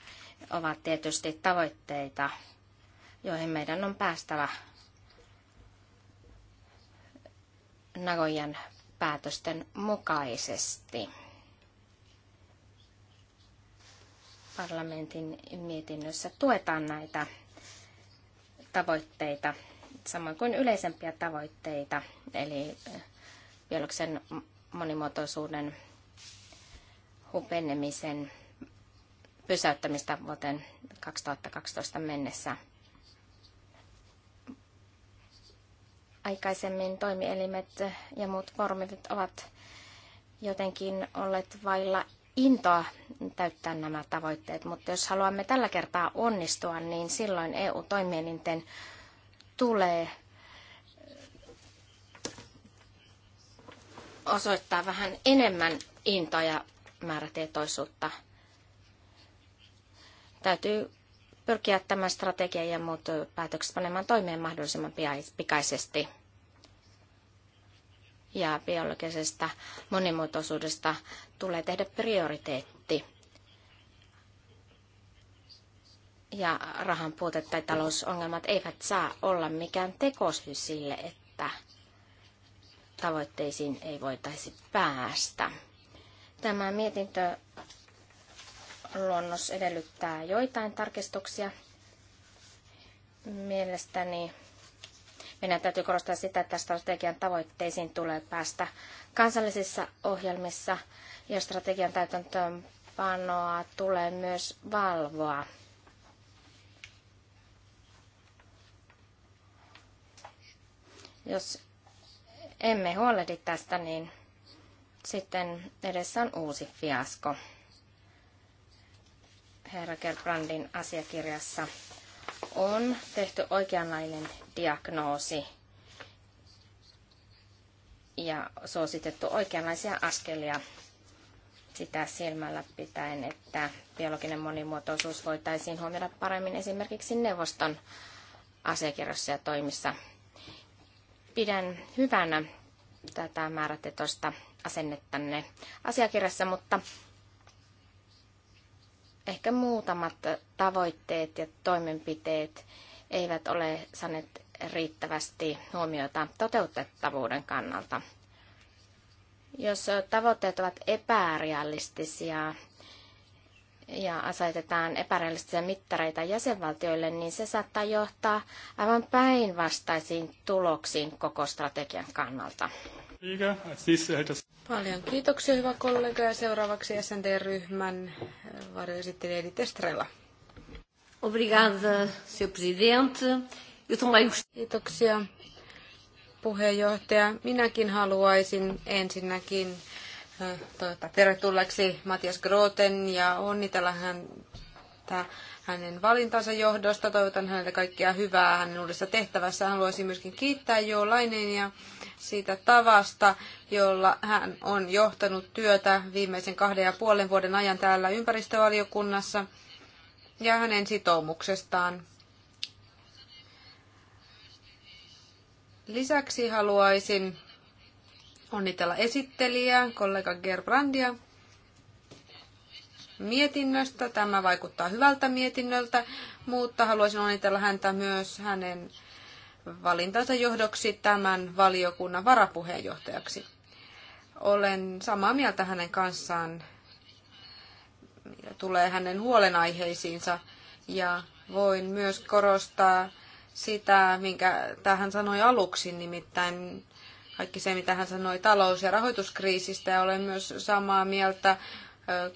ovat tietysti tavoitteita, joihin meidän on päästävä Nagojan päätösten mukaisesti. Parlamentin mietinnössä tuetaan näitä tavoitteita, samoin kuin yleisempiä tavoitteita, eli biologisen monimuotoisuuden hupenemisen pysäyttämistä vuoteen 2012 mennessä. Aikaisemmin toimielimet ja muut foorumit ovat jotenkin olleet vailla intoa täyttää nämä tavoitteet, mutta jos haluamme tällä kertaa onnistua, niin silloin EU-toimielinten tulee osoittaa vähän enemmän intoa ja määrätietoisuutta täytyy pyrkiä tämän strategian ja muut päätökset panemaan toimeen mahdollisimman pikaisesti. Ja biologisesta monimuotoisuudesta tulee tehdä prioriteetti. Ja rahan puute tai talousongelmat eivät saa olla mikään tekosyy sille, että tavoitteisiin ei voitaisi päästä. Tämä mietintö luonnos edellyttää joitain tarkistuksia. Mielestäni meidän täytyy korostaa sitä, että strategian tavoitteisiin tulee päästä kansallisissa ohjelmissa ja strategian täytäntöönpanoa tulee myös valvoa. Jos emme huolehdi tästä, niin sitten edessä on uusi fiasko herra Gerbrandin asiakirjassa on tehty oikeanlainen diagnoosi ja suositettu oikeanlaisia askelia sitä silmällä pitäen, että biologinen monimuotoisuus voitaisiin huomioida paremmin esimerkiksi neuvoston asiakirjoissa ja toimissa. Pidän hyvänä tätä määrätetosta asennettanne asiakirjassa, mutta ehkä muutamat tavoitteet ja toimenpiteet eivät ole saaneet riittävästi huomiota toteutettavuuden kannalta. Jos tavoitteet ovat epärealistisia ja asetetaan epärealistisia mittareita jäsenvaltioille, niin se saattaa johtaa aivan päinvastaisiin tuloksiin koko strategian kannalta. Paljon kiitoksia, hyvä kollega. Ja seuraavaksi SNT-ryhmän äh, varjoesittelijä Edith Estrella. Obrigada, seu presidente. Eu também Kiitoksia, puheenjohtaja. Minäkin haluaisin ensinnäkin äh, toivottaa tervetulleeksi Matias Groten ja onnitella hän että hänen valintansa johdosta. Toivotan hänelle kaikkea hyvää hänen uudessa tehtävässä. Haluaisin myöskin kiittää Jo ja siitä tavasta, jolla hän on johtanut työtä viimeisen kahden ja puolen vuoden ajan täällä ympäristövaliokunnassa ja hänen sitoumuksestaan. Lisäksi haluaisin onnitella esittelijää, kollega Gerbrandia, mietinnöstä. Tämä vaikuttaa hyvältä mietinnöltä, mutta haluaisin onnitella häntä myös hänen valintansa johdoksi tämän valiokunnan varapuheenjohtajaksi. Olen samaa mieltä hänen kanssaan, ja tulee hänen huolenaiheisiinsa, ja voin myös korostaa sitä, minkä tähän sanoi aluksi, nimittäin kaikki se, mitä hän sanoi talous- ja rahoituskriisistä, ja olen myös samaa mieltä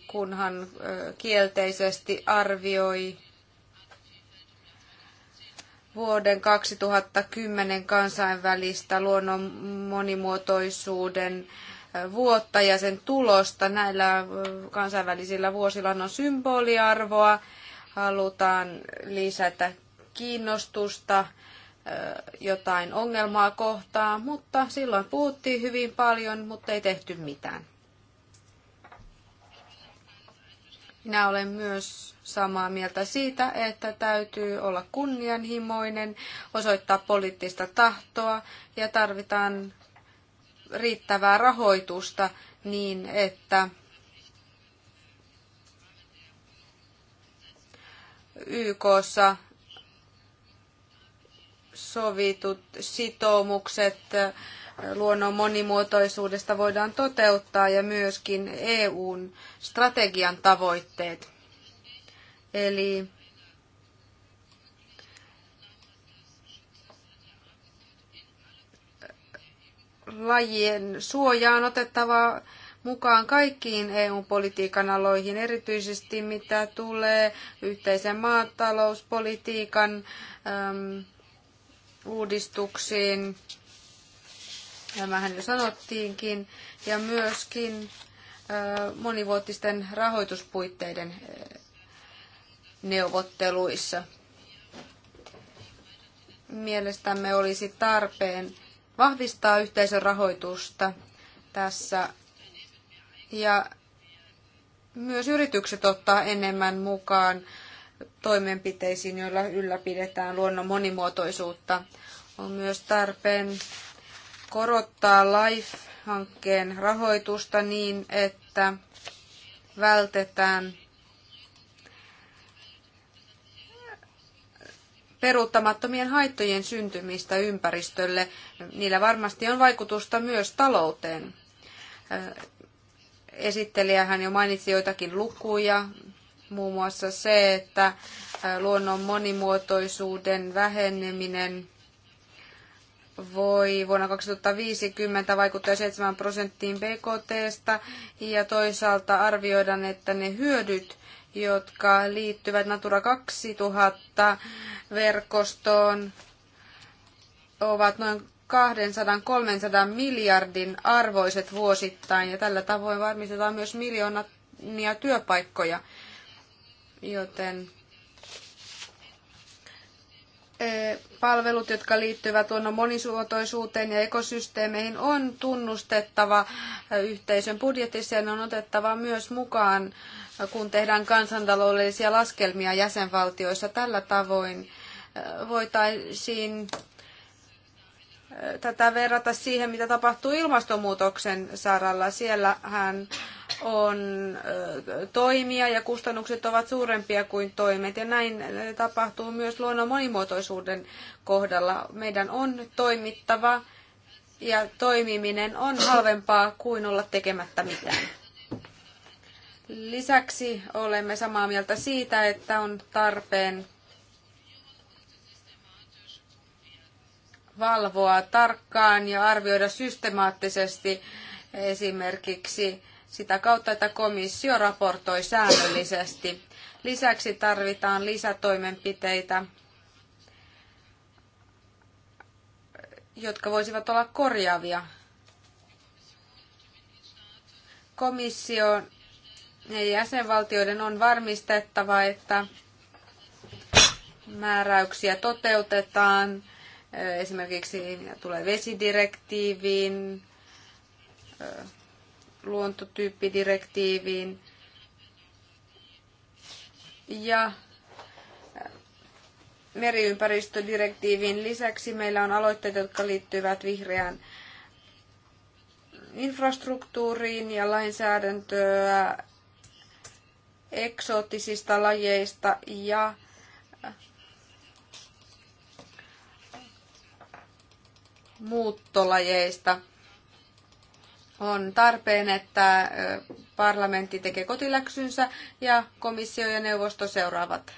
kunhan kielteisesti arvioi vuoden 2010 kansainvälistä luonnon monimuotoisuuden vuotta ja sen tulosta. Näillä kansainvälisillä vuosilla on symboliarvoa. Halutaan lisätä kiinnostusta jotain ongelmaa kohtaan, mutta silloin puhuttiin hyvin paljon, mutta ei tehty mitään. Minä olen myös samaa mieltä siitä, että täytyy olla kunnianhimoinen, osoittaa poliittista tahtoa ja tarvitaan riittävää rahoitusta niin, että YKssa sovitut sitoumukset luonnon monimuotoisuudesta voidaan toteuttaa ja myöskin EUn strategian tavoitteet. Eli lajien suoja on otettava mukaan kaikkiin EU-politiikan aloihin, erityisesti mitä tulee yhteisen maatalouspolitiikan äm, uudistuksiin, tämähän jo sanottiinkin, ja myöskin monivuotisten rahoituspuitteiden neuvotteluissa. Mielestämme olisi tarpeen vahvistaa yhteisön rahoitusta tässä ja myös yritykset ottaa enemmän mukaan toimenpiteisiin, joilla ylläpidetään luonnon monimuotoisuutta. On myös tarpeen korottaa LIFE-hankkeen rahoitusta niin, että vältetään peruuttamattomien haittojen syntymistä ympäristölle. Niillä varmasti on vaikutusta myös talouteen. Esittelijähän jo mainitsi joitakin lukuja, muun muassa se, että luonnon monimuotoisuuden väheneminen voi vuonna 2050 vaikuttaa 7 prosenttiin BKTstä ja toisaalta arvioidaan, että ne hyödyt, jotka liittyvät Natura 2000 verkostoon, ovat noin 200-300 miljardin arvoiset vuosittain ja tällä tavoin varmistetaan myös miljoonia työpaikkoja, joten palvelut, jotka liittyvät luonnon monisuotoisuuteen ja ekosysteemeihin, on tunnustettava yhteisön budjetissa ja ne on otettava myös mukaan, kun tehdään kansantaloudellisia laskelmia jäsenvaltioissa. Tällä tavoin voitaisiin tätä verrata siihen, mitä tapahtuu ilmastonmuutoksen saralla. Siellähän on toimia ja kustannukset ovat suurempia kuin toimet. Ja näin tapahtuu myös luonnon monimuotoisuuden kohdalla. Meidän on toimittava ja toimiminen on halvempaa kuin olla tekemättä mitään. Lisäksi olemme samaa mieltä siitä, että on tarpeen valvoa tarkkaan ja arvioida systemaattisesti esimerkiksi sitä kautta, että komissio raportoi säännöllisesti. Lisäksi tarvitaan lisätoimenpiteitä, jotka voisivat olla korjaavia. Komissio ja jäsenvaltioiden on varmistettava, että määräyksiä toteutetaan Esimerkiksi tulee vesidirektiiviin, luontotyyppidirektiiviin ja meriympäristödirektiiviin. lisäksi meillä on aloitteita, jotka liittyvät vihreään infrastruktuuriin ja lainsäädäntöä eksoottisista lajeista ja muuttolajeista. On tarpeen, että parlamentti tekee kotiläksynsä ja komissio ja neuvosto seuraavat.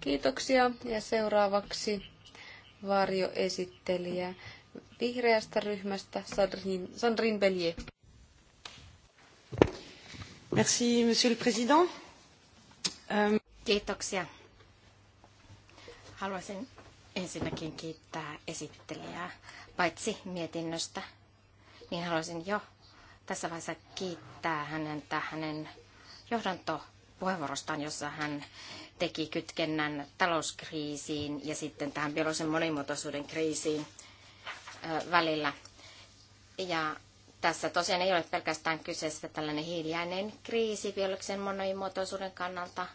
Kiitoksia ja seuraavaksi varjoesittelijä vihreästä ryhmästä Sandrine, Bellier. Merci, monsieur le président. Euh, Kiitoksia. Haluaisin ensinnäkin kiittää esittelijää. Paitsi mietinnöstä, niin haluaisin jo tässä vaiheessa kiittää hänen, hänen johdantopuheenvuorostaan, jossa hän teki kytkennän talouskriisiin ja sitten tähän biologisen monimuotoisuuden kriisiin välillä. Ja tässä tosiaan ei ole pelkästään kyseessä tällainen hiljainen kriisi biologisen monimuotoisuuden kannalta –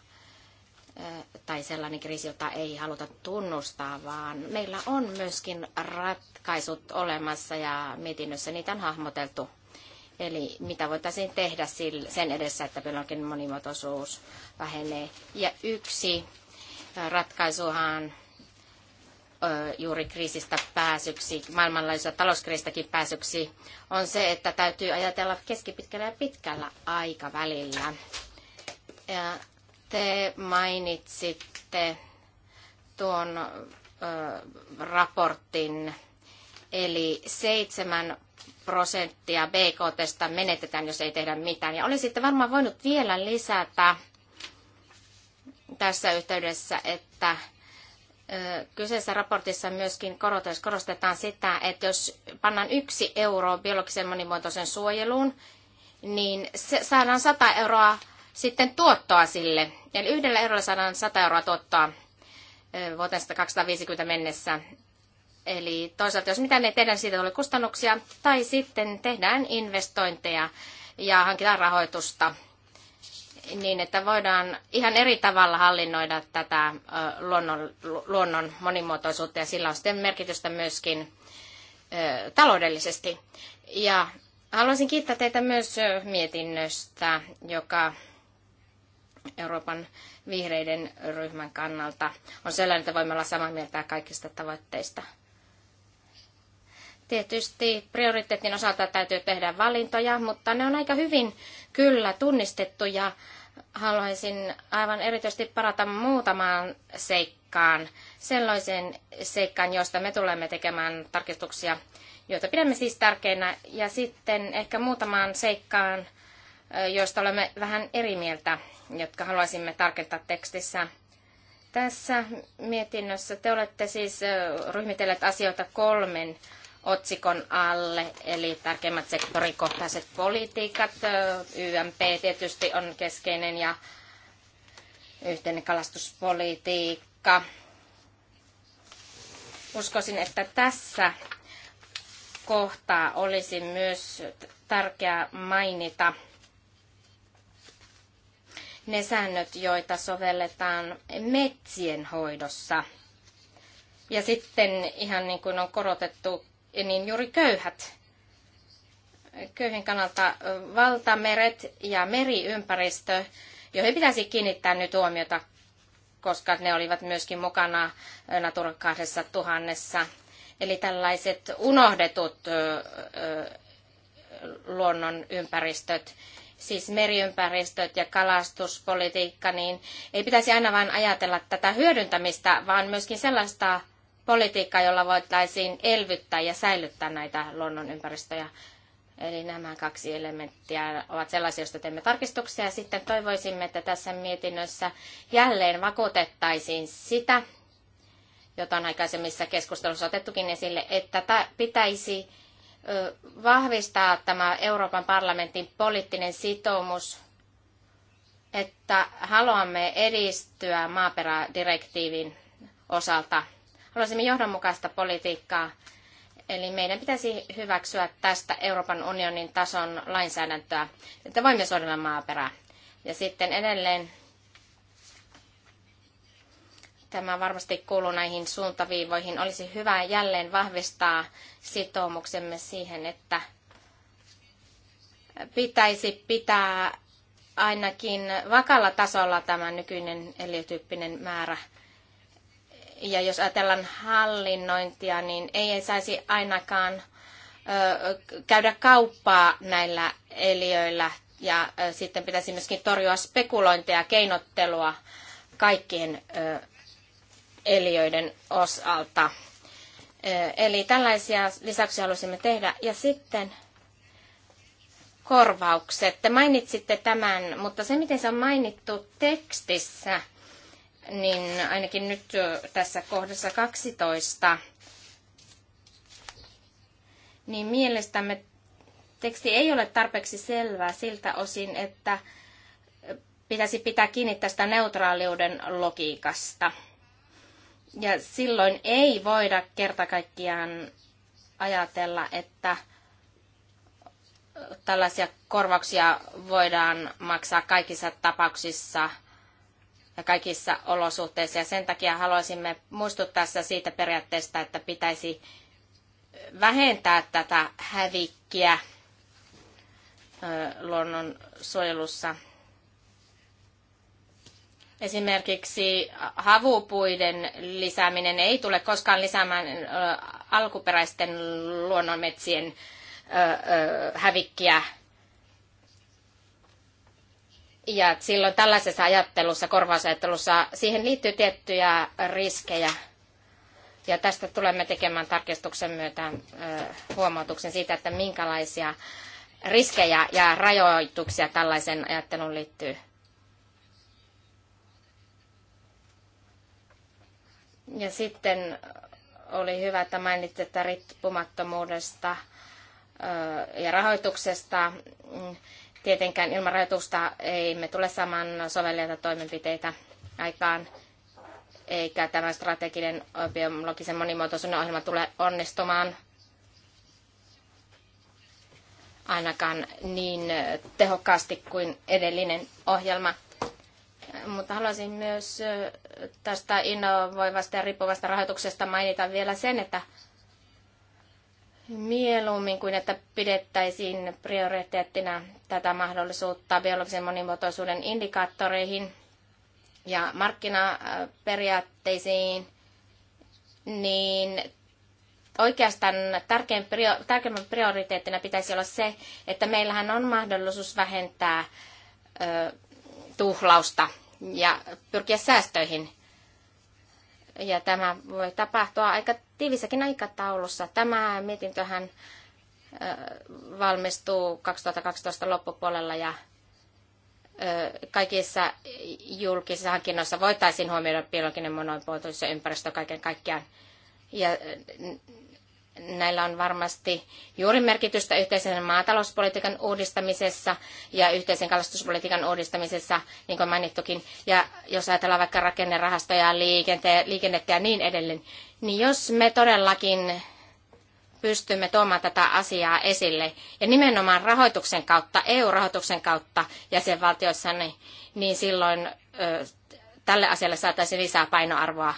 tai sellainen kriisi, jota ei haluta tunnustaa, vaan meillä on myöskin ratkaisut olemassa ja mietinnössä niitä on hahmoteltu. Eli mitä voitaisiin tehdä sen edessä, että pelonkin monimuotoisuus vähenee. Ja yksi ratkaisuhan juuri kriisistä pääsyksi, maailmanlaajuisesta talouskriisistäkin pääsyksi, on se, että täytyy ajatella keskipitkällä ja pitkällä aikavälillä. Ja te mainitsitte tuon raportin, eli seitsemän prosenttia BKTstä menetetään, jos ei tehdä mitään. Ja olisitte varmaan voinut vielä lisätä tässä yhteydessä, että kyseessä raportissa myöskin korostetaan sitä, että jos pannaan yksi euro biologisen monimuotoisen suojeluun, niin se saadaan 100 euroa sitten tuottoa sille. Eli yhdellä eurolla saadaan 100 euroa tuottoa vuoteen 250 mennessä. Eli toisaalta, jos mitään ei tehdä, niin siitä tulee kustannuksia. Tai sitten tehdään investointeja ja hankitaan rahoitusta niin, että voidaan ihan eri tavalla hallinnoida tätä luonnon, luonnon monimuotoisuutta ja sillä on sitten merkitystä myöskin taloudellisesti. Ja haluaisin kiittää teitä myös mietinnöstä, joka Euroopan vihreiden ryhmän kannalta on sellainen, että voimme olla samaa mieltä kaikista tavoitteista. Tietysti prioriteetin osalta täytyy tehdä valintoja, mutta ne on aika hyvin kyllä tunnistettu ja haluaisin aivan erityisesti parata muutamaan seikkaan, sellaisen seikkaan, josta me tulemme tekemään tarkistuksia, joita pidämme siis tärkeinä, ja sitten ehkä muutamaan seikkaan, joista olemme vähän eri mieltä, jotka haluaisimme tarkentaa tekstissä. Tässä mietinnössä te olette siis ryhmitelleet asioita kolmen otsikon alle, eli tärkeimmät sektorikohtaiset politiikat. YMP tietysti on keskeinen ja yhteinen kalastuspolitiikka. Uskoisin, että tässä kohtaa olisi myös tärkeää mainita – ne säännöt, joita sovelletaan metsien hoidossa. Ja sitten ihan niin kuin on korotettu, niin juuri köyhät, köyhin kannalta valtameret ja meriympäristö, joihin pitäisi kiinnittää nyt huomiota, koska ne olivat myöskin mukana Natura 2000. Eli tällaiset unohdetut luonnon ympäristöt siis meriympäristöt ja kalastuspolitiikka, niin ei pitäisi aina vain ajatella tätä hyödyntämistä, vaan myöskin sellaista politiikkaa, jolla voitaisiin elvyttää ja säilyttää näitä luonnonympäristöjä. Eli nämä kaksi elementtiä ovat sellaisia, joista teemme tarkistuksia. Sitten toivoisimme, että tässä mietinnössä jälleen vakuutettaisiin sitä, jota on aikaisemmissa keskustelussa otettukin esille, että pitäisi vahvistaa tämä Euroopan parlamentin poliittinen sitoumus, että haluamme edistyä maaperädirektiivin osalta. Haluaisimme johdonmukaista politiikkaa, eli meidän pitäisi hyväksyä tästä Euroopan unionin tason lainsäädäntöä, että voimme suojella maaperää. Ja sitten edelleen Tämä varmasti kuuluu näihin suuntaviivoihin. Olisi hyvä jälleen vahvistaa sitoumuksemme siihen, että pitäisi pitää ainakin vakalla tasolla tämä nykyinen eliötyyppinen määrä. Ja jos ajatellaan hallinnointia, niin ei saisi ainakaan käydä kauppaa näillä eliöillä ja sitten pitäisi myöskin torjua spekulointia ja keinottelua kaikkien eliöiden osalta. Eli tällaisia lisäksi halusimme tehdä. Ja sitten korvaukset. Te mainitsitte tämän, mutta se miten se on mainittu tekstissä, niin ainakin nyt tässä kohdassa 12, niin mielestämme teksti ei ole tarpeeksi selvää siltä osin, että pitäisi pitää kiinni tästä neutraaliuden logiikasta. Ja silloin ei voida kerta kaikkiaan ajatella, että äh, tällaisia korvauksia voidaan maksaa kaikissa tapauksissa ja kaikissa olosuhteissa. Ja sen takia haluaisimme muistuttaa siitä periaatteesta, että pitäisi vähentää tätä hävikkiä äh, luonnonsuojelussa Esimerkiksi havupuiden lisääminen ei tule koskaan lisäämään alkuperäisten luonnonmetsien hävikkiä. Ja silloin tällaisessa ajattelussa, korvausajattelussa, siihen liittyy tiettyjä riskejä. Ja tästä tulemme tekemään tarkistuksen myötä huomautuksen siitä, että minkälaisia riskejä ja rajoituksia tällaisen ajatteluun liittyy. Ja sitten oli hyvä, että että riippumattomuudesta ja rahoituksesta. Tietenkään ilman rahoitusta ei me tule saamaan sovelleita toimenpiteitä aikaan, eikä tämä strateginen biologisen monimuotoisuuden ohjelma tule onnistumaan ainakaan niin tehokkaasti kuin edellinen ohjelma mutta haluaisin myös tästä innovoivasta ja riippuvasta rahoituksesta mainita vielä sen, että mieluummin kuin että pidettäisiin prioriteettina tätä mahdollisuutta biologisen monimuotoisuuden indikaattoreihin ja markkinaperiaatteisiin, niin oikeastaan tärkein, tärkeimmän prioriteettina pitäisi olla se, että meillähän on mahdollisuus vähentää ö, tuhlausta ja pyrkiä säästöihin. Ja tämä voi tapahtua aika tiivissäkin aikataulussa. Tämä mietintöhän valmistuu 2012 loppupuolella ja kaikissa julkisissa hankinnoissa voitaisiin huomioida biologinen monopuolisuus ja ympäristö kaiken kaikkiaan. Ja näillä on varmasti juuri merkitystä yhteisen maatalouspolitiikan uudistamisessa ja yhteisen kalastuspolitiikan uudistamisessa, niin kuin mainittukin. Ja jos ajatellaan vaikka rakennerahastoja, liikennettä ja niin edelleen, niin jos me todellakin pystymme tuomaan tätä asiaa esille ja nimenomaan rahoituksen kautta, EU-rahoituksen kautta jäsenvaltioissa, niin, niin silloin ö, tälle asialle saataisiin lisää painoarvoa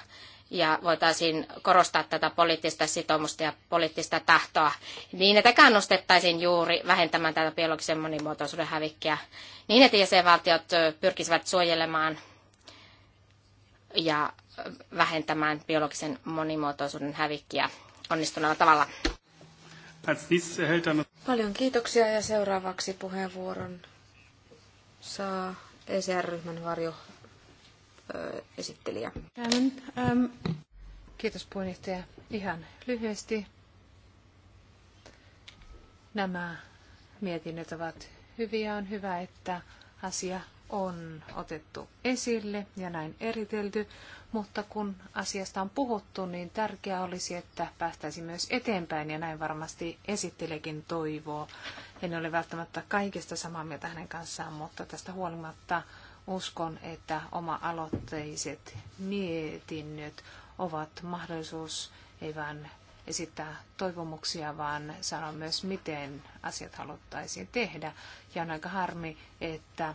ja voitaisiin korostaa tätä poliittista sitoumusta ja poliittista tahtoa niin, että kannustettaisiin juuri vähentämään tätä biologisen monimuotoisuuden hävikkiä niin, että jäsenvaltiot pyrkisivät suojelemaan ja vähentämään biologisen monimuotoisuuden hävikkiä onnistuneella tavalla. Er Paljon kiitoksia ja seuraavaksi puheenvuoron saa ECR-ryhmän varjo esittelijä. Um, kiitos puheenjohtaja. Ihan lyhyesti. Nämä mietinnöt ovat hyviä. On hyvä, että asia on otettu esille ja näin eritelty, mutta kun asiasta on puhuttu, niin tärkeää olisi, että päästäisiin myös eteenpäin ja näin varmasti esittelekin toivoo. En ole välttämättä kaikista samaa mieltä hänen kanssaan, mutta tästä huolimatta uskon, että oma-aloitteiset mietinnöt ovat mahdollisuus ei vain esittää toivomuksia, vaan sanoa myös, miten asiat haluttaisiin tehdä. Ja on aika harmi, että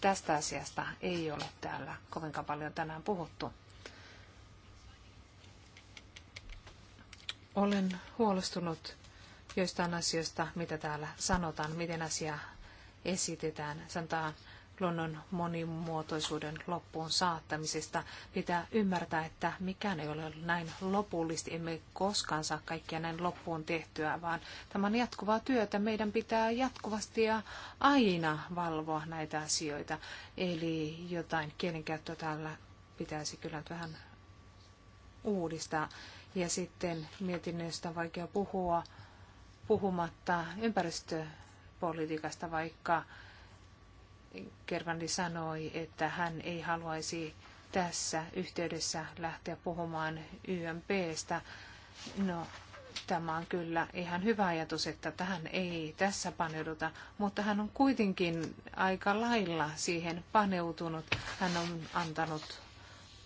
tästä asiasta ei ole täällä kovinkaan paljon tänään puhuttu. Olen huolestunut joistain asioista, mitä täällä sanotaan, miten asia esitetään. Sanotaan luonnon monimuotoisuuden loppuun saattamisesta. Pitää ymmärtää, että mikään ei ole näin lopullisesti. Emme koskaan saa kaikkia näin loppuun tehtyä, vaan tämä on jatkuvaa työtä. Meidän pitää jatkuvasti ja aina valvoa näitä asioita. Eli jotain kielenkäyttöä täällä pitäisi kyllä vähän uudistaa. Ja sitten mietinnöistä on vaikea puhua puhumatta ympäristöpolitiikasta, vaikka Kervandi sanoi, että hän ei haluaisi tässä yhteydessä lähteä puhumaan YMPstä. No, tämä on kyllä ihan hyvä ajatus, että tähän ei tässä paneuduta, mutta hän on kuitenkin aika lailla siihen paneutunut. Hän on antanut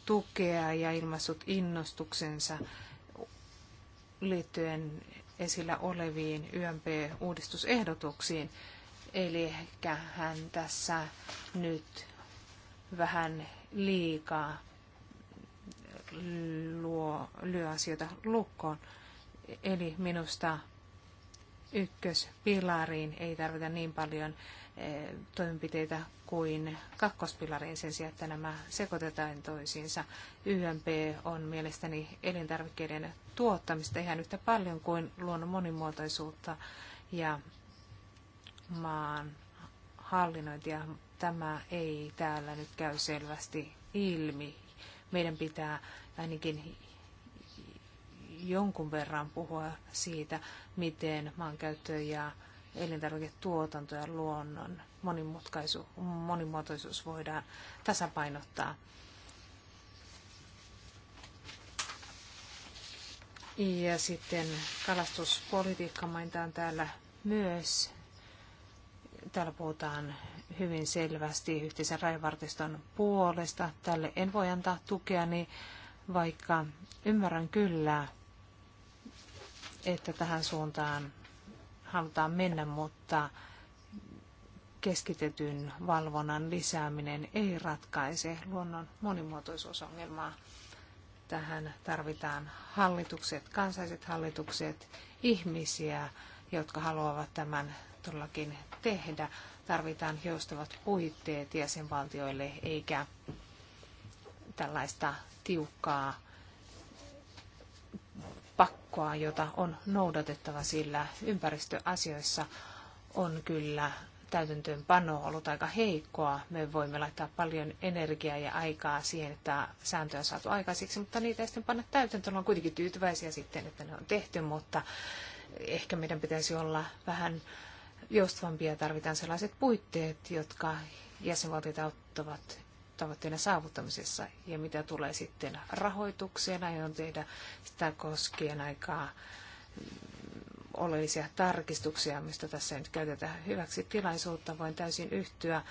tukea ja ilmaissut innostuksensa liittyen esillä oleviin YMP-uudistusehdotuksiin. Eli ehkä hän tässä nyt vähän liikaa luo, lyö asioita lukkoon. Eli minusta ykköspilariin ei tarvita niin paljon eh, toimenpiteitä kuin kakkospilariin sen sijaan, että nämä sekoitetaan toisiinsa. YMP on mielestäni elintarvikkeiden tuottamista ihan yhtä paljon kuin luonnon monimuotoisuutta ja maan hallinnointia. Tämä ei täällä nyt käy selvästi ilmi. Meidän pitää ainakin jonkun verran puhua siitä, miten maankäyttö ja elintarviketuotanto ja luonnon monimuotoisuus voidaan tasapainottaa. Ja sitten kalastuspolitiikka mainitaan täällä myös. Täällä puhutaan hyvin selvästi yhteisen rajavartiston puolesta. Tälle en voi antaa tukeani, vaikka ymmärrän kyllä, että tähän suuntaan halutaan mennä, mutta keskitetyn valvonnan lisääminen ei ratkaise luonnon monimuotoisuusongelmaa. Tähän tarvitaan hallitukset, kansalliset hallitukset, ihmisiä, jotka haluavat tämän todellakin tehdä. Tarvitaan joustavat puitteet jäsenvaltioille eikä tällaista tiukkaa lukkoa, jota on noudatettava, sillä ympäristöasioissa on kyllä täytäntöönpano ollut aika heikkoa. Me voimme laittaa paljon energiaa ja aikaa siihen, että sääntöjä on saatu aikaiseksi, mutta niitä ei sitten panna täytäntöön. on kuitenkin tyytyväisiä sitten, että ne on tehty, mutta ehkä meidän pitäisi olla vähän joustavampia. Tarvitaan sellaiset puitteet, jotka jäsenvaltiot auttavat tavoitteiden saavuttamisessa. Ja mitä tulee sitten rahoitukseen, aion tehdä sitä koskien aikaa oleellisia tarkistuksia, mistä tässä nyt käytetään hyväksi tilaisuutta. Voin täysin yhtyä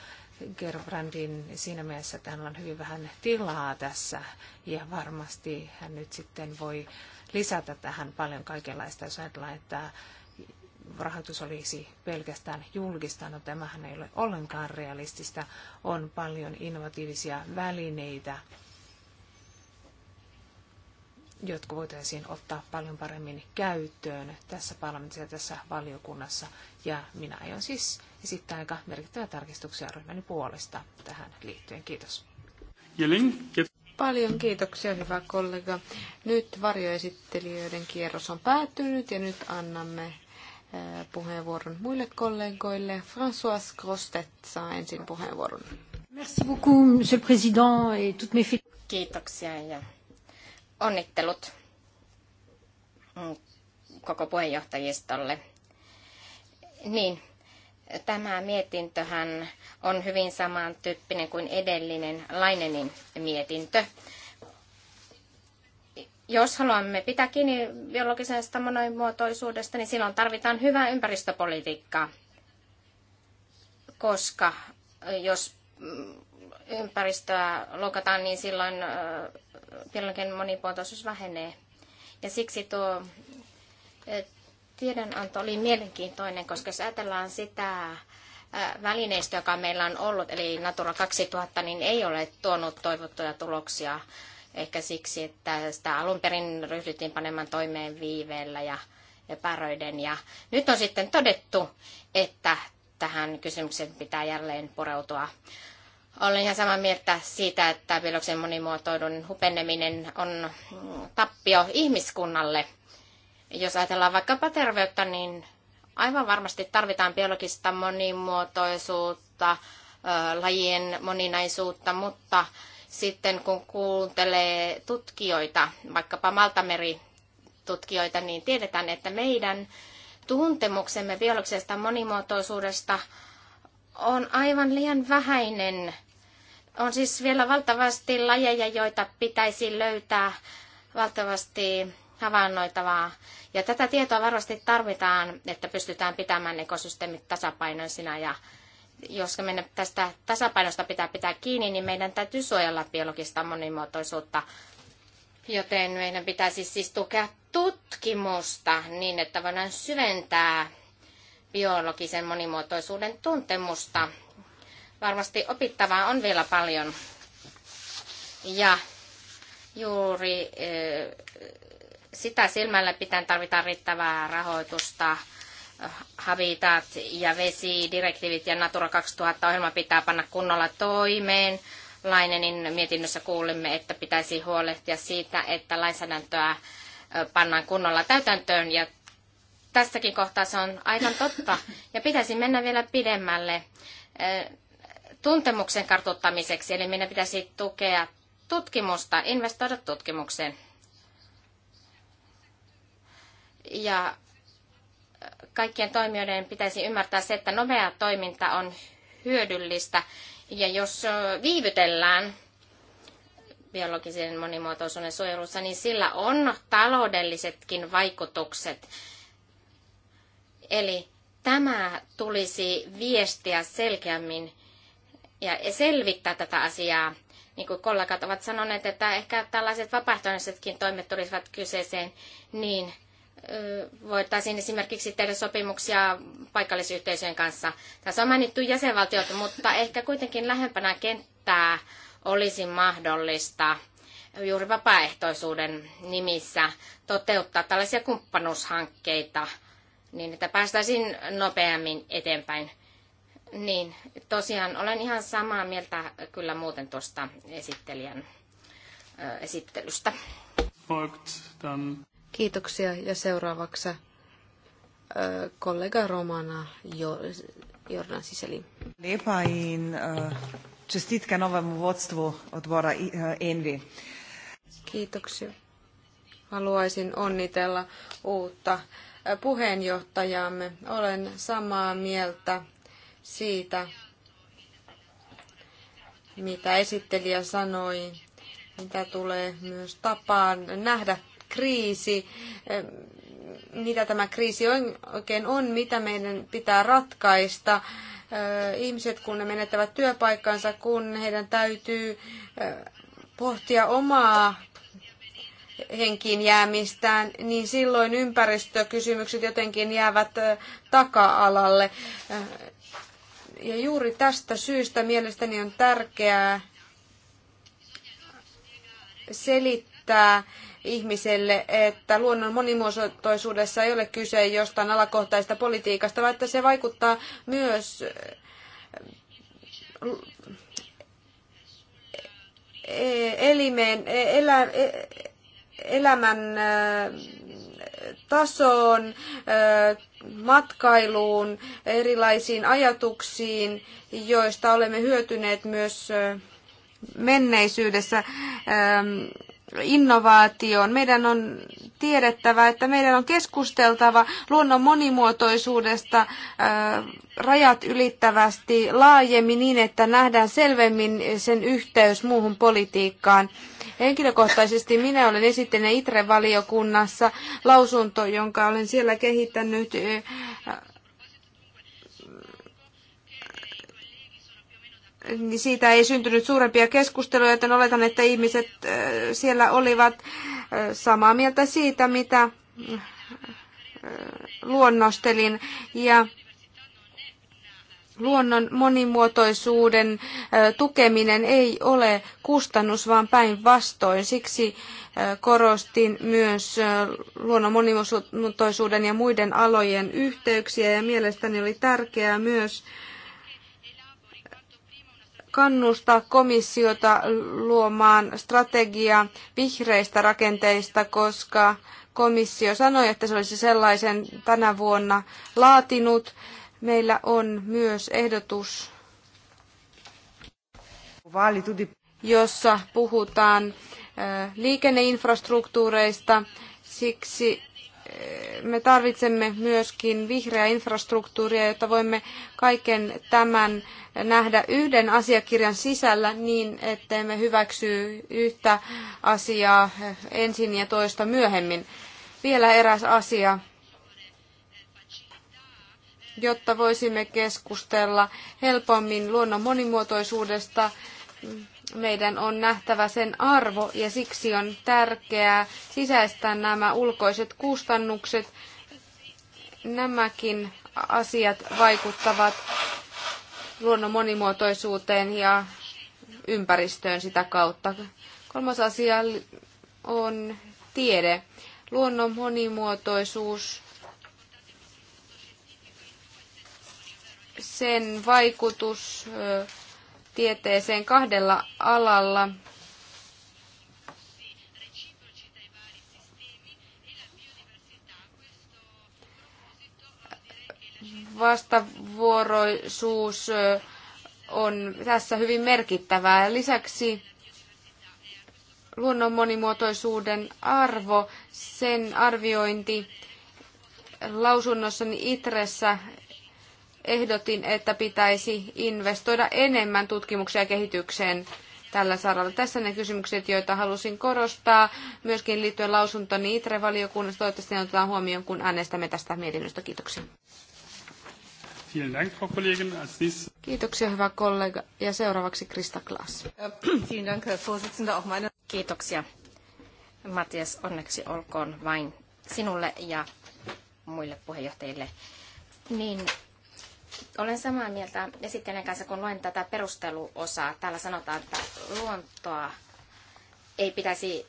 Gerbrandin siinä mielessä, että hänellä on hyvin vähän tilaa tässä ja varmasti hän nyt sitten voi lisätä tähän paljon kaikenlaista, jos ajatellaan, että rahoitus olisi pelkästään julkista, no tämähän ei ole ollenkaan realistista. On paljon innovatiivisia välineitä, jotka voitaisiin ottaa paljon paremmin käyttöön tässä parlamentissa ja tässä valiokunnassa. Ja minä aion siis esittää aika merkittäviä tarkistuksia ryhmäni puolesta tähän liittyen. Kiitos. Paljon kiitoksia, hyvä kollega. Nyt varjoesittelijöiden kierros on päättynyt ja nyt annamme Äh, puheenvuoron muille kollegoille. François Grostet saa ensin puheenvuoron. Merci beaucoup, monsieur le président, et toutes mes Kiitoksia ja onnittelut koko puheenjohtajistolle. Niin, tämä mietintöhän on hyvin samantyyppinen kuin edellinen Lainenin mietintö. Jos haluamme pitää kiinni biologisesta monimuotoisuudesta, niin silloin tarvitaan hyvää ympäristöpolitiikkaa, koska äh, jos mm, ympäristöä loukataan, niin silloin äh, biologinen monimuotoisuus vähenee. Ja siksi tuo äh, tiedonanto oli mielenkiintoinen, koska jos ajatellaan sitä välineistöä, joka meillä on ollut, eli Natura 2000, niin ei ole tuonut toivottuja tuloksia ehkä siksi, että sitä alun perin ryhdyttiin panemaan toimeen viiveellä ja epäröiden. Ja nyt on sitten todettu, että tähän kysymykseen pitää jälleen pureutua. Olen ihan samaa mieltä siitä, että viloksen monimuotoilun hupeneminen on tappio ihmiskunnalle. Jos ajatellaan vaikkapa terveyttä, niin aivan varmasti tarvitaan biologista monimuotoisuutta, lajien moninaisuutta, mutta sitten kun kuuntelee tutkijoita, vaikkapa tutkijoita, niin tiedetään, että meidän tuntemuksemme biologisesta monimuotoisuudesta on aivan liian vähäinen. On siis vielä valtavasti lajeja, joita pitäisi löytää valtavasti havainnoitavaa. Ja tätä tietoa varmasti tarvitaan, että pystytään pitämään ekosysteemit tasapainoisina ja jos meidän tästä tasapainosta pitää pitää kiinni, niin meidän täytyy suojella biologista monimuotoisuutta. Joten meidän pitäisi siis tukea tutkimusta niin, että voidaan syventää biologisen monimuotoisuuden tuntemusta. Varmasti opittavaa on vielä paljon. Ja juuri eh, sitä silmällä pitää tarvitaan riittävää rahoitusta habitat ja vesidirektiivit ja Natura 2000 ohjelma pitää panna kunnolla toimeen. Lainenin mietinnössä kuulimme, että pitäisi huolehtia siitä, että lainsäädäntöä pannaan kunnolla täytäntöön ja tässäkin kohtaa se on aivan totta ja pitäisi mennä vielä pidemmälle tuntemuksen kartuttamiseksi, eli meidän pitäisi tukea tutkimusta, investoida tutkimukseen. Ja kaikkien toimijoiden pitäisi ymmärtää se, että nopea toiminta on hyödyllistä. Ja jos viivytellään biologisen monimuotoisuuden suojelussa, niin sillä on taloudellisetkin vaikutukset. Eli tämä tulisi viestiä selkeämmin ja selvittää tätä asiaa. Niin kuin kollegat ovat sanoneet, että ehkä tällaiset vapaaehtoisetkin toimet tulisivat kyseeseen, niin voitaisiin esimerkiksi tehdä sopimuksia paikallisyhteisöjen kanssa. Tässä on mainittu jäsenvaltiot, mutta ehkä kuitenkin lähempänä kenttää olisi mahdollista juuri vapaaehtoisuuden nimissä toteuttaa tällaisia kumppanuushankkeita, niin että päästäisiin nopeammin eteenpäin. Niin, tosiaan olen ihan samaa mieltä kyllä muuten tuosta esittelijän esittelystä. dann Kiitoksia ja seuraavaksi kollega Romana Jordan Siseli. Lepa in čestitke novemu vodstvu odbora Envi. Kiitoksia. Haluaisin onnitella uutta puheenjohtajamme. Olen samaa mieltä siitä, mitä esittelijä sanoi, mitä tulee myös tapaan nähdä kriisi, mitä tämä kriisi oikein on, mitä meidän pitää ratkaista. Ihmiset, kun ne menettävät työpaikkansa, kun heidän täytyy pohtia omaa henkiin jäämistään, niin silloin ympäristökysymykset jotenkin jäävät taka-alalle. Ja juuri tästä syystä mielestäni on tärkeää selittää, ihmiselle, että luonnon monimuotoisuudessa ei ole kyse jostain alakohtaisesta politiikasta, vaan että se vaikuttaa myös eh, elimeen, elä, elämän eh, tasoon, eh, matkailuun, erilaisiin ajatuksiin, joista olemme hyötyneet myös menneisyydessä. Ehm, innovaatioon. Meidän on tiedettävä, että meidän on keskusteltava luonnon monimuotoisuudesta rajat ylittävästi laajemmin niin, että nähdään selvemmin sen yhteys muuhun politiikkaan. Henkilökohtaisesti minä olen esittänyt ITRE-valiokunnassa lausunto, jonka olen siellä kehittänyt niin siitä ei syntynyt suurempia keskusteluja, joten oletan, että ihmiset äh, siellä olivat äh, samaa mieltä siitä, mitä äh, luonnostelin. Ja luonnon monimuotoisuuden tukeminen ei ole kustannus, vaan päinvastoin. Siksi korostin myös luonnon monimuotoisuuden ja muiden alojen yhteyksiä ja mielestäni oli tärkeää myös kannustaa komissiota luomaan strategia vihreistä rakenteista, koska komissio sanoi, että se olisi sellaisen tänä vuonna laatinut. Meillä on myös ehdotus, jossa puhutaan liikenneinfrastruktuureista. Siksi me tarvitsemme myöskin vihreää infrastruktuuria, jotta voimme kaiken tämän nähdä yhden asiakirjan sisällä niin, että hyväksy yhtä asiaa ensin ja toista myöhemmin. Vielä eräs asia, jotta voisimme keskustella helpommin luonnon monimuotoisuudesta meidän on nähtävä sen arvo ja siksi on tärkeää sisäistää nämä ulkoiset kustannukset. Nämäkin asiat vaikuttavat luonnon monimuotoisuuteen ja ympäristöön sitä kautta. Kolmas asia on tiede. Luonnon monimuotoisuus, sen vaikutus tieteeseen kahdella alalla. Vastavuoroisuus on tässä hyvin merkittävää. Lisäksi luonnon monimuotoisuuden arvo, sen arviointi lausunnossani Itressä ehdotin, että pitäisi investoida enemmän tutkimukseen ja kehitykseen tällä saralla. Tässä ne kysymykset, joita halusin korostaa, myöskin liittyen lausuntoni ITRE-valiokunnassa. Toivottavasti ne otetaan huomioon, kun äänestämme tästä mietinnöstä. Kiitoksia. Kiitoksia, hyvä kollega. Ja seuraavaksi Krista Klaas. Äh, Kiitoksia. Matias, onneksi olkoon vain sinulle ja muille puheenjohtajille. Niin olen samaa mieltä esittelijän kanssa, kun luen tätä perusteluosaa. Täällä sanotaan, että luontoa ei pitäisi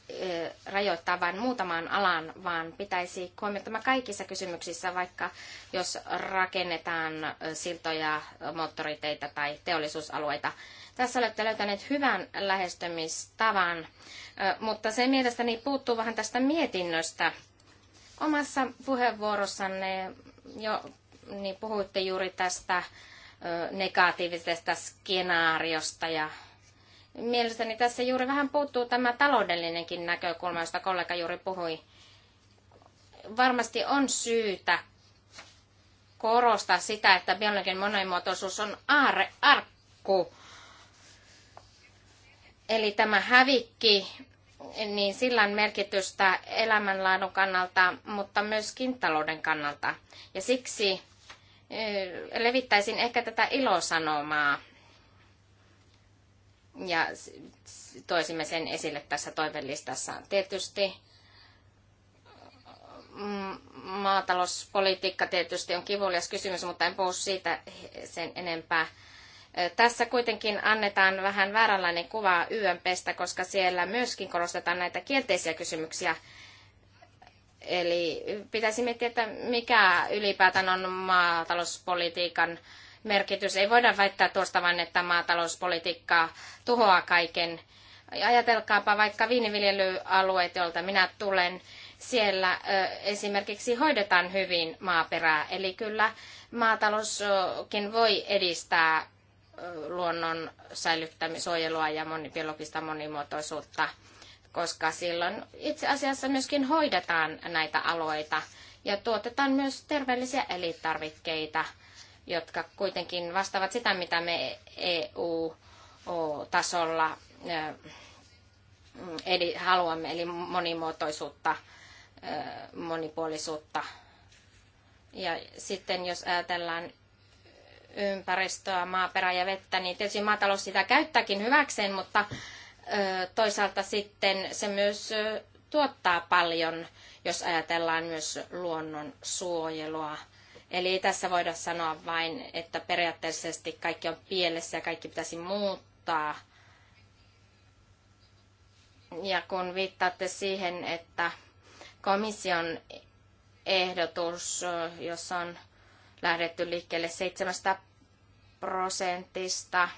rajoittaa vain muutamaan alaan, vaan pitäisi huomioida kaikissa kysymyksissä, vaikka jos rakennetaan siltoja, moottoriteitä tai teollisuusalueita. Tässä olette löytäneet hyvän lähestymistavan, mutta se mielestäni puuttuu vähän tästä mietinnöstä. Omassa puheenvuorossanne jo niin puhuitte juuri tästä negatiivisesta skenaariosta ja mielestäni tässä juuri vähän puuttuu tämä taloudellinenkin näkökulma, josta kollega juuri puhui. Varmasti on syytä korostaa sitä, että biologinen monimuotoisuus on aarre, arkku. Eli tämä hävikki, niin sillä on merkitystä elämänlaadun kannalta, mutta myöskin talouden kannalta. Ja siksi Eh, levittäisin ehkä tätä ilosanomaa ja toisimme sen esille tässä toivellistassa. Tietysti mm, maatalouspolitiikka tietysti on kivulias kysymys, mutta en puhu siitä sen enempää. Eh, tässä kuitenkin annetaan vähän vääränlainen kuva YMPstä, koska siellä myöskin korostetaan näitä kielteisiä kysymyksiä, Eli pitäisi miettiä, että mikä ylipäätään on maatalouspolitiikan merkitys. Ei voida väittää tuosta vain, että maatalouspolitiikka tuhoaa kaiken. Ajatelkaapa vaikka viiniviljelyalueet, joilta minä tulen. Siellä esimerkiksi hoidetaan hyvin maaperää, eli kyllä maatalouskin voi edistää luonnon säilyttämisuojelua ja monibiologista monimuotoisuutta koska silloin itse asiassa myöskin hoidetaan näitä aloita ja tuotetaan myös terveellisiä elintarvikkeita, jotka kuitenkin vastaavat sitä, mitä me EU-tasolla haluamme, eli monimuotoisuutta, monipuolisuutta. Ja sitten jos ajatellaan ympäristöä, maaperää ja vettä, niin tietysti maatalous sitä käyttääkin hyväkseen, mutta toisaalta sitten se myös tuottaa paljon, jos ajatellaan myös luonnon suojelua. Eli tässä voidaan sanoa vain, että periaatteellisesti kaikki on pielessä ja kaikki pitäisi muuttaa. Ja kun viittaatte siihen, että komission ehdotus, jossa on lähdetty liikkeelle 700 prosentista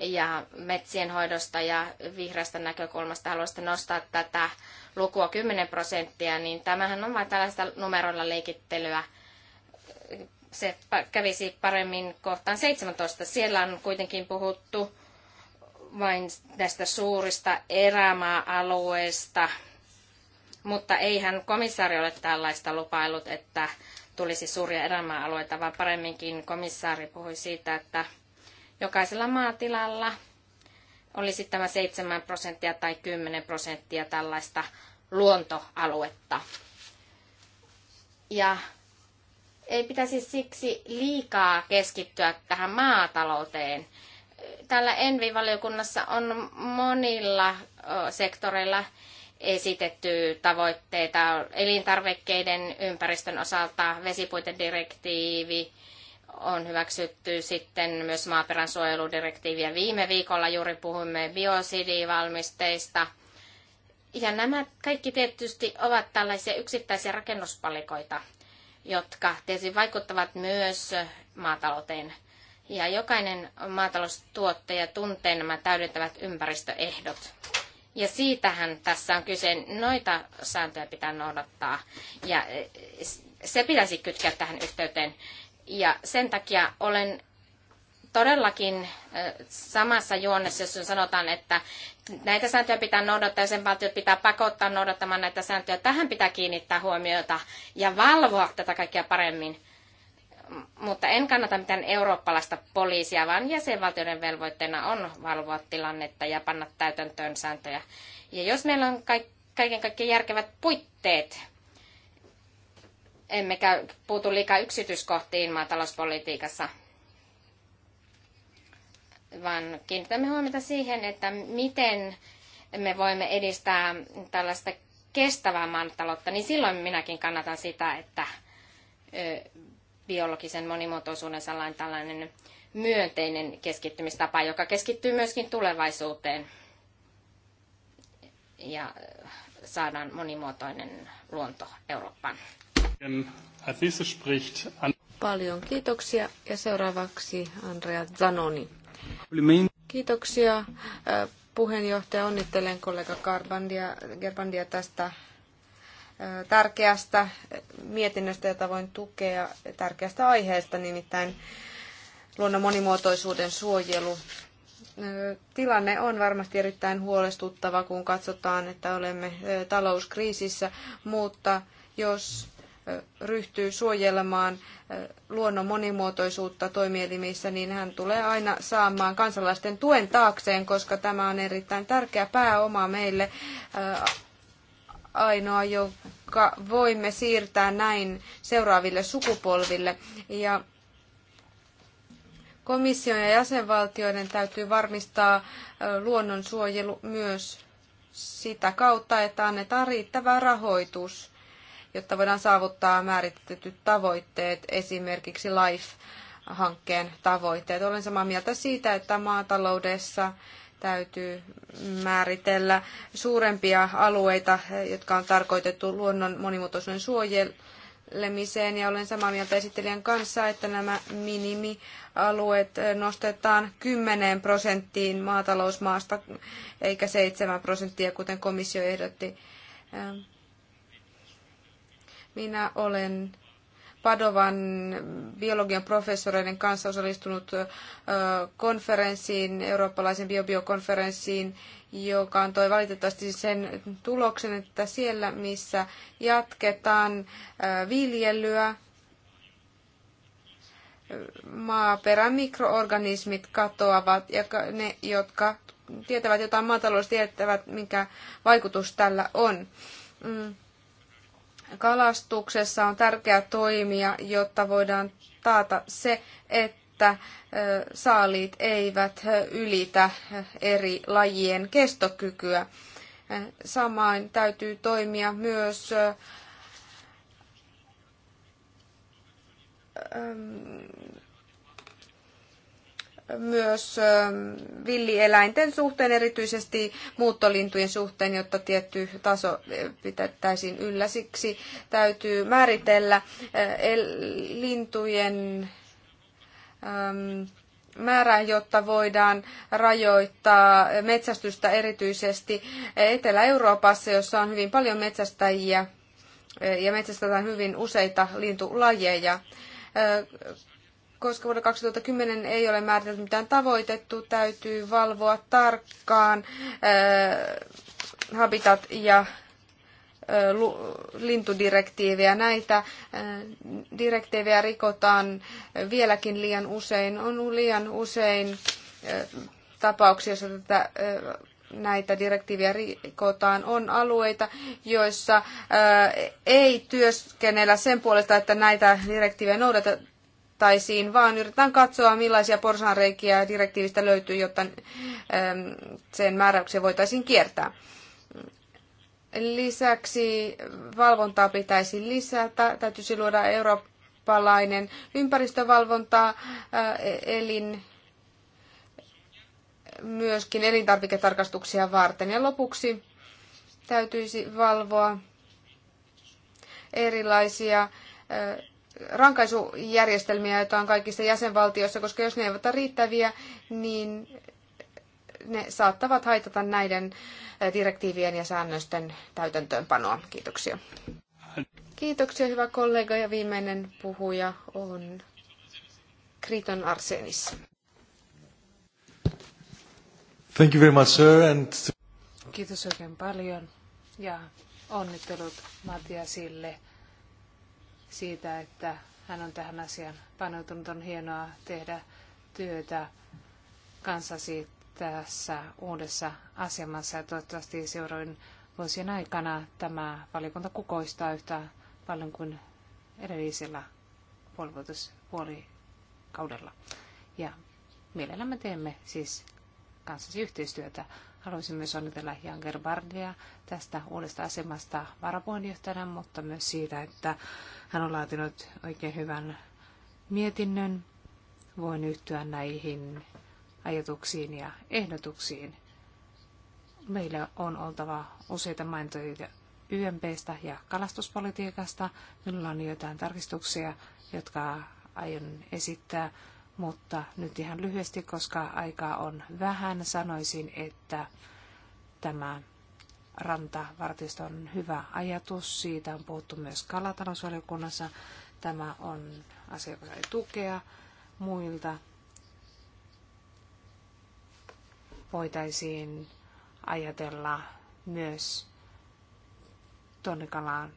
ja metsien hoidosta ja vihreästä näkökulmasta haluaisitte nostaa tätä lukua 10 prosenttia, niin tämähän on vain tällaista numeroilla leikittelyä. Se kävisi paremmin kohtaan 17. Siellä on kuitenkin puhuttu vain tästä suurista erämaa-alueesta, mutta eihän komissaari ole tällaista lupailut, että tulisi suuria erämaa-alueita, vaan paremminkin komissaari puhui siitä, että jokaisella maatilalla sitten tämä 7 prosenttia tai 10 prosenttia tällaista luontoaluetta. Ja ei pitäisi siksi liikaa keskittyä tähän maatalouteen. Täällä Envi-valiokunnassa on monilla sektoreilla esitetty tavoitteita elintarvikkeiden ympäristön osalta, vesipuitedirektiivi, direktiivi on hyväksytty sitten myös maaperän suojeludirektiiviä. Viime viikolla juuri puhumme biosidivalmisteista. Ja nämä kaikki tietysti ovat tällaisia yksittäisiä rakennuspalikoita, jotka tietysti vaikuttavat myös maatalouteen. Ja jokainen maataloustuottaja tuntee nämä täydentävät ympäristöehdot. Ja siitähän tässä on kyse. Noita sääntöjä pitää noudattaa. Ja se pitäisi kytkeä tähän yhteyteen. Ja sen takia olen todellakin samassa juonessa, jos sanotaan, että näitä sääntöjä pitää noudattaa ja sen valtio pitää pakottaa noudattamaan näitä sääntöjä. Tähän pitää kiinnittää huomiota ja valvoa tätä kaikkea paremmin. Mutta en kannata mitään eurooppalaista poliisia, vaan jäsenvaltioiden velvoitteena on valvoa tilannetta ja panna täytäntöön sääntöjä. Ja jos meillä on kaiken kaikkiaan järkevät puitteet emme käy, puutu liikaa yksityiskohtiin maatalouspolitiikassa, vaan kiinnitämme huomiota siihen, että miten me voimme edistää tällaista kestävää maataloutta, niin silloin minäkin kannatan sitä, että biologisen monimuotoisuuden sellainen tällainen myönteinen keskittymistapa, joka keskittyy myöskin tulevaisuuteen ja saadaan monimuotoinen luonto Eurooppaan. Paljon kiitoksia ja seuraavaksi Andrea Zanoni. Kiitoksia äh, puheenjohtaja. Onnittelen kollega Garbandia, Gerbandia tästä äh, tärkeästä mietinnöstä, jota voin tukea tärkeästä aiheesta, nimittäin luonnon monimuotoisuuden suojelu. Äh, tilanne on varmasti erittäin huolestuttava, kun katsotaan, että olemme talouskriisissä, mutta jos ryhtyy suojelemaan luonnon monimuotoisuutta toimielimissä, niin hän tulee aina saamaan kansalaisten tuen taakseen, koska tämä on erittäin tärkeä pääoma meille ainoa, jonka voimme siirtää näin seuraaville sukupolville. Ja komission ja jäsenvaltioiden täytyy varmistaa luonnonsuojelu myös sitä kautta, että annetaan riittävä rahoitus jotta voidaan saavuttaa määritetyt tavoitteet, esimerkiksi LIFE-hankkeen tavoitteet. Olen samaa mieltä siitä, että maataloudessa täytyy määritellä suurempia alueita, jotka on tarkoitettu luonnon monimuotoisuuden suojelemiseen. Ja olen samaa mieltä esittelijän kanssa, että nämä minimialueet nostetaan 10 prosenttiin maatalousmaasta, eikä 7 prosenttia, kuten komissio ehdotti. Minä olen Padovan biologian professoreiden kanssa osallistunut konferenssiin, eurooppalaisen biobiokonferenssiin, joka antoi valitettavasti sen tuloksen, että siellä missä jatketaan viljelyä, maaperän mikroorganismit katoavat ja ne, jotka tietävät jotain maataloudesta, tietävät, mikä vaikutus tällä on. Mm Kalastuksessa on tärkeää toimia, jotta voidaan taata se, että saaliit eivät ylitä eri lajien kestokykyä. Samoin täytyy toimia myös myös ähm, villieläinten suhteen, erityisesti muuttolintujen suhteen, jotta tietty taso äh, pitäisiin yllä. Siksi täytyy määritellä äh, lintujen ähm, määrä, jotta voidaan rajoittaa metsästystä erityisesti Etelä-Euroopassa, jossa on hyvin paljon metsästäjiä äh, ja metsästetään hyvin useita lintulajeja koska vuonna 2010 ei ole määritelty mitään tavoitettu, täytyy valvoa tarkkaan äh, habitat- ja äh, lintudirektiiviä. Näitä äh, direktiivejä rikotaan vieläkin liian usein. On liian usein tapauksia, joissa tätä, näitä direktiivejä rikotaan. On alueita, joissa ei työskennellä sen puolesta, että näitä direktiivejä noudatetaan korjattaisiin, vaan yritetään katsoa, millaisia porsaanreikiä direktiivistä löytyy, jotta sen määräyksiä voitaisiin kiertää. Lisäksi valvontaa pitäisi lisätä. Täytyisi luoda eurooppalainen ympäristövalvonta-elin myöskin elintarviketarkastuksia varten. Ja lopuksi täytyisi valvoa erilaisia rankaisujärjestelmiä, joita on kaikissa jäsenvaltioissa, koska jos ne eivät ole riittäviä, niin ne saattavat haitata näiden eh, direktiivien ja säännösten täytäntöönpanoa. Kiitoksia. Kiitoksia, hyvä kollega. Ja viimeinen puhuja on Kriton Arsenis. Thank you very much, sir. And... Kiitos oikein paljon ja onnittelut Matiasille siitä, että hän on tähän asiaan paneutunut. On hienoa tehdä työtä kanssasi tässä uudessa asemassa ja toivottavasti seuraavien vuosien aikana tämä valiokunta kukoistaa yhtä paljon kuin edellisellä puolivuotispuolikaudella. Ja mielellämme teemme siis kanssasi yhteistyötä. Haluaisin myös onnitella Jan Gerbardia tästä uudesta asemasta varapuheenjohtajana, mutta myös siitä, että hän on laatinut oikein hyvän mietinnön. Voin yhtyä näihin ajatuksiin ja ehdotuksiin. Meillä on oltava useita mainintoja YMPstä ja kalastuspolitiikasta. Minulla on joitain tarkistuksia, jotka aion esittää mutta nyt ihan lyhyesti, koska aikaa on vähän, sanoisin, että tämä rantavartisto on hyvä ajatus. Siitä on puhuttu myös kalatalousvaliokunnassa. Tämä on asia, joka sai tukea muilta. Voitaisiin ajatella myös tonnikalaan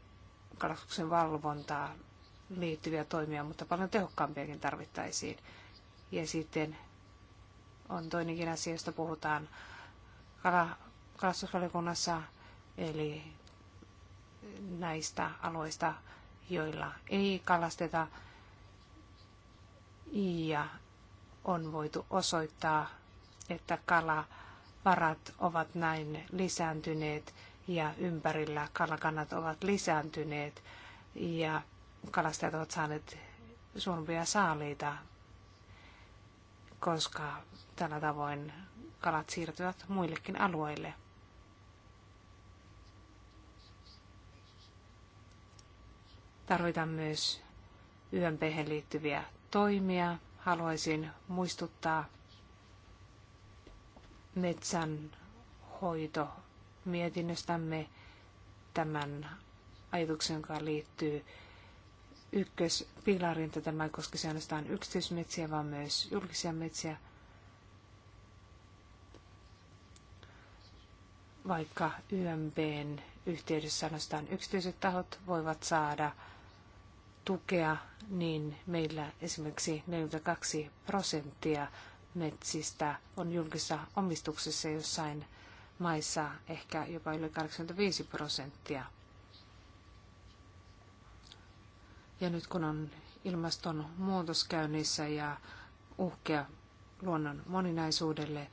kalastuksen valvontaa liittyviä toimia, mutta paljon tehokkaampiakin tarvittaisiin. Ja sitten on toinenkin asia, josta puhutaan kalastusvaliokunnassa, eli näistä aloista, joilla ei kalasteta. Ja on voitu osoittaa, että kalavarat ovat näin lisääntyneet ja ympärillä kalakannat ovat lisääntyneet ja kalastajat ovat saaneet suurempia saaliita koska tällä tavoin kalat siirtyvät muillekin alueille. Tarvitaan myös ymp liittyviä toimia. Haluaisin muistuttaa metsän hoito mietinnöstämme tämän ajatuksen, joka liittyy ykköspilarin. Tämä ei koskisi ainoastaan yksityismetsiä, vaan myös julkisia metsiä. Vaikka YMPn yhteydessä ainoastaan yksityiset tahot voivat saada tukea, niin meillä esimerkiksi 42 prosenttia metsistä on julkisessa omistuksessa jossain maissa ehkä jopa yli 85 prosenttia. Ja nyt kun on muutos käynnissä ja uhkea luonnon moninaisuudelle,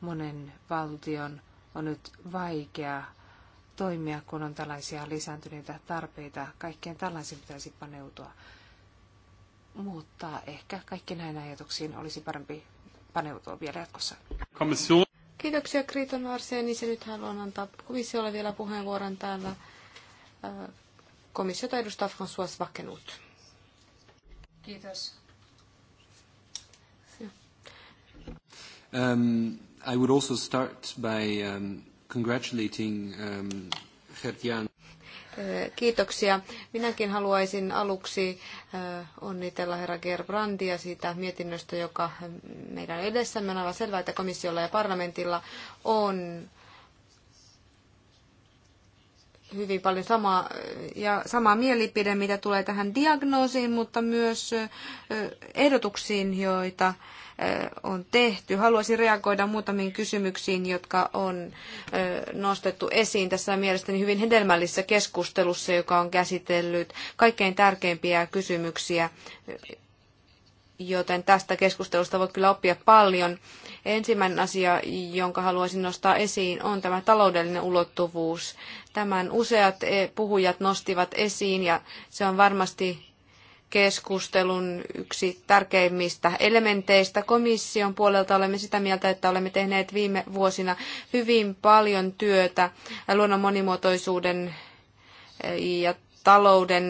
monen valtion on nyt vaikea toimia, kun on tällaisia lisääntyneitä tarpeita. Kaikkeen tällaisiin pitäisi paneutua. Mutta ehkä kaikki näin ajatuksiin olisi parempi paneutua vielä jatkossa. Komissio. Kiitoksia Kriton Arsenis nyt haluan antaa komissiolle vielä puheenvuoron täällä Komissiota edustaa François Vakkenut. Kiitos. Um, I would also start by um, congratulating um, eh, Kiitoksia. Minäkin haluaisin aluksi eh, onnitella herra Gerbrandia siitä mietinnöstä, joka meidän edessämme on aivan selvää, että komissiolla ja parlamentilla on hyvin paljon sama, ja sama mielipide, mitä tulee tähän diagnoosiin, mutta myös ehdotuksiin, joita on tehty. Haluaisin reagoida muutamiin kysymyksiin, jotka on nostettu esiin tässä mielestäni hyvin hedelmällisessä keskustelussa, joka on käsitellyt kaikkein tärkeimpiä kysymyksiä, joten tästä keskustelusta voi kyllä oppia paljon. Ensimmäinen asia, jonka haluaisin nostaa esiin, on tämä taloudellinen ulottuvuus. Tämän useat eh, puhujat nostivat esiin ja se on varmasti keskustelun yksi tärkeimmistä elementeistä. Komission puolelta olemme sitä mieltä, että olemme tehneet viime vuosina hyvin paljon työtä luonnon monimuotoisuuden eh, ja talouden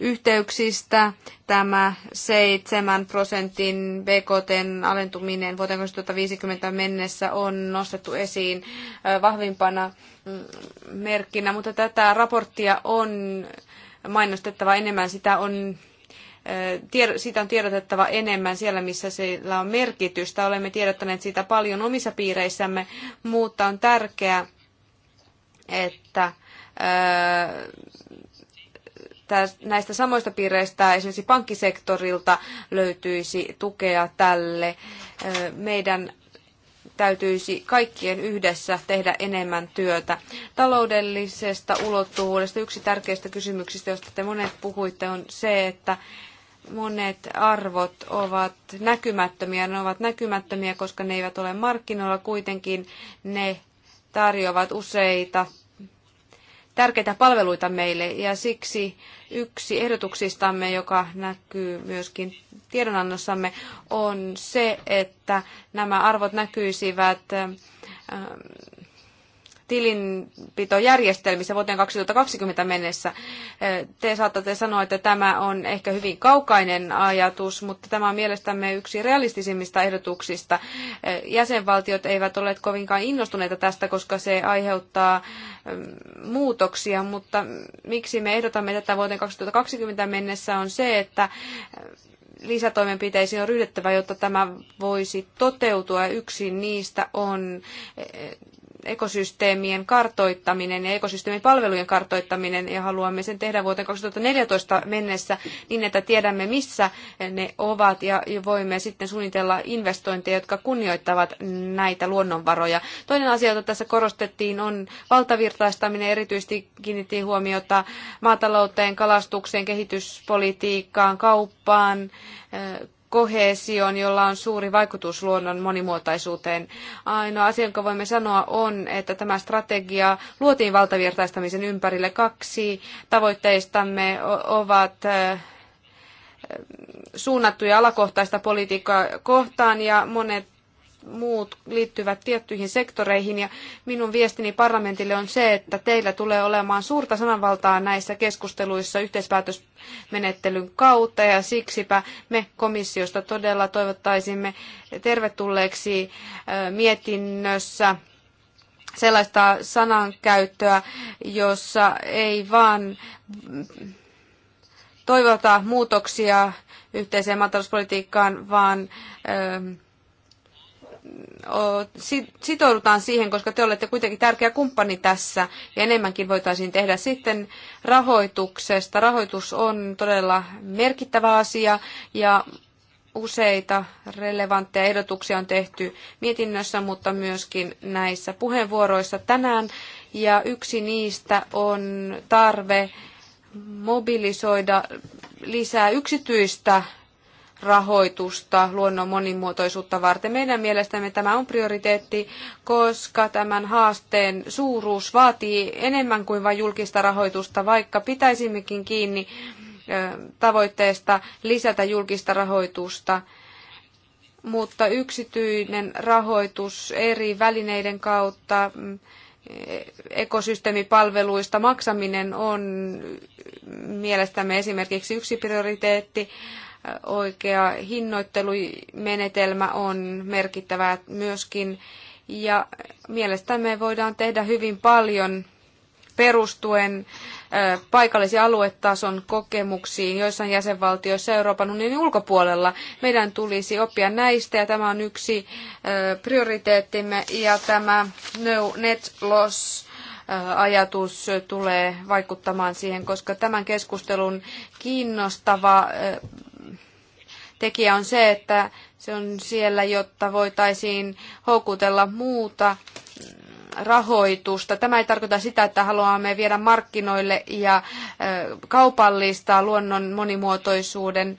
yhteyksistä. Tämä 7 prosentin BKTn alentuminen vuoteen 2050 mennessä on nostettu esiin vahvimpana mm, merkkinä, mutta tätä raporttia on mainostettava enemmän. Sitä on siitä on tiedotettava enemmän siellä, missä sillä on merkitystä. Olemme tiedottaneet siitä paljon omissa piireissämme, mutta on tärkeää, että näistä samoista piireistä esimerkiksi pankkisektorilta löytyisi tukea tälle. Meidän täytyisi kaikkien yhdessä tehdä enemmän työtä. Taloudellisesta ulottuvuudesta yksi tärkeistä kysymyksistä, josta te monet puhuitte, on se, että monet arvot ovat näkymättömiä. Ne ovat näkymättömiä, koska ne eivät ole markkinoilla. Kuitenkin ne tarjoavat useita tärkeitä palveluita meille ja siksi Yksi ehdotuksistamme, joka näkyy myöskin tiedonannossamme, on se, että nämä arvot näkyisivät ähm, tilinpitojärjestelmissä vuoteen 2020 mennessä. Te saatatte sanoa, että tämä on ehkä hyvin kaukainen ajatus, mutta tämä on mielestämme yksi realistisimmista ehdotuksista. Jäsenvaltiot eivät ole kovinkaan innostuneita tästä, koska se aiheuttaa muutoksia, mutta miksi me ehdotamme tätä vuoteen 2020 mennessä on se, että lisätoimenpiteisiin on ryhdyttävä, jotta tämä voisi toteutua. Yksi niistä on ekosysteemien kartoittaminen ja ekosysteemien palvelujen kartoittaminen ja haluamme sen tehdä vuoteen 2014 mennessä niin, että tiedämme missä ne ovat ja voimme sitten suunnitella investointeja, jotka kunnioittavat näitä luonnonvaroja. Toinen asia, jota tässä korostettiin, on valtavirtaistaminen. Erityisesti kiinnitti huomiota maatalouteen, kalastukseen, kehityspolitiikkaan, kauppaan, koheesioon, jolla on suuri vaikutus luonnon monimuotoisuuteen. Ainoa asia, jonka voimme sanoa, on, että tämä strategia luotiin valtavirtaistamisen ympärille. Kaksi tavoitteistamme ovat suunnattuja alakohtaista politiikkaa kohtaan ja monet muut liittyvät tiettyihin sektoreihin. Ja minun viestini parlamentille on se, että teillä tulee olemaan suurta sananvaltaa näissä keskusteluissa yhteispäätösmenettelyn kautta. Ja siksipä me komissiosta todella toivottaisimme tervetulleeksi äh, mietinnössä sellaista sanankäyttöä, jossa ei vaan toivota muutoksia yhteiseen maatalouspolitiikkaan, vaan ähm, sitoudutaan siihen, koska te olette kuitenkin tärkeä kumppani tässä ja enemmänkin voitaisiin tehdä sitten rahoituksesta. Rahoitus on todella merkittävä asia ja useita relevantteja ehdotuksia on tehty mietinnössä, mutta myöskin näissä puheenvuoroissa tänään. Ja yksi niistä on tarve mobilisoida lisää yksityistä rahoitusta luonnon monimuotoisuutta varten. Meidän mielestämme tämä on prioriteetti, koska tämän haasteen suuruus vaatii enemmän kuin vain julkista rahoitusta, vaikka pitäisimmekin kiinni tavoitteesta lisätä julkista rahoitusta mutta yksityinen rahoitus eri välineiden kautta mm, ekosysteemipalveluista maksaminen on mielestämme esimerkiksi yksi prioriteetti. Oikea hinnoittelumenetelmä on merkittävää myöskin. Ja mielestämme voidaan tehdä hyvin paljon perustuen paikallisen aluetason kokemuksiin joissain jäsenvaltioissa Euroopan unionin ulkopuolella. Meidän tulisi oppia näistä ja tämä on yksi prioriteettimme ja tämä no net loss ajatus tulee vaikuttamaan siihen, koska tämän keskustelun kiinnostava tekijä on se, että se on siellä, jotta voitaisiin houkutella muuta rahoitusta. Tämä ei tarkoita sitä, että haluamme viedä markkinoille ja kaupallistaa luonnon monimuotoisuuden,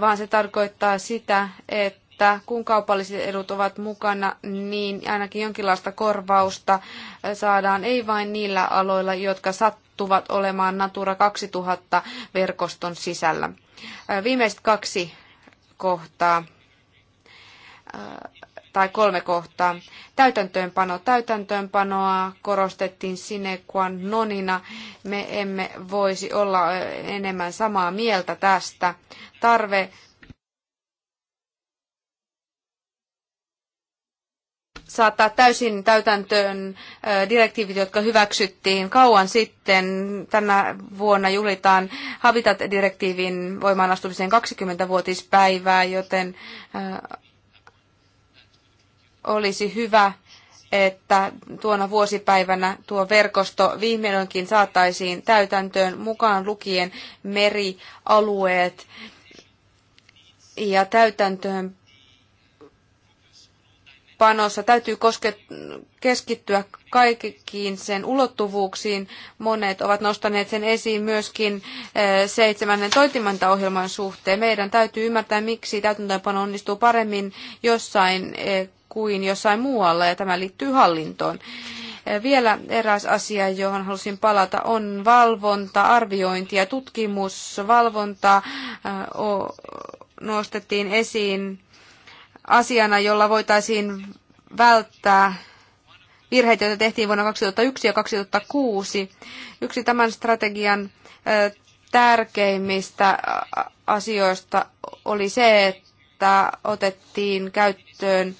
vaan se tarkoittaa sitä, että kun kaupalliset edut ovat mukana, niin ainakin jonkinlaista korvausta saadaan ei vain niillä aloilla, jotka sattuvat olemaan Natura 2000-verkoston sisällä. Viimeiset kaksi kohtaa äh, tai kolme kohtaa. Täytäntöönpano. Täytäntöönpanoa korostettiin sine qua nonina. Me emme voisi olla enemmän samaa mieltä tästä. Tarve saattaa täysin täytäntöön direktiivit, jotka hyväksyttiin kauan sitten. Tänä vuonna julitaan Habitat-direktiivin voimaanastumisen 20-vuotispäivää, joten olisi hyvä, että tuona vuosipäivänä tuo verkosto viimeinkin saataisiin täytäntöön mukaan lukien merialueet ja täytäntöön panossa täytyy koske, keskittyä kaikkiin sen ulottuvuuksiin. Monet ovat nostaneet sen esiin myöskin eh, seitsemännen toimintaohjelman suhteen. Meidän täytyy ymmärtää, miksi täytäntöönpano onnistuu paremmin jossain eh, kuin jossain muualla, ja tämä liittyy hallintoon. Eh, vielä eräs asia, johon halusin palata, on valvonta, arviointi ja tutkimus. Valvonta nostettiin esiin asiana, jolla voitaisiin välttää virheitä, joita tehtiin vuonna 2001 ja 2006. Yksi tämän strategian tärkeimmistä asioista oli se, että otettiin käyttöön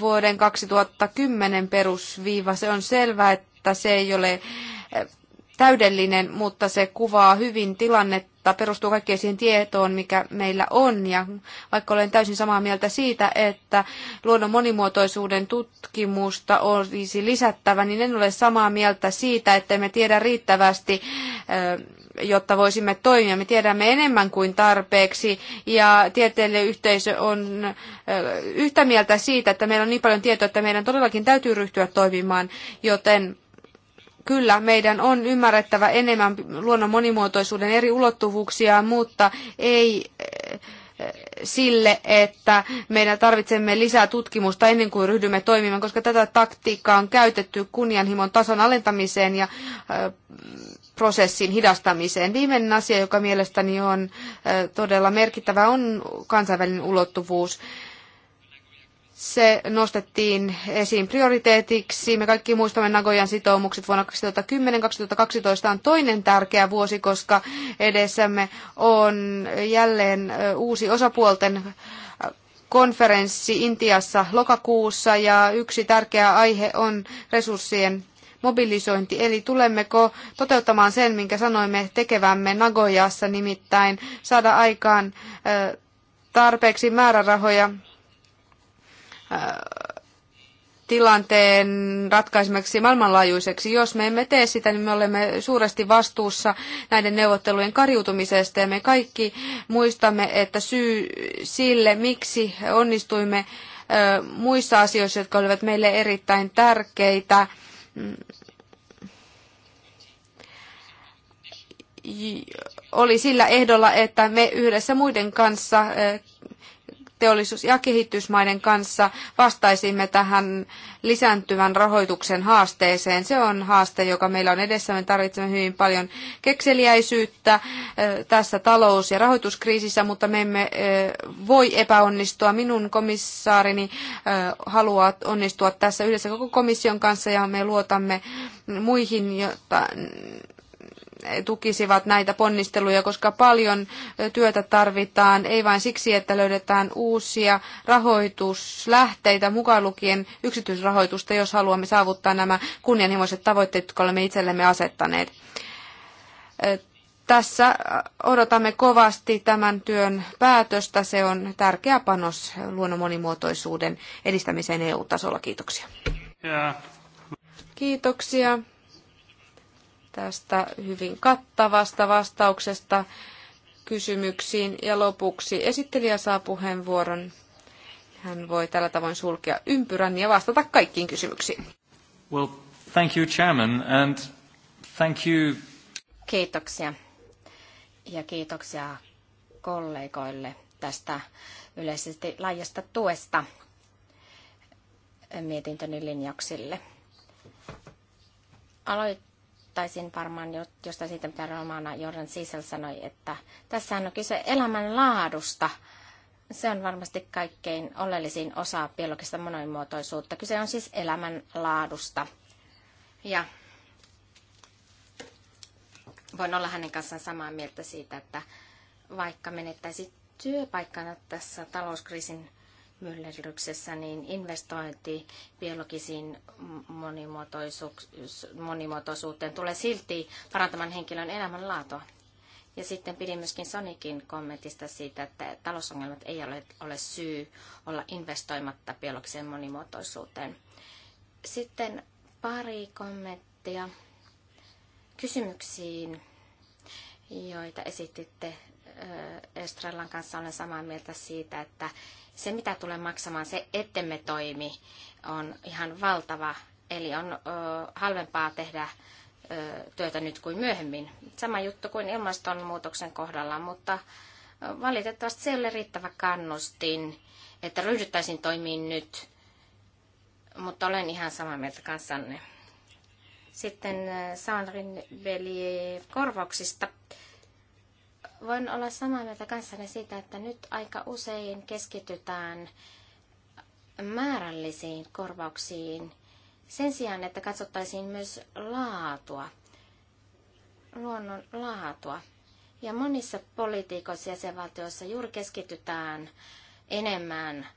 vuoden 2010 perusviiva. Se on selvää, että se ei ole täydellinen, mutta se kuvaa hyvin tilannetta, perustuu kaikkeen siihen tietoon, mikä meillä on. Ja vaikka olen täysin samaa mieltä siitä, että luonnon monimuotoisuuden tutkimusta olisi lisättävä, niin en ole samaa mieltä siitä, että me tiedä riittävästi jotta voisimme toimia. Me tiedämme enemmän kuin tarpeeksi ja tieteellinen yhteisö on yhtä mieltä siitä, että meillä on niin paljon tietoa, että meidän todellakin täytyy ryhtyä toimimaan, joten kyllä meidän on ymmärrettävä enemmän luonnon monimuotoisuuden eri ulottuvuuksia, mutta ei eh, sille, että meidän tarvitsemme lisää tutkimusta ennen kuin ryhdymme toimimaan, koska tätä taktiikkaa on käytetty kunnianhimon tason alentamiseen ja eh, prosessin hidastamiseen. Viimeinen asia, joka mielestäni on eh, todella merkittävä, on kansainvälinen ulottuvuus. Se nostettiin esiin prioriteetiksi. Me kaikki muistamme Nagojan sitoumukset vuonna 2010-2012 on toinen tärkeä vuosi, koska edessämme on jälleen uusi osapuolten konferenssi Intiassa lokakuussa ja yksi tärkeä aihe on resurssien mobilisointi, eli tulemmeko toteuttamaan sen, minkä sanoimme tekevämme Nagojassa, nimittäin saada aikaan tarpeeksi määrärahoja tilanteen ratkaisemaksi maailmanlaajuiseksi. Jos me emme tee sitä, niin me olemme suuresti vastuussa näiden neuvottelujen karjutumisesta ja me kaikki muistamme, että syy sille, miksi onnistuimme muissa asioissa, jotka olivat meille erittäin tärkeitä, mm, oli sillä ehdolla, että me yhdessä muiden kanssa teollisuus- ja kehitysmaiden kanssa vastaisimme tähän lisääntyvän rahoituksen haasteeseen. Se on haaste, joka meillä on edessä. Me tarvitsemme hyvin paljon kekseliäisyyttä tässä talous- ja rahoituskriisissä, mutta me emme voi epäonnistua. Minun komissaarini haluaa onnistua tässä yhdessä koko komission kanssa ja me luotamme muihin, jotta tukisivat näitä ponnisteluja, koska paljon työtä tarvitaan, ei vain siksi, että löydetään uusia rahoituslähteitä, mukaan lukien yksityisrahoitusta, jos haluamme saavuttaa nämä kunnianhimoiset tavoitteet, jotka olemme itsellemme asettaneet. Tässä odotamme kovasti tämän työn päätöstä. Se on tärkeä panos luonnon monimuotoisuuden edistämiseen EU-tasolla. Kiitoksia. Kiitoksia tästä hyvin kattavasta vastauksesta kysymyksiin. Ja lopuksi esittelijä saa puheenvuoron. Hän voi tällä tavoin sulkea ympyrän ja vastata kaikkiin kysymyksiin. Well, thank you, Chairman, and thank you. Kiitoksia. Ja kiitoksia kollegoille tästä yleisesti laajasta tuesta mietintöni linjauksille. Aloit ottaisin varmaan jostain siitä, mitä Romana Jordan Cecil sanoi, että tässä on kyse elämänlaadusta. Se on varmasti kaikkein oleellisin osa biologista monimuotoisuutta. Kyse on siis elämänlaadusta. Ja voin olla hänen kanssaan samaa mieltä siitä, että vaikka menettäisi työpaikkana tässä talouskriisin myllerryksessä, niin investointi biologisiin monimuotoisuuteen tulee silti parantamaan henkilön elämänlaatua. Ja sitten pidin myöskin Sonikin kommentista siitä, että talousongelmat ei ole, ole syy olla investoimatta biologiseen monimuotoisuuteen. Sitten pari kommenttia kysymyksiin, joita esititte Estrellan kanssa olen samaa mieltä siitä, että se mitä tulee maksamaan, se ettemme toimi, on ihan valtava. Eli on ö, halvempaa tehdä ö, työtä nyt kuin myöhemmin. Sama juttu kuin ilmastonmuutoksen kohdalla, mutta valitettavasti se ei ole riittävä kannustin, että ryhdyttäisiin toimiin nyt. Mutta olen ihan samaa mieltä kanssanne. Sitten Sandrin veli korvauksista. Voin olla samaa mieltä kanssanne siitä, että nyt aika usein keskitytään määrällisiin korvauksiin sen sijaan, että katsottaisiin myös laatua, luonnon laatua. Ja monissa politiikoissa jäsenvaltioissa juuri keskitytään enemmän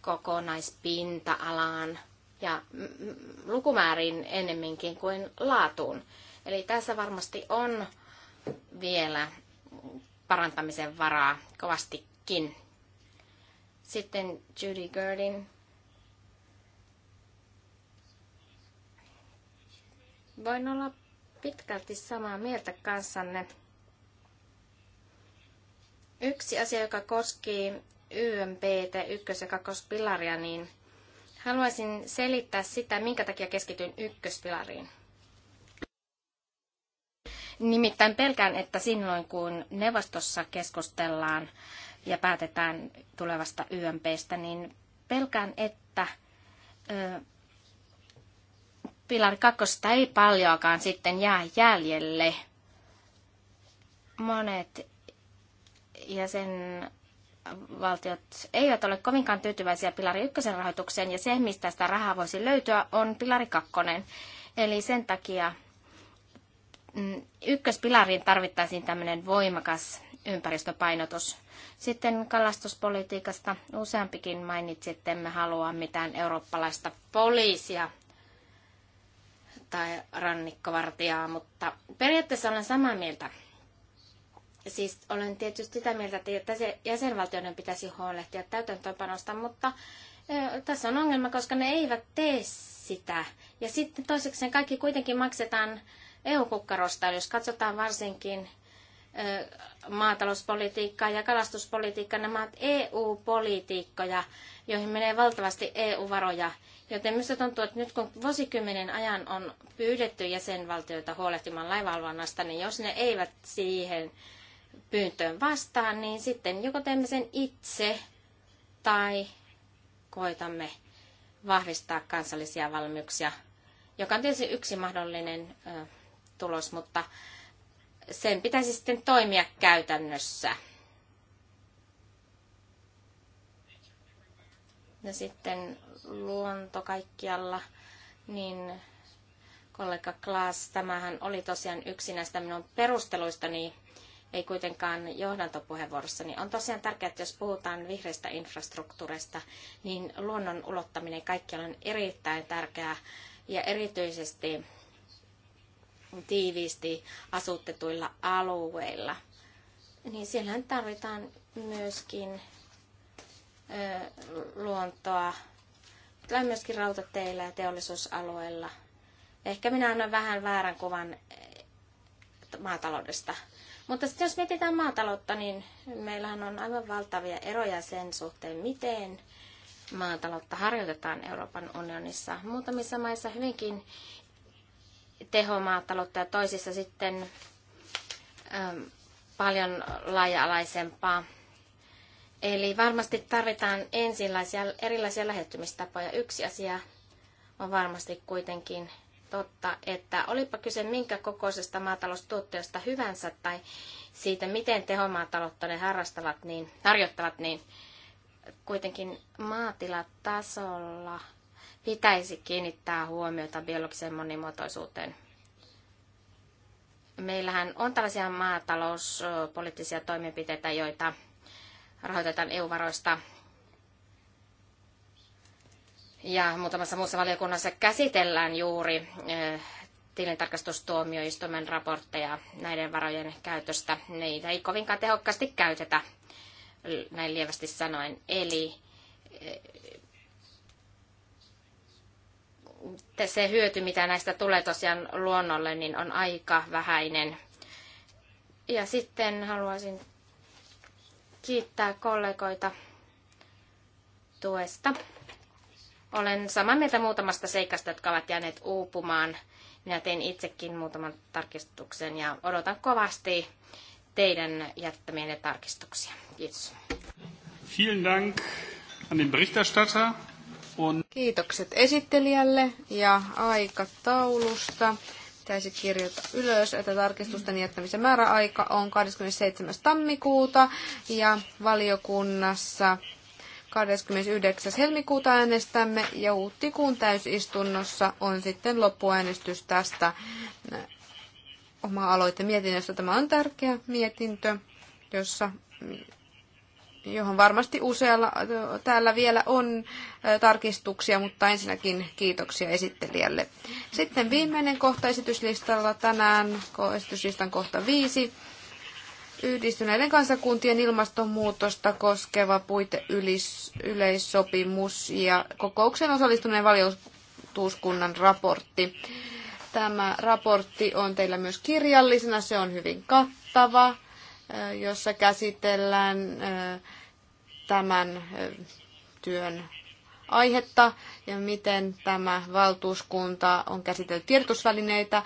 kokonaispinta-alaan ja lukumäärin enemminkin kuin laatuun. Eli tässä varmasti on vielä parantamisen varaa kovastikin. Sitten Judy Girdin Voin olla pitkälti samaa mieltä kanssanne. Yksi asia, joka koski YMPtä, ykkös- ja kakkospilaria, niin haluaisin selittää sitä, minkä takia keskityn ykköspilariin. Nimittäin pelkään, että silloin kun neuvostossa keskustellaan ja päätetään tulevasta YMPstä, niin pelkään, että ö, pilari kakkosta ei paljoakaan sitten jää jäljelle. Monet ja sen valtiot eivät ole kovinkaan tyytyväisiä pilari ykkösen rahoitukseen, ja se, mistä sitä rahaa voisi löytyä, on pilari kakkonen. Eli sen takia Mm, ykköspilariin tarvittaisiin tämmöinen voimakas ympäristöpainotus. Sitten kalastuspolitiikasta useampikin mainitsi, että emme halua mitään eurooppalaista poliisia tai rannikkovartijaa, mutta periaatteessa olen samaa mieltä. Siis olen tietysti sitä mieltä, että jäsenvaltioiden pitäisi huolehtia täytäntöönpanosta, mutta tässä on ongelma, koska ne eivät tee sitä. Ja sitten toiseksi kaikki kuitenkin maksetaan EU-kukkarosta. Jos katsotaan varsinkin maatalouspolitiikkaa ja kalastuspolitiikkaa, nämä ovat EU-politiikkoja, joihin menee valtavasti EU-varoja. Joten minusta tuntuu, että nyt kun vuosikymmenen ajan on pyydetty jäsenvaltioita huolehtimaan laivalvonnasta, niin jos ne eivät siihen pyyntöön vastaa, niin sitten joko teemme sen itse tai koitamme vahvistaa kansallisia valmiuksia, joka on tietysti yksi mahdollinen tulos, mutta sen pitäisi sitten toimia käytännössä. Ja sitten luonto kaikkialla, niin kollega Klaas, tämähän oli tosiaan yksi näistä minun perusteluistani, ei kuitenkaan niin On tosiaan tärkeää, että jos puhutaan vihreistä infrastruktuurista, niin luonnon ulottaminen kaikkialla on erittäin tärkeää ja erityisesti tiiviisti asutetuilla alueilla, niin siellähän tarvitaan myöskin ö, luontoa, tai myöskin rautateillä ja teollisuusalueilla. Ehkä minä annan vähän väärän kuvan maataloudesta. Mutta sitten jos mietitään maataloutta, niin meillähän on aivan valtavia eroja sen suhteen, miten maataloutta harjoitetaan Euroopan unionissa. Muutamissa maissa hyvinkin tehomaataloutta ja toisissa sitten ähm, paljon laaja-alaisempaa. Eli varmasti tarvitaan ensinlaisia erilaisia lähettymistapoja. Yksi asia on varmasti kuitenkin totta, että olipa kyse minkä kokoisesta maataloustuotteesta hyvänsä tai siitä, miten tehomaataloutta ne harrastavat, niin, harjoittavat, niin kuitenkin maatilatasolla – pitäisi kiinnittää huomiota biologiseen monimuotoisuuteen. Meillähän on tällaisia maatalouspoliittisia toimenpiteitä, joita rahoitetaan EU-varoista. Ja muutamassa muussa valiokunnassa käsitellään juuri eh, tilintarkastustuomioistuimen raportteja näiden varojen käytöstä. Niitä ei kovinkaan tehokkaasti käytetä, näin lievästi sanoen. Eli eh, se hyöty, mitä näistä tulee tosiaan luonnolle, niin on aika vähäinen. Ja sitten haluaisin kiittää kollegoita tuesta. Olen samaa mieltä muutamasta seikasta, jotka ovat jääneet uupumaan. Minä tein itsekin muutaman tarkistuksen ja odotan kovasti teidän jättämienne tarkistuksia. Kiitos. Vielen Dank an den Berichterstatter. Kiitokset esittelijälle ja aikataulusta. Pitäisi kirjoittaa ylös, että tarkistusten jättämisen määräaika on 27. tammikuuta ja valiokunnassa 29. helmikuuta äänestämme ja huhtikuun täysistunnossa on sitten loppuäänestys tästä oma aloite mietinnöstä. Tämä on tärkeä mietintö, jossa johon varmasti usealla täällä vielä on tarkistuksia, mutta ensinnäkin kiitoksia esittelijälle. Sitten viimeinen kohta esityslistalla tänään, esityslistan kohta viisi. Yhdistyneiden kansakuntien ilmastonmuutosta koskeva puiteyleissopimus ja kokouksen osallistuneen valiotuskunnan raportti. Tämä raportti on teillä myös kirjallisena, se on hyvin kattava, jossa käsitellään tämän työn aihetta ja miten tämä valtuuskunta on käsitellyt tiedotusvälineitä.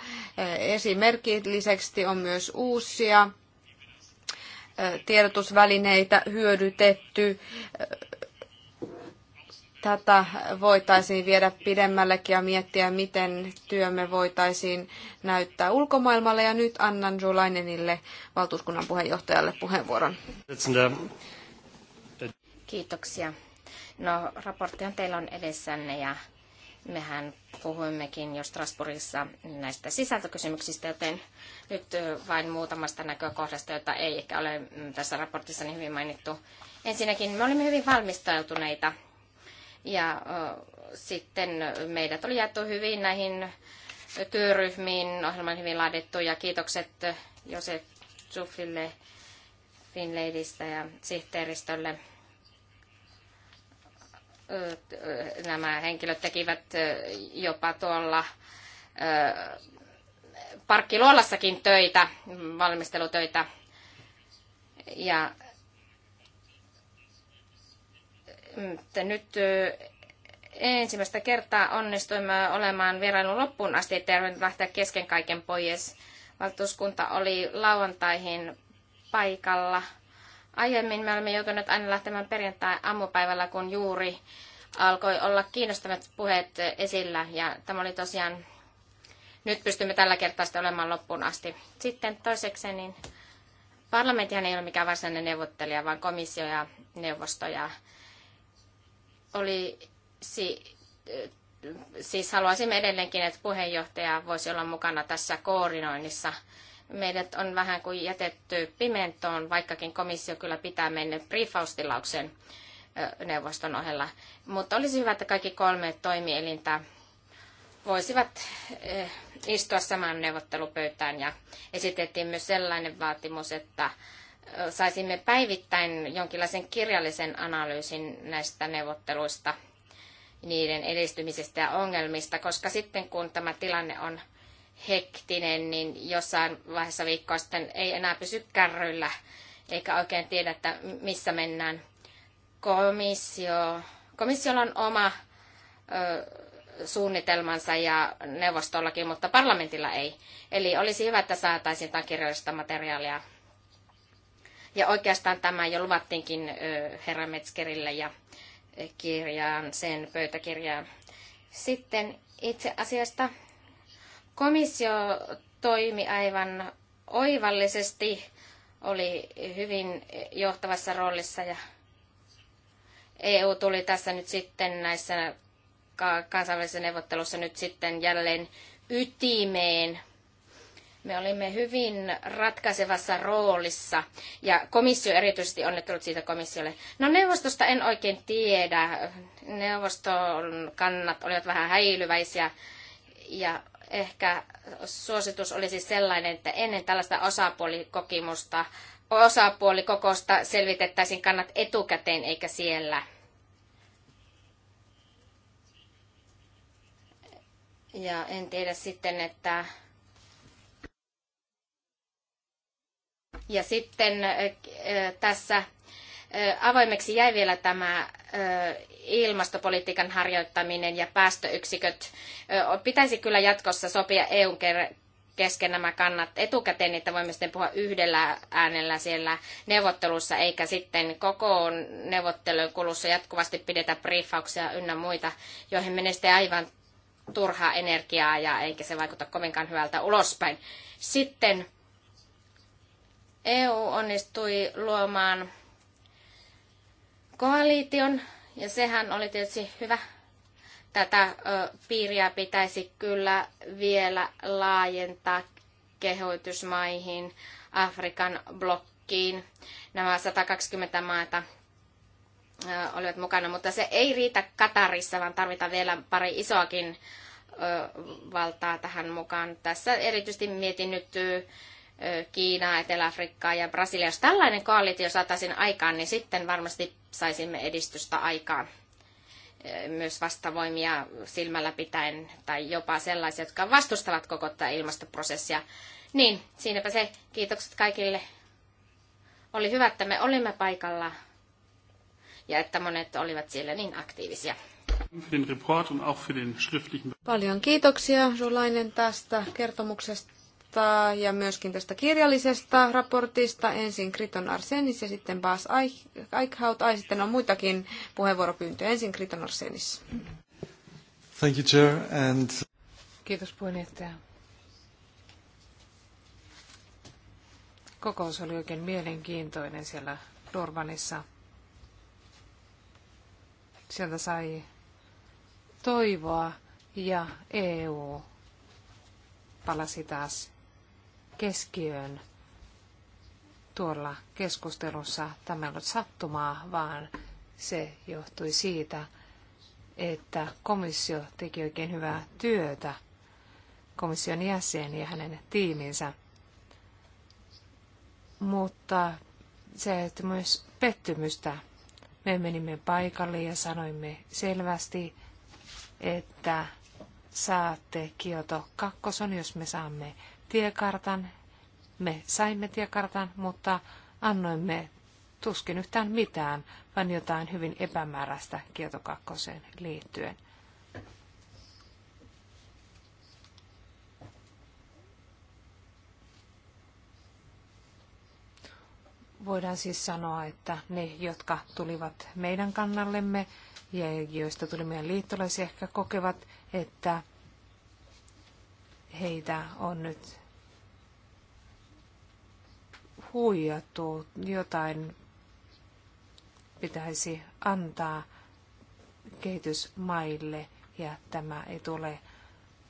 Esimerkillisesti on myös uusia tiedotusvälineitä hyödytetty. Tätä voitaisiin viedä pidemmällekin ja miettiä, miten työmme voitaisiin näyttää ulkomaailmalle. Ja nyt annan lainenille valtuuskunnan puheenjohtajalle puheenvuoron. Kiitoksia. No, raportti on teillä on edessänne ja mehän puhuimmekin jo Strasbourgissa näistä sisältökysymyksistä, joten nyt vain muutamasta näkökohdasta, jota ei ehkä ole mm, tässä raportissa niin hyvin mainittu. Ensinnäkin me olimme hyvin valmistautuneita ja sitten meidät oli jaettu hyvin näihin työryhmiin, ohjelman hyvin laadittu ja kiitokset Josef Zufille Finleidistä ja sihteeristölle nämä henkilöt tekivät jopa tuolla parkkiluolassakin töitä, valmistelutöitä. Ja nyt ensimmäistä kertaa onnistuimme olemaan vierailun loppuun asti, ettei lähteä kesken kaiken pois. Valtuuskunta oli lauantaihin paikalla – Aiemmin me olemme joutuneet aina lähtemään perjantai-aamupäivällä, kun juuri alkoi olla kiinnostavat puheet esillä. Ja tämä oli tosiaan, nyt pystymme tällä kertaa sitten olemaan loppuun asti. Sitten toiseksi, niin parlamenttihan ei ole mikään varsinainen neuvottelija, vaan komissio ja neuvosto. Ja oli si, siis haluaisimme edelleenkin, että puheenjohtaja voisi olla mukana tässä koordinoinnissa – meidät on vähän kuin jätetty pimentoon, vaikkakin komissio kyllä pitää mennä briefaustilauksen neuvoston ohella. Mutta olisi hyvä, että kaikki kolme toimielintä voisivat istua samaan neuvottelupöytään ja esitettiin myös sellainen vaatimus, että saisimme päivittäin jonkinlaisen kirjallisen analyysin näistä neuvotteluista, niiden edistymisestä ja ongelmista, koska sitten kun tämä tilanne on hektinen, niin jossain vaiheessa viikkoa sitten ei enää pysy kärryillä eikä oikein tiedä, että missä mennään. Komissio, komissiolla on oma ö, suunnitelmansa ja neuvostollakin, mutta parlamentilla ei. Eli olisi hyvä, että saataisiin jotain kirjallista materiaalia. Ja oikeastaan tämä jo luvattiinkin ö, herra Metzgerille ja e, kirjaan, sen pöytäkirjaan. Sitten itse asiasta Komissio toimi aivan oivallisesti, oli hyvin johtavassa roolissa ja EU tuli tässä nyt sitten näissä kansainvälisissä neuvottelussa nyt sitten jälleen ytimeen. Me olimme hyvin ratkaisevassa roolissa ja komissio erityisesti onnittelut siitä komissiolle. No neuvostosta en oikein tiedä. Neuvoston kannat olivat vähän häilyväisiä ja ehkä suositus olisi sellainen, että ennen tällaista osapuolikokimusta, osapuolikokousta selvitettäisiin kannat etukäteen eikä siellä. Ja en tiedä sitten, että... Ja sitten eh, tässä avoimeksi jäi vielä tämä ilmastopolitiikan harjoittaminen ja päästöyksiköt. Pitäisi kyllä jatkossa sopia EUn kesken nämä kannat etukäteen, että voimme sitten puhua yhdellä äänellä siellä neuvottelussa, eikä sitten koko neuvottelun kulussa jatkuvasti pidetä briefauksia ynnä muita, joihin menee sitten aivan turhaa energiaa ja eikä se vaikuta kovinkaan hyvältä ulospäin. Sitten EU onnistui luomaan koalition, ja sehän oli tietysti hyvä. Tätä ö, piiriä pitäisi kyllä vielä laajentaa kehoitusmaihin, Afrikan blokkiin. Nämä 120 maata ö, olivat mukana, mutta se ei riitä Katarissa, vaan tarvitaan vielä pari isoakin ö, valtaa tähän mukaan. Tässä erityisesti mietin nyt Kiinaa, Etelä-Afrikkaa ja Brasilia. Jos tällainen koalitio saataisiin aikaan, niin sitten varmasti saisimme edistystä aikaan myös vastavoimia silmällä pitäen tai jopa sellaisia, jotka vastustavat koko tätä ilmastoprosessia. Niin, siinäpä se. Kiitokset kaikille. Oli hyvä, että me olimme paikalla ja että monet olivat siellä niin aktiivisia. Paljon kiitoksia Rulainen tästä kertomuksesta raportista ja myöskin tästä kirjallisesta raportista. Ensin Kriton Arsenis ja sitten Bas Eichhout. Ai sitten on muitakin puheenvuoropyyntöjä. Ensin Kriton Arsenis. Thank you, Chair, and... Kiitos puheenjohtaja. Kokous oli oikein mielenkiintoinen siellä Durbanissa. Sieltä sai toivoa ja EU palasi taas keskiöön tuolla keskustelussa. Tämä ei ollut sattumaa, vaan se johtui siitä, että komissio teki oikein hyvää työtä, komission jäsen ja hänen tiiminsä. Mutta se että myös pettymystä. Me menimme paikalle ja sanoimme selvästi, että saatte Kioto kakkoson, jos me saamme tiekartan. Me saimme tiekartan, mutta annoimme tuskin yhtään mitään, vaan jotain hyvin epämääräistä kietokakkoseen liittyen. voidaan siis sanoa, että ne, jotka tulivat meidän kannallemme ja joista tuli meidän liittolaisia, ehkä kokevat, että heitä on nyt huijattu. Jotain pitäisi antaa kehitysmaille ja tämä ei tule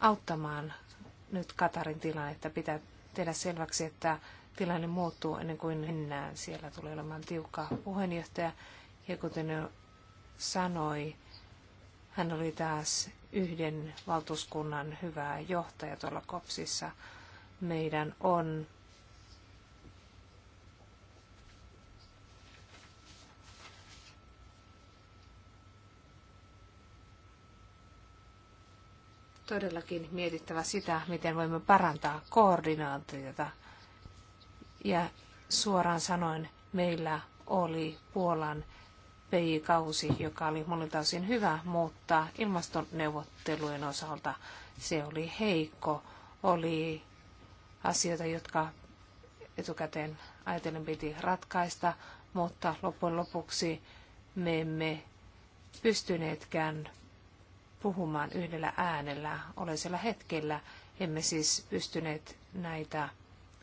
auttamaan nyt Katarin tilannetta. Pitää tehdä selväksi, että tilanne muuttuu ennen kuin mennään. Siellä tulee olemaan tiukka puheenjohtaja ja kuten jo sanoi, hän oli taas yhden valtuuskunnan hyvää johtaja tuolla Kopsissa. Meidän on todellakin mietittävä sitä, miten voimme parantaa koordinaatiota. Ja suoraan sanoen, meillä oli Puolan PI-kausi, joka oli monilta osin hyvä, mutta ilmastoneuvottelujen osalta se oli heikko. Oli asioita, jotka etukäteen ajatellen piti ratkaista, mutta loppujen lopuksi me emme pystyneetkään puhumaan yhdellä äänellä oleisella hetkellä. Emme siis pystyneet näitä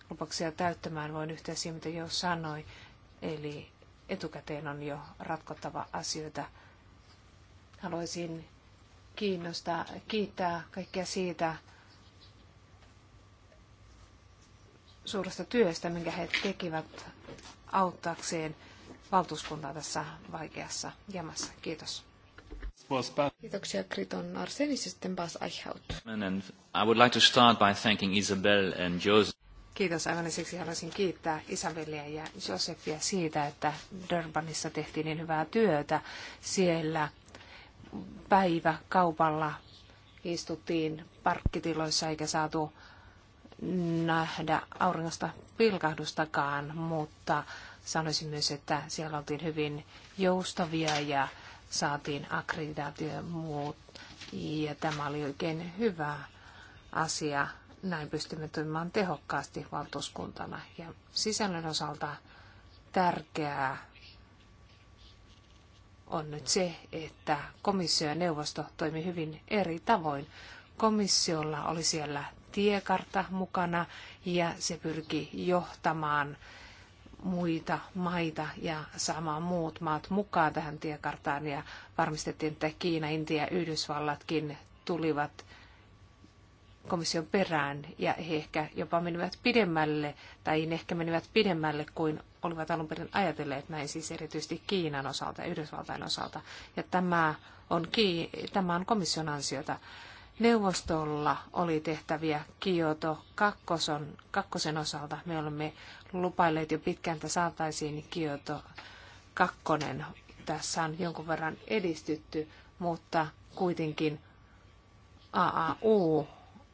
lupauksia täyttämään, voin yhtä siihen, mitä jo sanoi. Eli etukäteen on jo ratkottava asioita. Haluaisin kiinnostaa, kiittää kaikkia siitä suuresta työstä, minkä he tekivät auttaakseen valtuuskuntaa tässä vaikeassa jamassa. Kiitos. Kiitoksia Kriton Arsenis ja sitten Bas Eichhout. I would like to start by thanking Isabel and Joseph. Kiitos aivan siksi haluaisin kiittää Isabelia ja Josefia siitä, että Durbanissa tehtiin niin hyvää työtä. Siellä päivä kaupalla istuttiin parkkitiloissa eikä saatu nähdä auringosta pilkahdustakaan, mutta sanoisin myös, että siellä oltiin hyvin joustavia ja saatiin akkreditaatio ja muut. Ja tämä oli oikein hyvä asia. Näin pystymme toimimaan tehokkaasti valtuuskuntana. Ja sisällön osalta tärkeää on nyt se, että komissio ja neuvosto toimi hyvin eri tavoin. Komissiolla oli siellä tiekartta mukana ja se pyrki johtamaan muita maita ja saamaan muut maat mukaan tähän tiekarttaan ja varmistettiin, että Kiina, Intia ja Yhdysvallatkin tulivat komission perään ja he ehkä jopa menivät pidemmälle tai ehkä menivät pidemmälle kuin olivat alun perin ajatelleet näin siis erityisesti Kiinan osalta ja Yhdysvaltain osalta. Ja tämä on, tämä on komission ansiota. Neuvostolla oli tehtäviä Kioto kakkosen, kakkosen osalta. Me olemme lupailleet jo pitkään, että saataisiin Kioto kakkonen. Tässä on jonkun verran edistytty, mutta kuitenkin AAU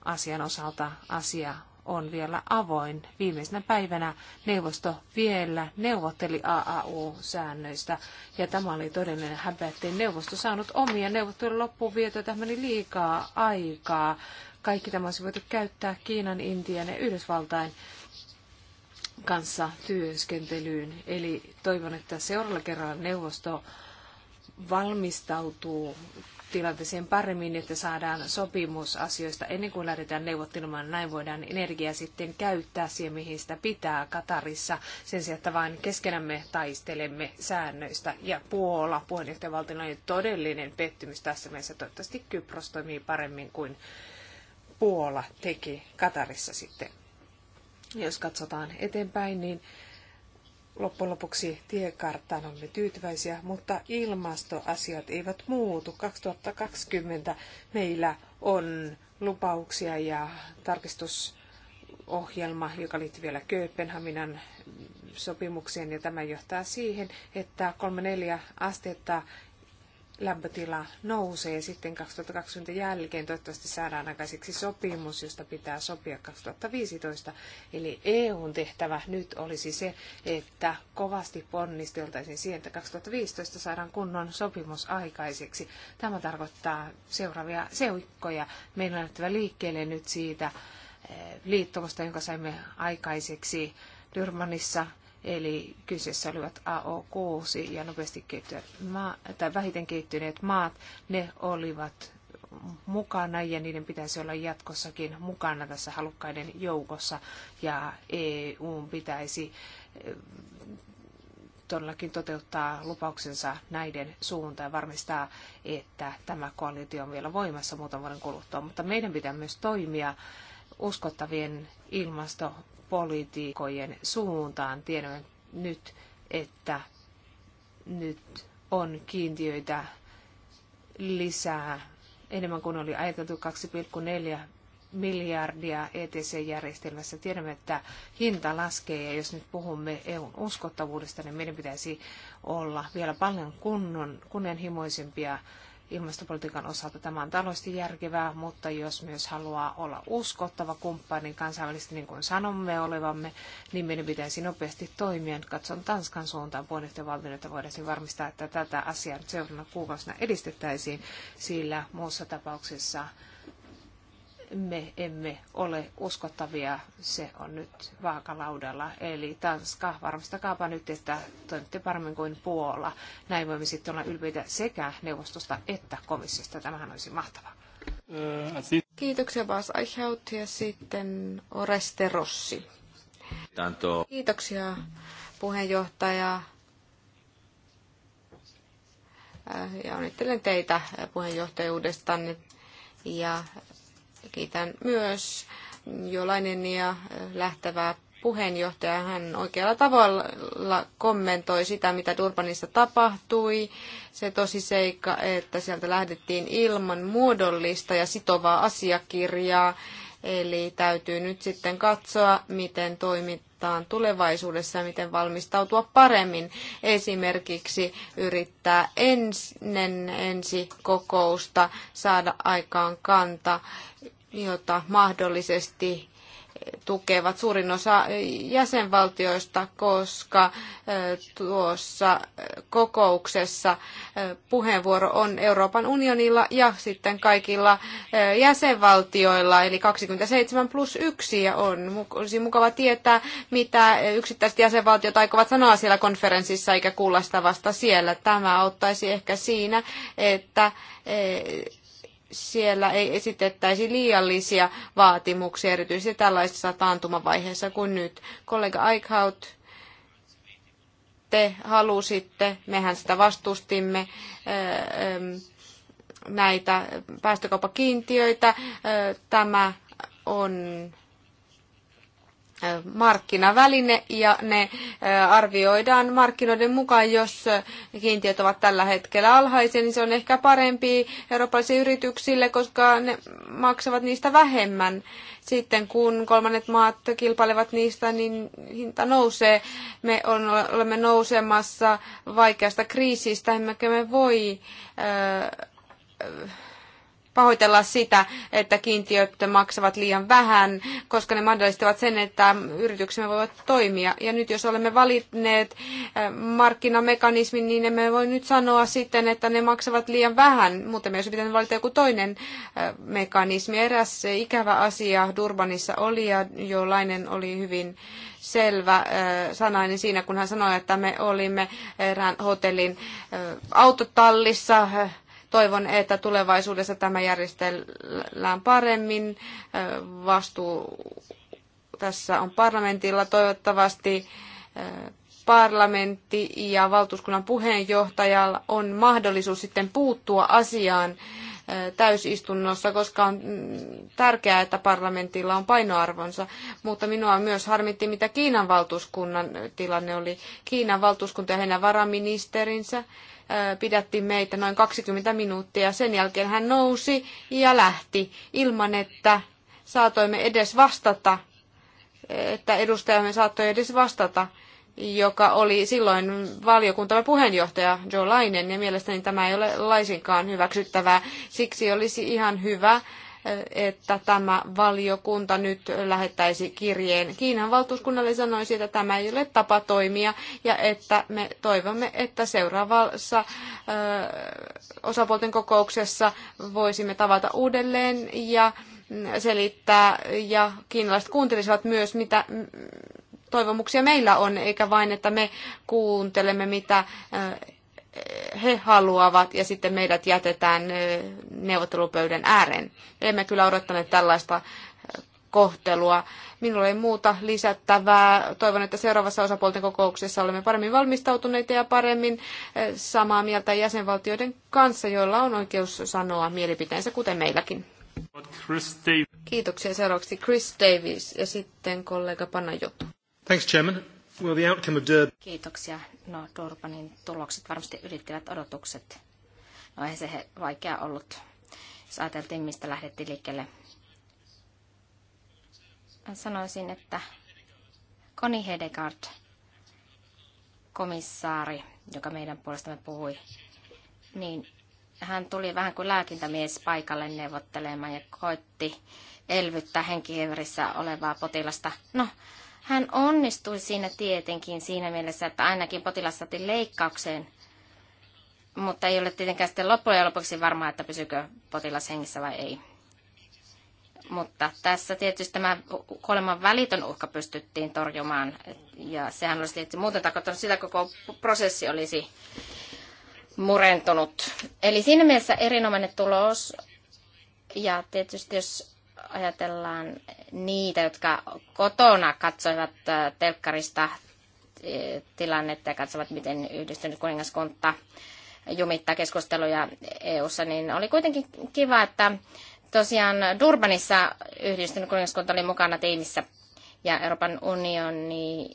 asian osalta asia on vielä avoin. Viimeisenä päivänä neuvosto vielä neuvotteli AAU-säännöistä, ja tämä oli todellinen häpeä, ettei neuvosto saanut omia neuvottelujen loppuun vietyä. Tämä meni liikaa aikaa. Kaikki tämä olisi voitu käyttää Kiinan, Intian ja Yhdysvaltain kanssa työskentelyyn. Eli toivon, että seuraavalla kerralla neuvosto valmistautuu tilanteeseen paremmin, että saadaan sopimus asioista ennen kuin lähdetään neuvottelemaan. Näin voidaan energiaa sitten käyttää siihen, mihin sitä pitää Katarissa, sen sijaan, että vain keskenämme taistelemme säännöistä. Ja Puola puheenjohtajavaltiona on todellinen pettymys tässä mielessä. Toivottavasti Kypros toimii paremmin kuin Puola teki Katarissa sitten. Jos katsotaan eteenpäin, niin loppujen lopuksi tiekarttaan olemme tyytyväisiä, mutta ilmastoasiat eivät muutu. 2020 meillä on lupauksia ja tarkistusohjelma, joka liittyy vielä Kööpenhaminan sopimukseen, ja tämä johtaa siihen, että 3-4 astetta lämpötila nousee sitten 2020 jälkeen. Toivottavasti saadaan aikaiseksi sopimus, josta pitää sopia 2015. Eli EUn tehtävä nyt olisi se, että kovasti ponnisteltaisiin siihen, että 2015 saadaan kunnon sopimus aikaiseksi. Tämä tarkoittaa seuraavia seikkoja. Meidän on lähtevä liikkeelle nyt siitä eh, liittomosta, jonka saimme aikaiseksi Dyrmanissa Eli kyseessä olivat AO6 ja nopeasti kehittyneet maa, tai vähiten kehittyneet maat, ne olivat mukana ja niiden pitäisi olla jatkossakin mukana tässä halukkaiden joukossa ja EU pitäisi eh, todellakin toteuttaa lupauksensa näiden suuntaan ja varmistaa, että tämä koalitio on vielä voimassa muutaman vuoden kuluttua. Mutta meidän pitää myös toimia uskottavien ilmasto politiikojen suuntaan. Tiedämme nyt, että nyt on kiintiöitä lisää enemmän kuin oli ajateltu 2,4 miljardia ETC-järjestelmässä. Tiedämme, että hinta laskee ja jos nyt puhumme EUn uskottavuudesta, niin meidän pitäisi olla vielä paljon kunnon, kunnianhimoisempia ilmastopolitiikan osalta tämä on taloudellisesti järkevää, mutta jos myös haluaa olla uskottava kumppani kansainvälisesti, niin kuin sanomme olevamme, niin meidän pitäisi nopeasti toimia. Katson Tanskan suuntaan puheenjohtajavaltion, että voidaan varmistaa, että tätä asiaa nyt seuraavana kuukausina edistettäisiin, sillä muussa tapauksessa me emme ole uskottavia, se on nyt vaakalaudalla. Eli Tanska, varmistakaapa nyt, että toimitte paremmin kuin Puola. Näin voimme sitten olla ylpeitä sekä neuvostosta että komissiosta. Tämähän olisi mahtavaa. Kiitoksia Bas Eichhout ja sitten Oreste Rossi. Kiitoksia puheenjohtaja. Äh, ja onnittelen teitä äh, puheenjohtajuudestanne ja Kiitän myös Jolainen ja lähtevää puheenjohtaja. Hän oikealla tavalla kommentoi sitä, mitä Durbanissa tapahtui. Se tosi seikka, että sieltä lähdettiin ilman muodollista ja sitovaa asiakirjaa. Eli täytyy nyt sitten katsoa, miten toimitaan tulevaisuudessa ja miten valmistautua paremmin. Esimerkiksi yrittää ennen ensi kokousta saada aikaan kanta jota mahdollisesti tukevat suurin osa jäsenvaltioista, koska tuossa kokouksessa puheenvuoro on Euroopan unionilla ja sitten kaikilla jäsenvaltioilla, eli 27 plus 1, ja on, olisi mukava tietää, mitä yksittäiset jäsenvaltiot aikovat sanoa siellä konferenssissa, eikä kuulla sitä vasta siellä. Tämä auttaisi ehkä siinä, että siellä ei esitettäisi liiallisia vaatimuksia, erityisesti tällaisessa taantumavaiheessa kuin nyt. Kollega Eichhout, te halusitte, mehän sitä vastustimme, näitä päästökauppakiintiöitä. Tämä on markkinaväline ja ne arvioidaan markkinoiden mukaan, jos kiintiöt ovat tällä hetkellä alhaisia, niin se on ehkä parempi eurooppalaisille yrityksille, koska ne maksavat niistä vähemmän. Sitten kun kolmannet maat kilpailevat niistä, niin hinta nousee. Me on, olemme nousemassa vaikeasta kriisistä, emmekä me voi äh, pahoitella sitä, että kiintiöt maksavat liian vähän, koska ne mahdollistavat sen, että yrityksemme voivat toimia. Ja nyt jos olemme valinneet eh, markkinamekanismin, niin emme voi nyt sanoa sitten, että ne maksavat liian vähän. Muuten me olisi pitänyt valita joku toinen eh, mekanismi. Eräs ikävä asia Durbanissa oli, ja jollainen oli hyvin selvä eh, sanainen siinä, kun hän sanoi, että me olimme erään hotellin autotallissa Toivon, että tulevaisuudessa tämä järjestellään paremmin. Vastuu tässä on parlamentilla. Toivottavasti parlamentti ja valtuuskunnan puheenjohtajalla on mahdollisuus sitten puuttua asiaan täysistunnossa, koska on mm, tärkeää, että parlamentilla on painoarvonsa. Mutta minua myös harmitti, mitä Kiinan valtuuskunnan tilanne oli. Kiinan valtuuskunta ja heidän varaministerinsä pidätti meitä noin 20 minuuttia. Sen jälkeen hän nousi ja lähti ilman, että saatoimme edes vastata, että edustajamme saattoi edes vastata, joka oli silloin valiokuntamme puheenjohtaja Joe Lainen, ja mielestäni tämä ei ole laisinkaan hyväksyttävää. Siksi olisi ihan hyvä, että tämä valiokunta nyt lähettäisi kirjeen Kiinan valtuuskunnalle ja sanoisi, että tämä ei ole tapa toimia ja että me toivomme, että seuraavassa osapuolten kokouksessa voisimme tavata uudelleen ja mm, selittää ja kiinalaiset kuuntelisivat myös, mitä mm, toivomuksia meillä on, eikä vain, että me kuuntelemme, mitä he haluavat ja sitten meidät jätetään neuvottelupöydän ääreen. Emme kyllä odottaneet tällaista kohtelua. Minulla ei muuta lisättävää. Toivon, että seuraavassa osapuolten kokouksessa olemme paremmin valmistautuneita ja paremmin samaa mieltä jäsenvaltioiden kanssa, joilla on oikeus sanoa mielipiteensä, kuten meilläkin. Kiitoksia. Seuraavaksi Chris Davies ja sitten kollega Panna Jotu. Thanks, Chairman. Well, the outcome of Durban. Kiitoksia. No, Durbanin tulokset varmasti ylittivät odotukset. No, ei se vaikea ollut, jos ajateltiin, mistä lähdettiin liikkeelle. Sanoisin, että Koni Hedegaard, komissaari, joka meidän puolestamme puhui, niin hän tuli vähän kuin lääkintämies paikalle neuvottelemaan ja koitti elvyttää henkiverissä olevaa potilasta. No, hän onnistui siinä tietenkin siinä mielessä, että ainakin potilas saatiin leikkaukseen, mutta ei ole tietenkään sitten loppujen lopuksi varmaa, että pysykö potilas hengissä vai ei. Mutta tässä tietysti tämä kuoleman välitön uhka pystyttiin torjumaan, ja sehän olisi tietysti muuten tarkoittanut sitä, koko prosessi olisi murentunut. Eli siinä mielessä erinomainen tulos, ja tietysti jos ajatellaan niitä, jotka kotona katsoivat äh, telkkarista äh, tilannetta ja katsovat, miten yhdistynyt kuningaskunta jumittaa keskusteluja EU-ssa, niin oli kuitenkin kiva, että tosiaan Durbanissa yhdistynyt kuningaskunta oli mukana tiimissä ja Euroopan unioni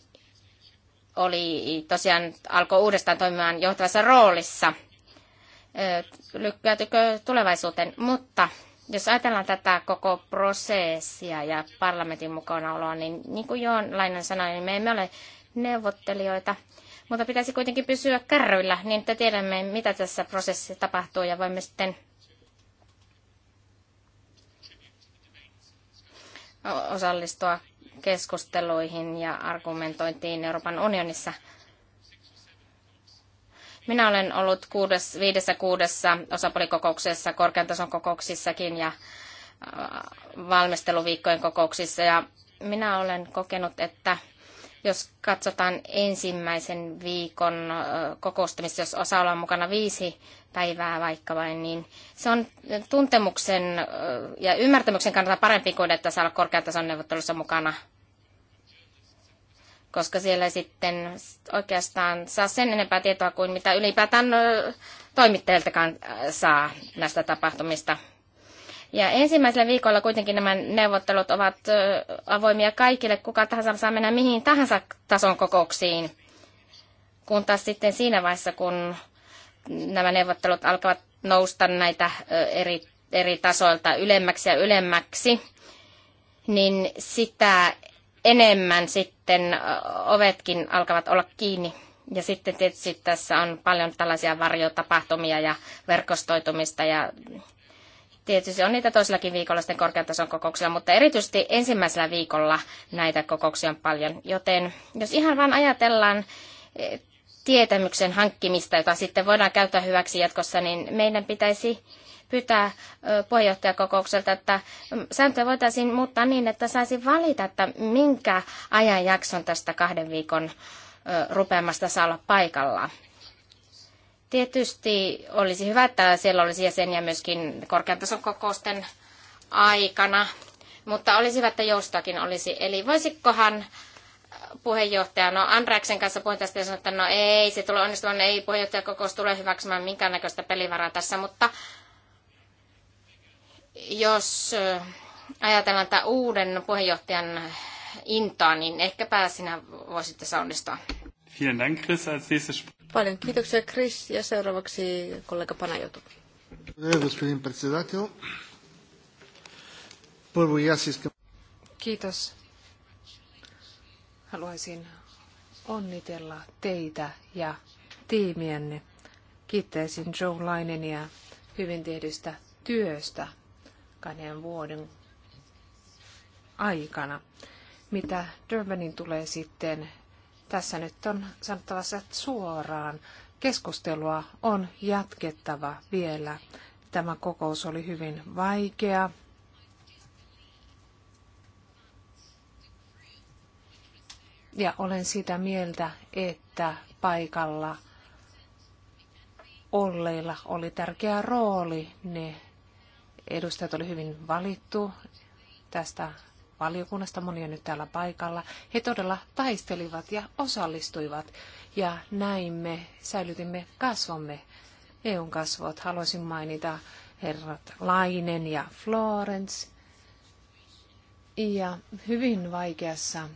oli tosiaan alkoi uudestaan toimimaan johtavassa roolissa. Äh, Lykkäätykö tulevaisuuteen, mutta jos ajatellaan tätä koko prosessia ja parlamentin mukanaoloa, niin niin kuin Joon lainan sanoi, niin me emme ole neuvottelijoita, mutta pitäisi kuitenkin pysyä kärryillä, niin että tiedämme, mitä tässä prosessissa tapahtuu ja voimme sitten osallistua keskusteluihin ja argumentointiin Euroopan unionissa – minä olen ollut kuudes, viidessä kuudessa osapuolikokouksessa, korkean tason kokouksissakin ja äh, valmisteluviikkojen kokouksissa. Ja minä olen kokenut, että jos katsotaan ensimmäisen viikon äh, missä jos osa olla mukana viisi päivää vaikka vain, niin se on tuntemuksen äh, ja ymmärtämyksen kannalta parempi kuin, että saa olla korkeatason neuvottelussa mukana koska siellä sitten oikeastaan saa sen enempää tietoa kuin mitä ylipäätään toimittajiltakaan saa näistä tapahtumista. Ja ensimmäisellä viikolla kuitenkin nämä neuvottelut ovat avoimia kaikille. Kuka tahansa saa mennä mihin tahansa tason kokouksiin. Kun taas sitten siinä vaiheessa, kun nämä neuvottelut alkavat nousta näitä eri, eri tasoilta ylemmäksi ja ylemmäksi, niin sitä enemmän sitten ovetkin alkavat olla kiinni. Ja sitten tietysti tässä on paljon tällaisia varjotapahtumia ja verkostoitumista ja tietysti on niitä toisellakin viikolla sitten korkean tason kokouksilla, mutta erityisesti ensimmäisellä viikolla näitä kokouksia on paljon. Joten jos ihan vain ajatellaan e, tietämyksen hankkimista, jota sitten voidaan käyttää hyväksi jatkossa, niin meidän pitäisi pyytää puheenjohtajakokoukselta, että mm, sääntöjä voitaisiin muuttaa niin, että saisi valita, että minkä ajanjakson tästä kahden viikon rupeamasta saa olla paikalla. Tietysti olisi hyvä, että siellä olisi jäseniä myöskin korkean tason kokousten aikana, mutta olisi hyvä, että joustakin olisi. Eli voisikohan puheenjohtaja, no Andreksen kanssa puhuin tästä ja sanoin, että no ei, se tulee onnistumaan, ei puheenjohtajakokous tule hyväksymään minkäännäköistä pelivaraa tässä, mutta jos ajatellaan tätä uuden puheenjohtajan intaa, niin ehkäpä sinä voisitte soundistaa. Vielen Dank, Chris. Als nächstes... Paljon kiitoksia, Chris. Ja seuraavaksi kollega Panajotu. Kiitos. Haluaisin onnitella teitä ja tiimienne. Kiittäisin Joe Lainenia hyvin tehdystä työstä kahden vuoden aikana. Mitä Durbanin tulee sitten, tässä nyt on sanottava suoraan, keskustelua on jatkettava vielä. Tämä kokous oli hyvin vaikea. Ja olen sitä mieltä, että paikalla olleilla oli tärkeä rooli. Ne edustajat oli hyvin valittu tästä valiokunnasta, moni on nyt täällä paikalla. He todella taistelivat ja osallistuivat ja näin me säilytimme kasvomme, EUn kasvot. Haluaisin mainita herrat Lainen ja Florence. Ja hyvin vaikeassa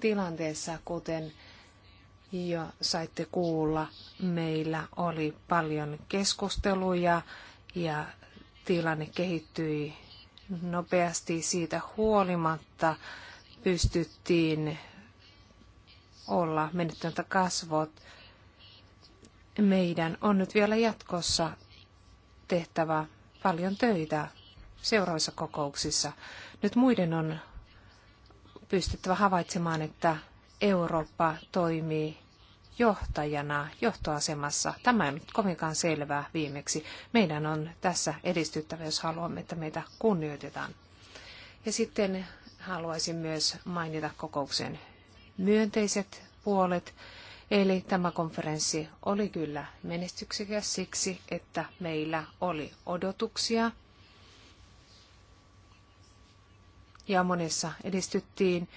tilanteessa, kuten jo saitte kuulla, meillä oli paljon keskusteluja ja tilanne kehittyi nopeasti siitä huolimatta pystyttiin olla menettämättä kasvot. Meidän on nyt vielä jatkossa tehtävä paljon töitä seuraavissa kokouksissa. Nyt muiden on pystyttävä havaitsemaan, että Eurooppa toimii johtajana, johtoasemassa. Tämä ei nyt kovinkaan selvää viimeksi. Meidän on tässä edistyttävä, jos haluamme, että meitä kunnioitetaan. Ja sitten haluaisin myös mainita kokouksen myönteiset puolet. Eli tämä konferenssi oli kyllä menestyksekäs siksi, että meillä oli odotuksia ja monessa edistyttiin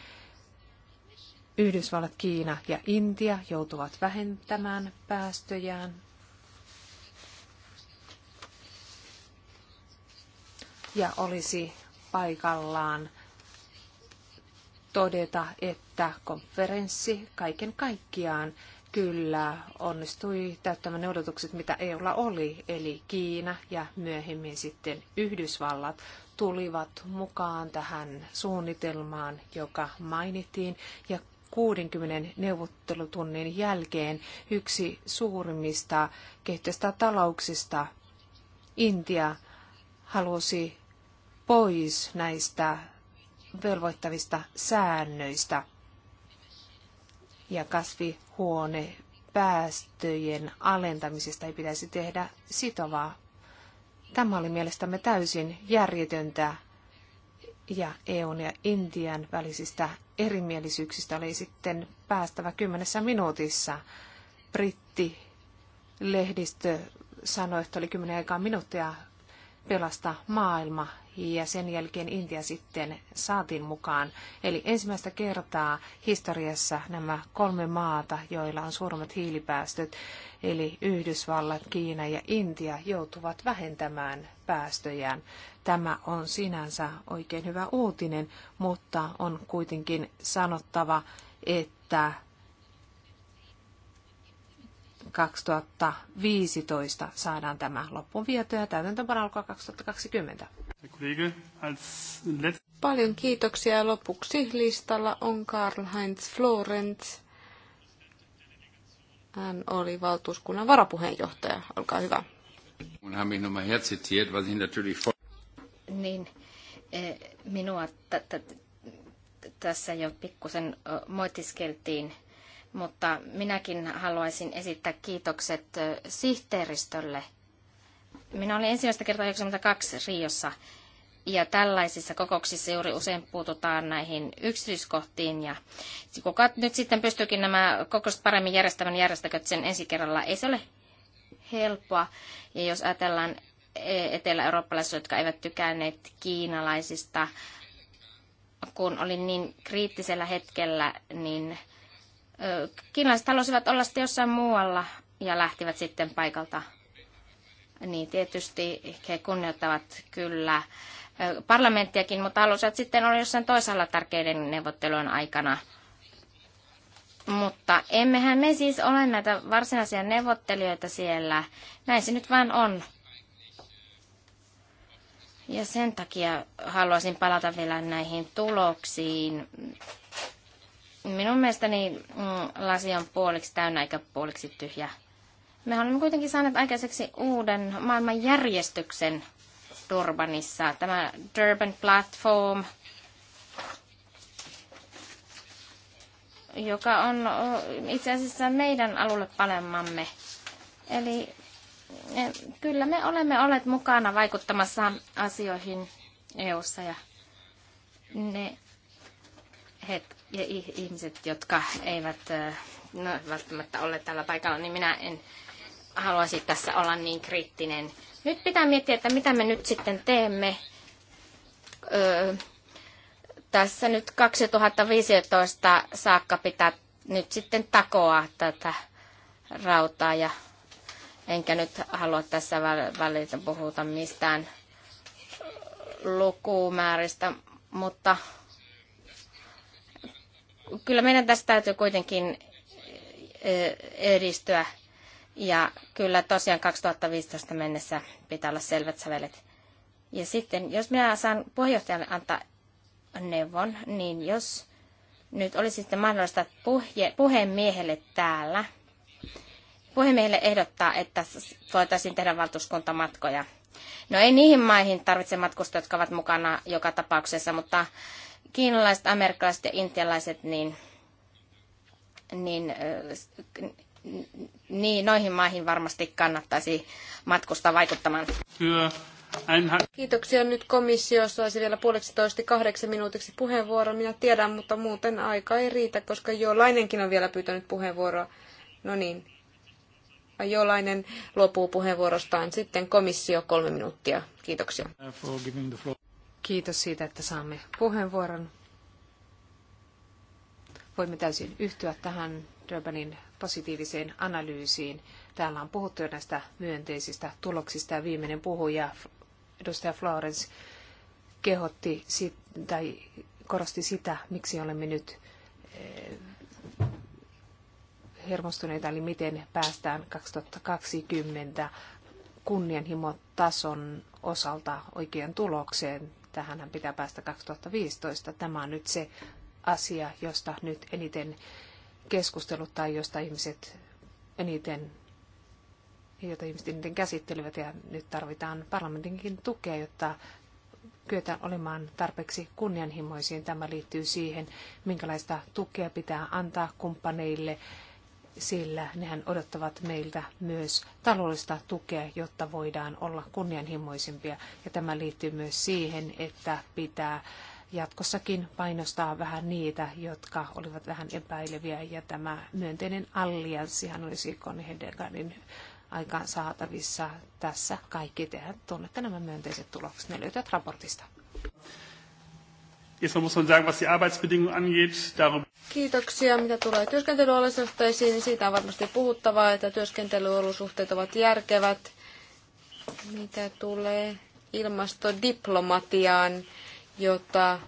Yhdysvallat, Kiina ja Intia joutuvat vähentämään päästöjään. Ja olisi paikallaan todeta, että konferenssi kaiken kaikkiaan kyllä onnistui täyttämään ne odotukset, mitä EUlla oli, eli Kiina ja myöhemmin sitten Yhdysvallat tulivat mukaan tähän suunnitelmaan, joka mainittiin, ja 60 neuvottelutunnin jälkeen yksi suurimmista kehittyvistä talouksista, Intia, halusi pois näistä velvoittavista säännöistä ja kasvihuone päästöjen alentamisesta ei pitäisi tehdä sitovaa. Tämä oli mielestämme täysin järjetöntä ja EUn ja Intian välisistä erimielisyyksistä oli sitten päästävä kymmenessä minuutissa. Britti lehdistö sanoi, että oli kymmenen aikaa minuuttia pelasta maailma ja sen jälkeen Intia sitten saatiin mukaan. Eli ensimmäistä kertaa historiassa nämä kolme maata, joilla on suurimmat hiilipäästöt, eli Yhdysvallat, Kiina ja Intia, joutuvat vähentämään päästöjään. Tämä on sinänsä oikein hyvä uutinen, mutta on kuitenkin sanottava, että 2015 saadaan tämä loppuun viety ja täytäntöpano alkaa 2020. Paljon kiitoksia. Lopuksi listalla on Karl-Heinz Florenz. Hän oli valtuuskunnan varapuheenjohtaja. Olkaa hyvä. Niin, e, minua tässä jo pikkusen moitiskeltiin mutta minäkin haluaisin esittää kiitokset sihteeristölle. Minä olin ensimmäistä kertaa 92 Riossa ja tällaisissa kokouksissa juuri usein puututaan näihin yksityiskohtiin. Ja kuka nyt sitten pystyykin nämä kokoukset paremmin järjestämään, niin järjestäköt sen ensi kerralla. Ei se ole helppoa. Ja jos ajatellaan e- etelä-eurooppalaisia, jotka eivät tykänneet kiinalaisista, kun olin niin kriittisellä hetkellä, niin kiinalaiset halusivat olla sitten jossain muualla ja lähtivät sitten paikalta. Niin tietysti he kunnioittavat kyllä parlamenttiakin, mutta halusivat sitten olla jossain toisella tärkeiden neuvottelujen aikana. Mutta emmehän me siis ole näitä varsinaisia neuvottelijoita siellä. Näin se nyt vaan on. Ja sen takia haluaisin palata vielä näihin tuloksiin minun mielestäni mm, lasi on puoliksi täynnä eikä puoliksi tyhjä. Me olemme kuitenkin saaneet aikaiseksi uuden maailmanjärjestyksen Durbanissa. Tämä Durban Platform, joka on itse asiassa meidän alulle palemamme. Eli e, kyllä me olemme olleet mukana vaikuttamassa asioihin EU:ssa ja ne hetki ja ihmiset, jotka eivät no, välttämättä ole tällä paikalla, niin minä en haluaisi tässä olla niin kriittinen. Nyt pitää miettiä, että mitä me nyt sitten teemme. Öö, tässä nyt 2015 saakka pitää nyt sitten takoa tätä rautaa ja enkä nyt halua tässä välillä puhuta mistään lukumääristä, mutta kyllä meidän tässä täytyy kuitenkin edistyä. Ja kyllä tosiaan 2015 mennessä pitää olla selvät sävelet. Ja sitten, jos minä saan puheenjohtajalle antaa neuvon, niin jos nyt olisi sitten mahdollista puhe, puhemiehelle täällä, puhemiehelle ehdottaa, että voitaisiin tehdä valtuuskuntamatkoja. No ei niihin maihin tarvitse matkustajat jotka ovat mukana joka tapauksessa, mutta kiinalaiset, amerikkalaiset ja intialaiset, niin, niin, äh, niin noihin maihin varmasti kannattaisi matkustaa vaikuttamaan. Kiitoksia nyt komissio saisi vielä puoleksi toista kahdeksan minuutiksi puheenvuoron. Minä tiedän, mutta muuten aika ei riitä, koska jollainenkin on vielä pyytänyt puheenvuoroa. No niin, jollainen luopuu puheenvuorostaan. Sitten komissio kolme minuuttia. Kiitoksia. Kiitos siitä, että saamme puheenvuoron. Voimme täysin yhtyä tähän Durbanin positiiviseen analyysiin. Täällä on puhuttu jo näistä myönteisistä tuloksista ja viimeinen puhuja, edustaja Florence, kehotti tai korosti sitä, miksi olemme nyt eh, hermostuneita, eli miten päästään 2020 kunnianhimotason osalta oikean tulokseen. Tähänhän pitää päästä 2015. Tämä on nyt se asia, josta nyt eniten keskusteluttaa, josta ihmiset eniten jota ihmiset eniten käsittelevät ja nyt tarvitaan parlamentinkin tukea, jotta kyetään olemaan tarpeeksi kunnianhimoisiin. Tämä liittyy siihen, minkälaista tukea pitää antaa kumppaneille sillä nehän odottavat meiltä myös taloudellista tukea, jotta voidaan olla kunnianhimoisempia. Ja tämä liittyy myös siihen, että pitää jatkossakin painostaa vähän niitä, jotka olivat vähän epäileviä, ja tämä myönteinen allianssihan olisi Conny Hedegaardin aikaan saatavissa tässä. Kaikki tehän tunnette nämä myönteiset tulokset, ne löytyvät raportista. Jetzt muss sagen, was die Arbeitsbedingungen angeht, darum Kiitoksia, mitä tulee työskentelyolosuhteisiin, niin siitä on varmasti puhuttavaa, että työskentelyolosuhteet ovat järkevät. Mitä tulee ilmastodiplomatiaan, jota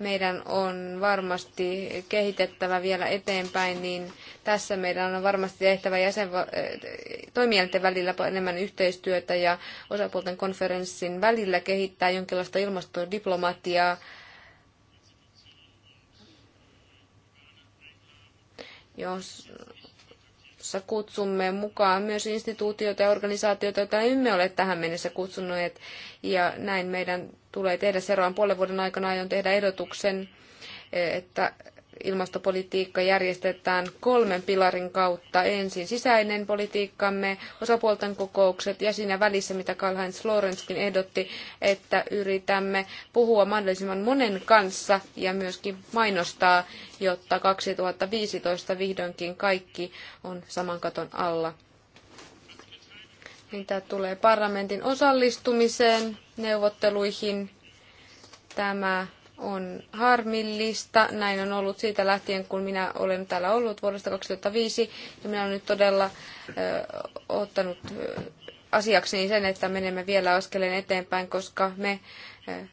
meidän on varmasti kehitettävä vielä eteenpäin, niin tässä meidän on varmasti tehtävä jäsenva- toimielinten välillä enemmän yhteistyötä ja osapuolten konferenssin välillä kehittää jonkinlaista ilmastodiplomatiaa, jossa kutsumme mukaan myös instituutioita ja organisaatioita, joita emme ole tähän mennessä kutsuneet. Ja näin meidän tulee tehdä seuraavan puolen vuoden aikana. Aion tehdä ehdotuksen, että ilmastopolitiikka järjestetään kolmen pilarin kautta. Ensin sisäinen politiikkamme, osapuolten kokoukset ja siinä välissä, mitä Karl-Heinz Florenskin ehdotti, että yritämme puhua mahdollisimman monen kanssa ja myöskin mainostaa, jotta 2015 vihdoinkin kaikki on saman katon alla. Mitä tulee parlamentin osallistumiseen neuvotteluihin, tämä on harmillista. Näin on ollut siitä lähtien, kun minä olen täällä ollut vuodesta 2005. Ja minä olen nyt todella ö, ottanut asiakseni sen, että menemme vielä askeleen eteenpäin, koska me ö,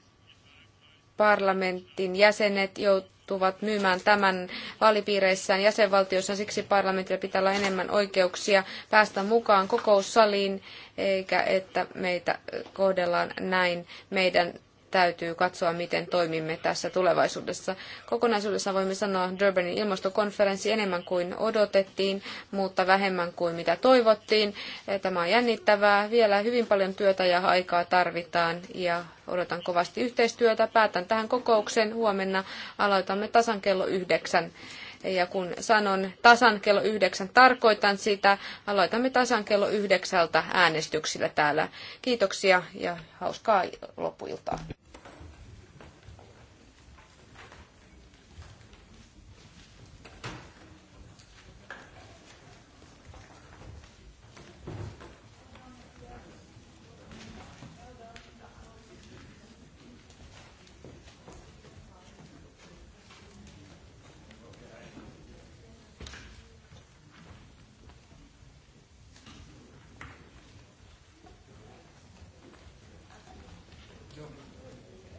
parlamentin jäsenet joutuvat myymään tämän vaalipiireissään jäsenvaltioissa. Siksi parlamentilla pitää olla enemmän oikeuksia päästä mukaan kokoussaliin, eikä että meitä kohdellaan näin meidän täytyy katsoa, miten toimimme tässä tulevaisuudessa. Kokonaisuudessa voimme sanoa Durbanin ilmastokonferenssi enemmän kuin odotettiin, mutta vähemmän kuin mitä toivottiin. Eh, tämä on jännittävää. Vielä hyvin paljon työtä ja aikaa tarvitaan ja odotan kovasti yhteistyötä. Päätän tähän kokouksen. Huomenna aloitamme tasan kello yhdeksän. Ja kun sanon tasan kello yhdeksän, tarkoitan sitä. Aloitamme tasan kello yhdeksältä äänestyksillä täällä. Kiitoksia ja hauskaa loppuiltaa.